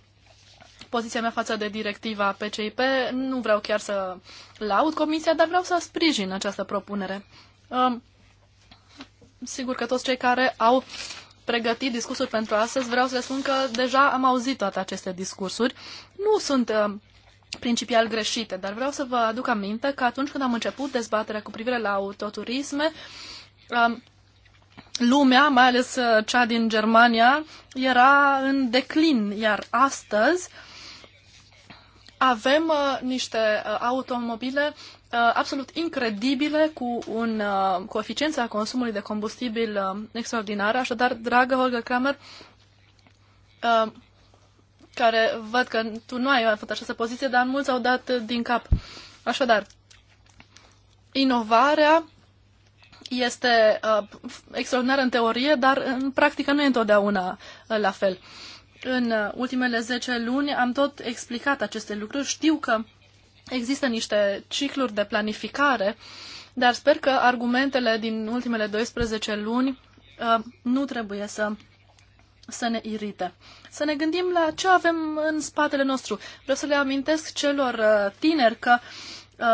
poziția mea față de directiva PCIP, nu vreau chiar să laud comisia, dar vreau să sprijin această propunere. Um, sigur că toți cei care au pregătit discursul pentru astăzi, vreau să le spun că deja am auzit toate aceste discursuri. Nu sunt uh, principial greșite, dar vreau să vă aduc aminte că atunci când am început dezbaterea cu privire la autoturisme, um, lumea, mai ales uh, cea din Germania, era în declin, iar astăzi uh, avem uh, niște uh, automobile uh, absolut incredibile cu un uh, cu eficiența consumului de combustibil uh, extraordinară. Așadar, dragă Holger Kramer, uh, care văd că tu nu ai avut această poziție, dar mulți au dat uh, din cap. Așadar, inovarea este uh, extraordinară în teorie, dar în practică nu e întotdeauna uh, la fel. Uh, în uh, ultimele 10 luni am tot explicat aceste lucruri. Știu că există niște cicluri de planificare, dar sper că argumentele din ultimele 12 luni uh, nu trebuie să să ne irite. Să ne gândim la ce avem în spatele nostru. Vreau să le amintesc celor uh, tineri că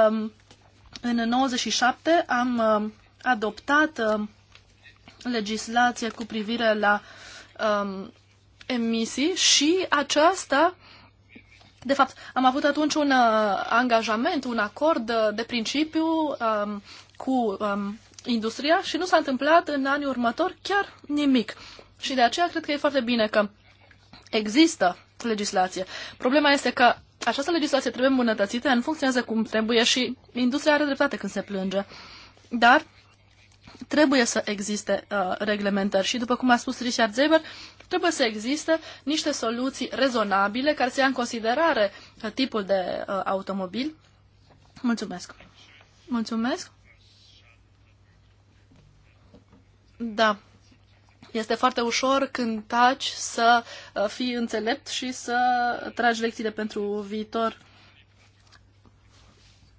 um, în 97 am adoptat legislație cu privire la um, emisii și aceasta de fapt, am avut atunci un uh, angajament, un acord uh, de principiu um, cu um, industria și nu s-a întâmplat în anii următori chiar nimic. Și de aceea cred că e foarte bine că există legislație. Problema este că această legislație trebuie îmbunătățită, nu funcționează cum trebuie și industria are dreptate când se plânge. Dar trebuie să existe uh, reglementări și, după cum a spus Richard Zeber, Trebuie să existe niște soluții rezonabile care să ia în considerare uh, tipul de uh, automobil. Mulțumesc. Mulțumesc. Da. Este foarte ușor când taci să uh, fii înțelept și să tragi lecțiile pentru viitor.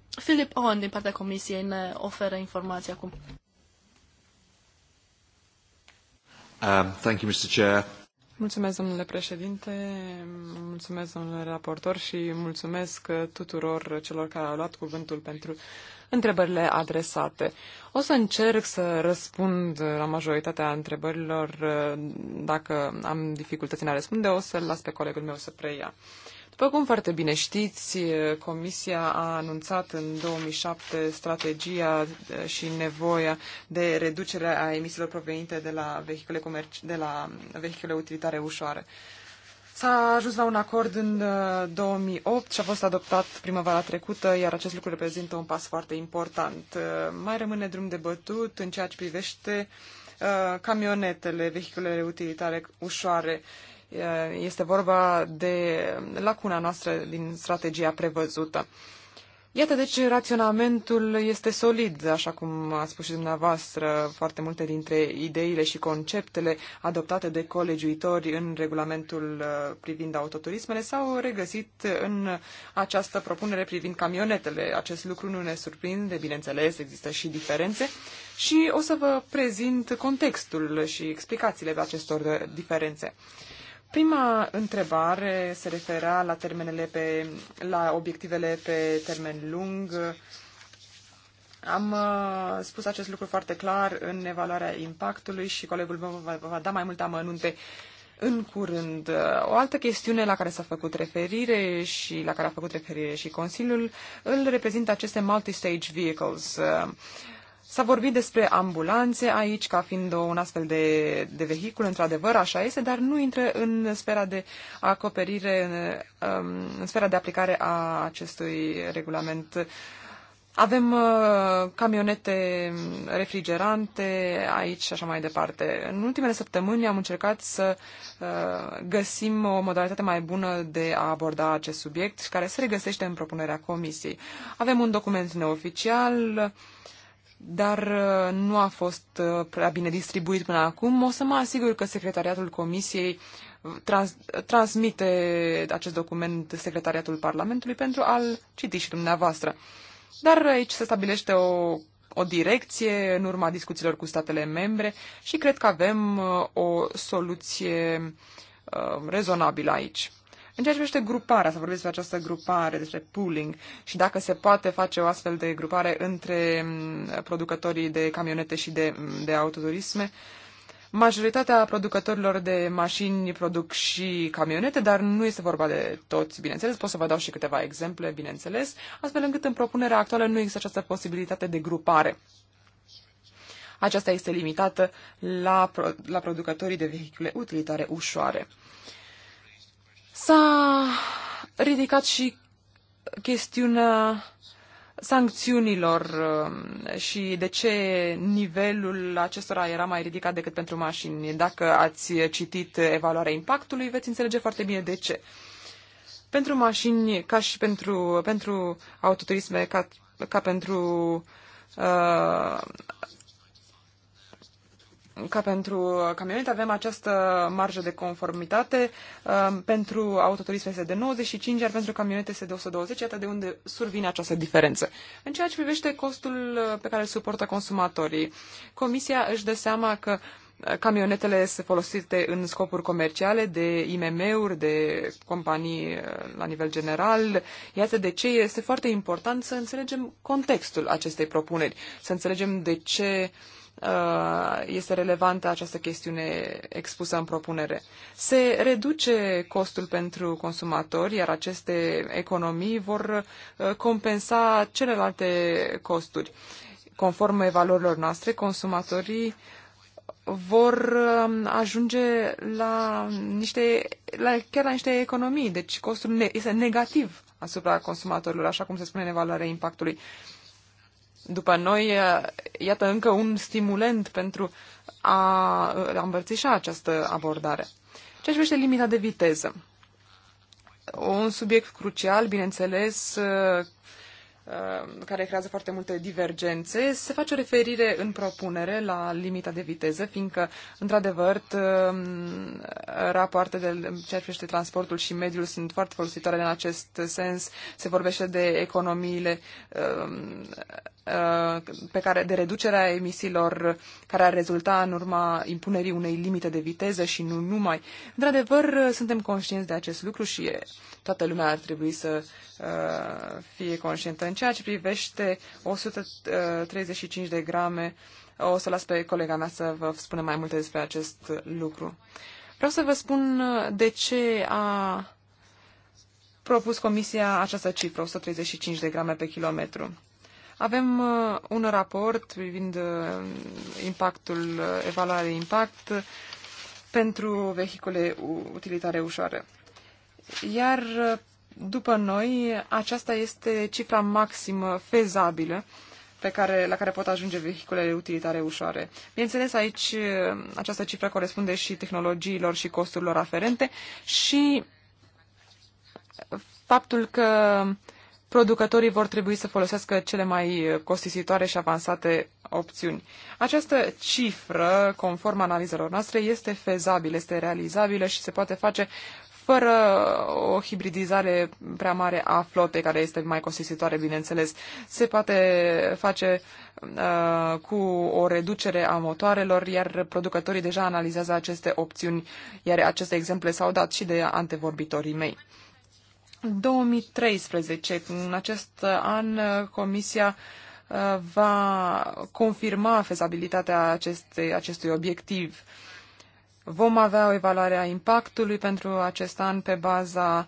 Filip, Owen din partea comisiei ne oferă informații acum. Um, mulțumesc, domnule președinte, mulțumesc, domnule raportor și mulțumesc tuturor celor care au luat cuvântul pentru întrebările adresate. O să încerc să răspund la majoritatea întrebărilor. Dacă am dificultăți în a răspunde, o să-l las pe colegul meu să preia. Uh, după cum foarte bine știți, Comisia a anunțat în 2007 strategia eh, și nevoia de reducere a emisiilor provenite de la vehicule, comerci- de la vehicule utilitare ușoare. S-a ajuns la un acord în 2008 eh, și a fost adoptat primăvara trecută, iar acest lucru reprezintă un pas foarte important. Eh, mai rămâne drum de bătut în ceea ce privește camionetele, vehiculele utilitare ușoare Eh, este vorba de lacuna noastră din strategia prevăzută. Iată, deci, raționamentul este solid, așa cum a spus și dumneavoastră, foarte multe dintre ideile și conceptele adoptate de colegiuitori în regulamentul eh, privind autoturismele s-au regăsit în această propunere privind camionetele. Acest lucru nu ne surprinde, bineînțeles, există și diferențe și o să vă prezint contextul și explicațiile acestor diferențe. Prima întrebare se refera la termenele pe, la obiectivele pe termen lung. Am uh, spus acest lucru foarte clar în evaluarea impactului și colegul meu va, va da mai multe amănunte în curând. O altă chestiune la care s-a făcut referire și la care a făcut referire și Consiliul îl reprezintă aceste multi-stage vehicles. Uh, S-a vorbit despre ambulanțe aici ca fiind un astfel de, de vehicul, într-adevăr, așa este, dar nu intră în sfera de acoperire, în, um, în sfera de aplicare a acestui regulament. Avem uh, camionete refrigerante aici și așa mai departe. În ultimele săptămâni am încercat să uh, găsim o modalitate mai bună de a aborda acest subiect, care se regăsește în propunerea comisiei. Avem un document neoficial uh, dar uh, nu a fost uh, prea bine distribuit până acum. O să mă asigur că secretariatul comisiei uh, trans, transmite acest document secretariatul Parlamentului pentru a-l citi și dumneavoastră. Dar aici se stabilește o, o direcție în urma discuțiilor cu statele membre și cred că avem o soluție uh, rezonabilă aici. În ceea ce privește gruparea, să vorbim despre această grupare, despre pooling și dacă se poate face o astfel de grupare între mm, producătorii de camionete și de, mm, de autoturisme, Majoritatea producătorilor de mașini produc și camionete, dar nu este vorba de toți, bineînțeles. Pot să vă dau și câteva exemple, bineînțeles, astfel încât în propunerea actuală nu există această posibilitate de grupare. Aceasta este limitată la, la producătorii de vehicule utilitare ușoare. S-a ridicat și chestiunea sancțiunilor um, și de ce nivelul acestora era mai ridicat decât pentru mașini. Dacă ați citit evaluarea impactului, veți înțelege foarte bine de ce. Pentru mașini, ca și pentru, pentru autoturisme, ca, ca pentru uh, ca pentru camionete avem această marjă de conformitate, um, pentru autoturisme este de 95, iar pentru camionete este de 120, iată de unde survine această diferență. În ceea ce privește costul uh, pe care îl suportă consumatorii, Comisia își dă seama că uh, camionetele sunt folosite în scopuri comerciale de IMM-uri, de companii uh, la nivel general. Iată de ce este foarte important să înțelegem contextul acestei propuneri, să înțelegem de ce uh, Uh, este relevantă această chestiune expusă în propunere. Se reduce costul pentru consumatori, iar aceste economii vor uh, compensa celelalte costuri. Conform evaluărilor noastre, consumatorii vor uh, ajunge la niște, la, chiar la niște economii. Deci costul ne- este negativ asupra consumatorilor, așa cum se spune în evaluarea impactului. Uh, după noi, iată încă un stimulent pentru a îmbărțișa această abordare. Ceea ce privește limita de viteză. Un subiect crucial, bineînțeles, care creează foarte multe divergențe. Se face referire în propunere la limita de viteză, fiindcă, într-adevăr, rapoarte de ceea ce privește transportul și mediul sunt foarte folositoare în acest sens. Se vorbește de economiile Uh, pe care, de reducerea emisiilor care ar rezulta în urma impunerii unei limite de viteză și nu numai. Într-adevăr, suntem conștienți de acest lucru și toată lumea ar trebui să uh, fie conștientă. În ceea ce privește 135 de grame, o să las pe colega mea să vă spună mai multe despre acest lucru. Vreau să vă spun uh, de ce a propus Comisia această cifră, 135 de grame pe kilometru. Avem uh, un raport privind uh, impactul, uh, evaluarea de impact pentru vehicule utilitare ușoare. Iar după noi, aceasta este cifra maximă fezabilă pe care, la care pot ajunge vehiculele utilitare ușoare. Bineînțeles, aici această cifră corespunde și tehnologiilor și costurilor aferente și faptul că uh, producătorii vor trebui să folosească cele mai costisitoare și avansate opțiuni. Această cifră, conform analizelor noastre, este fezabilă, este realizabilă și se poate face fără o hibridizare prea mare a flotei, care este mai costisitoare, bineînțeles. Se poate face uh, cu o reducere a motoarelor, iar producătorii deja analizează aceste opțiuni, iar aceste exemple s-au dat și de antevorbitorii mei. 2013. În acest an, Comisia uh, va confirma fezabilitatea acestei, acestui obiectiv. Vom avea o evaluare a impactului pentru acest an pe baza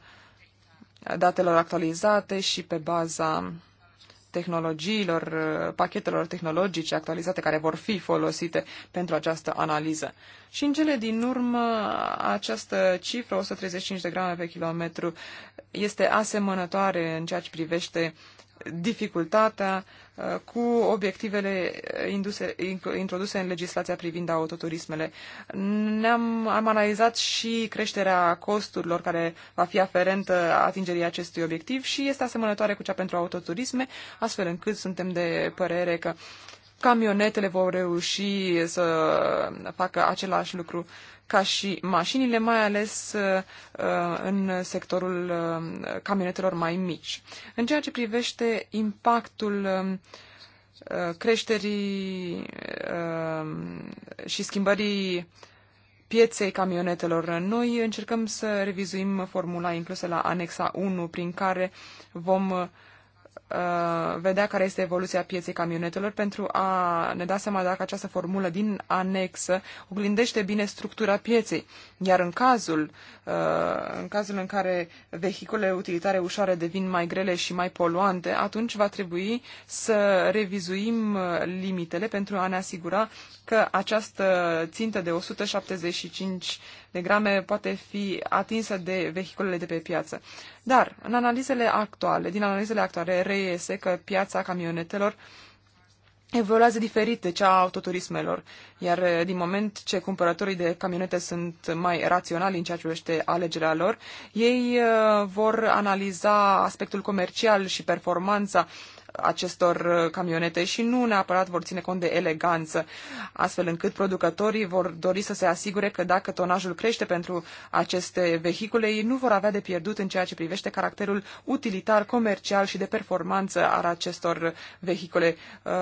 datelor actualizate și pe baza tehnologiilor, uh, pachetelor tehnologice actualizate care vor fi folosite pentru această analiză. Și în cele din urmă, această cifră, 135 de grame pe kilometru, este asemănătoare în ceea ce privește dificultatea uh, cu obiectivele induse, introduse în legislația privind autoturismele. Ne-am am analizat și creșterea costurilor care va fi aferentă atingerii acestui obiectiv și este asemănătoare cu cea pentru autoturisme, astfel încât suntem de părere că uh, camionetele vor reuși să facă același lucru ca și mașinile, mai ales uh, în sectorul uh, camionetelor mai mici. În ceea ce privește impactul um, uh, creșterii um, și schimbării pieței camionetelor. Noi încercăm să revizuim formula inclusă la anexa 1, prin care vom Uh, vedea care este evoluția pieței camionetelor pentru a ne da seama dacă această formulă din anexă oglindește bine structura pieței. Iar în cazul, uh, în cazul în care vehiculele utilitare ușoare devin mai grele și mai poluante, atunci va trebui să revizuim uh, limitele pentru a ne asigura că această țintă de 175 de grame poate fi atinsă de vehiculele de pe piață. Dar, în analizele actuale, din analizele actuale, reiese că piața camionetelor evoluează diferit de cea a autoturismelor, iar eh, din moment ce cumpărătorii de camionete sunt mai raționali în ceea ce privește alegerea lor, ei eh, vor analiza aspectul comercial și performanța acestor uh, camionete și nu neapărat vor ține cont de eleganță, astfel încât producătorii vor dori să se asigure că dacă tonajul crește pentru aceste vehicule, ei nu vor avea de pierdut în ceea ce privește caracterul utilitar, comercial și de performanță al acestor vehicule. Uh,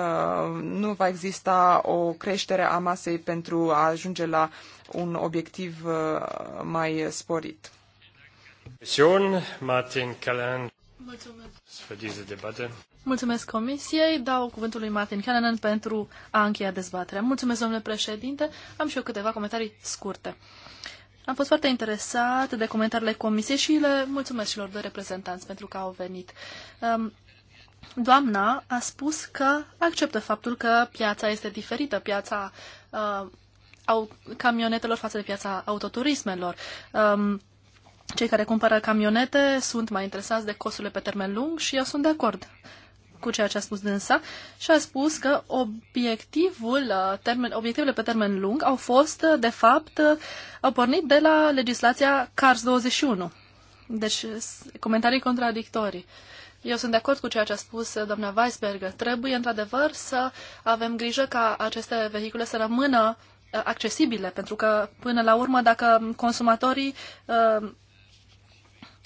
nu va exista o creștere a masei pentru a ajunge la un obiectiv uh, mai sporit. Martin Callahan. Mulțumesc. Mulțumesc comisiei. Dau cuvântul lui Martin Callanan pentru a încheia dezbaterea. Mulțumesc, domnule președinte. Am și eu câteva comentarii scurte. Am fost foarte interesat de comentariile comisiei și le mulțumesc celor doi reprezentanți pentru că au venit. Um, doamna a spus că acceptă faptul că piața este diferită, piața uh, au, camionetelor față de piața autoturismelor. Um, cei care cumpără camionete sunt mai interesați de costurile pe termen lung și eu sunt de acord cu ceea ce a spus dânsa și a spus că obiectivul, uh, termen, obiectivele pe termen lung au fost, uh, de fapt, uh, au pornit de la legislația CARS 21. Deci, comentarii contradictorii. Eu sunt de acord cu ceea ce a spus doamna Weisberger. Trebuie, într-adevăr, să avem grijă ca aceste vehicule să rămână accesibile, pentru că, până la urmă, dacă consumatorii uh,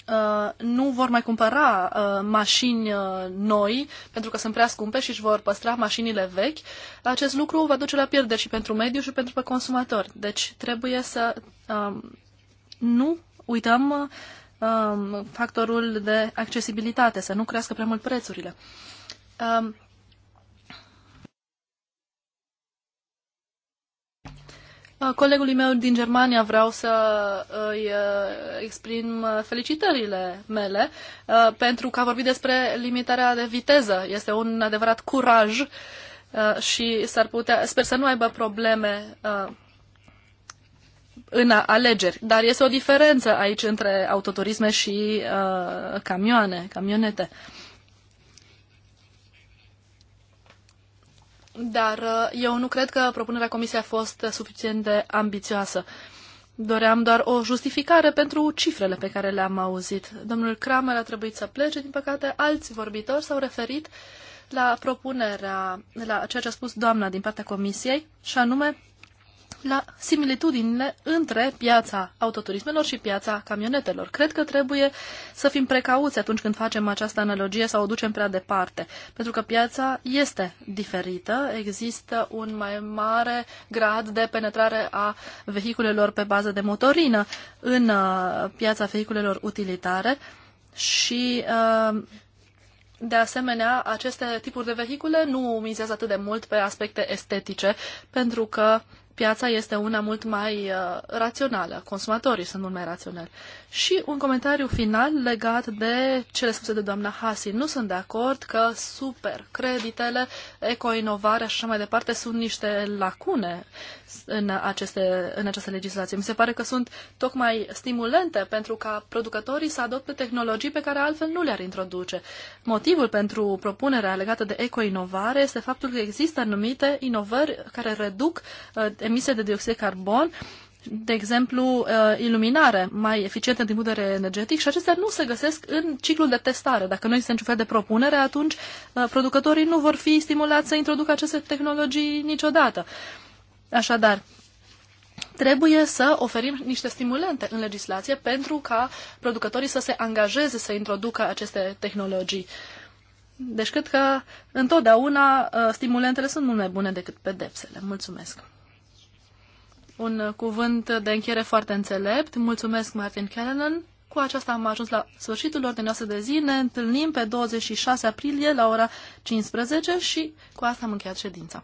Uh, nu vor mai cumpăra uh, mașini uh, noi pentru că sunt prea scumpe și își vor păstra mașinile vechi, acest lucru va duce la pierderi și pentru mediu și pentru pe consumatori. Deci trebuie să uh, nu uităm uh, factorul de accesibilitate, să nu crească prea mult prețurile. Uh, Colegului meu din Germania vreau să uh, îi uh, exprim uh, felicitările mele pentru că a vorbit despre limitarea de viteză. Este un adevărat curaj și s-ar putea, sper să nu aibă probleme în alegeri. Dar este o diferență aici între autoturisme și camioane, camionete. dar uh, eu nu cred că propunerea comisiei a fost suficient de ambițioasă. Doream doar o justificare pentru cifrele pe care le-am auzit. Domnul Kramer a trebuit să plece, din păcate alți vorbitori s-au referit la propunerea, la ceea ce a spus doamna din partea comisiei, și anume la similitudinile între piața autoturismelor și piața camionetelor. Cred că trebuie să fim precauți atunci când facem această analogie sau o ducem prea departe, pentru că piața este diferită, există un mai mare grad de penetrare a vehiculelor pe bază de motorină în uh, piața vehiculelor utilitare și uh, de asemenea, aceste tipuri de vehicule nu mizează atât de mult pe aspecte estetice, pentru că uh, piața este una mult mai uh, rațională, consumatorii sunt mult mai raționali. Și un comentariu final legat de cele spuse de doamna Hasi. Nu sunt de acord că super creditele, ecoinovarea și așa mai departe sunt niște lacune în, aceste, în această legislație. Mi se pare că sunt tocmai stimulente pentru ca producătorii să adopte tehnologii pe care altfel nu le-ar introduce. Motivul pentru propunerea legată de ecoinovare este faptul că există anumite inovări care reduc uh, emisiile de dioxid de carbon de exemplu, uh, iluminare mai eficientă din punct de vedere energetic și acestea nu se găsesc în ciclul de testare. Dacă nu există niciun fel de propunere, atunci uh, producătorii nu vor fi stimulați să introducă aceste tehnologii niciodată. Așadar, trebuie să oferim niște stimulente în legislație pentru ca producătorii să se angajeze să introducă aceste tehnologii. Deci cred că întotdeauna uh, stimulentele sunt mult mai bune decât pedepsele. Mulțumesc! un cuvânt de încheiere foarte înțelept. Mulțumesc, Martin Callanan. Cu aceasta am ajuns la sfârșitul ordinei de zi. Ne întâlnim pe 26 aprilie la ora 15 și cu asta am încheiat ședința.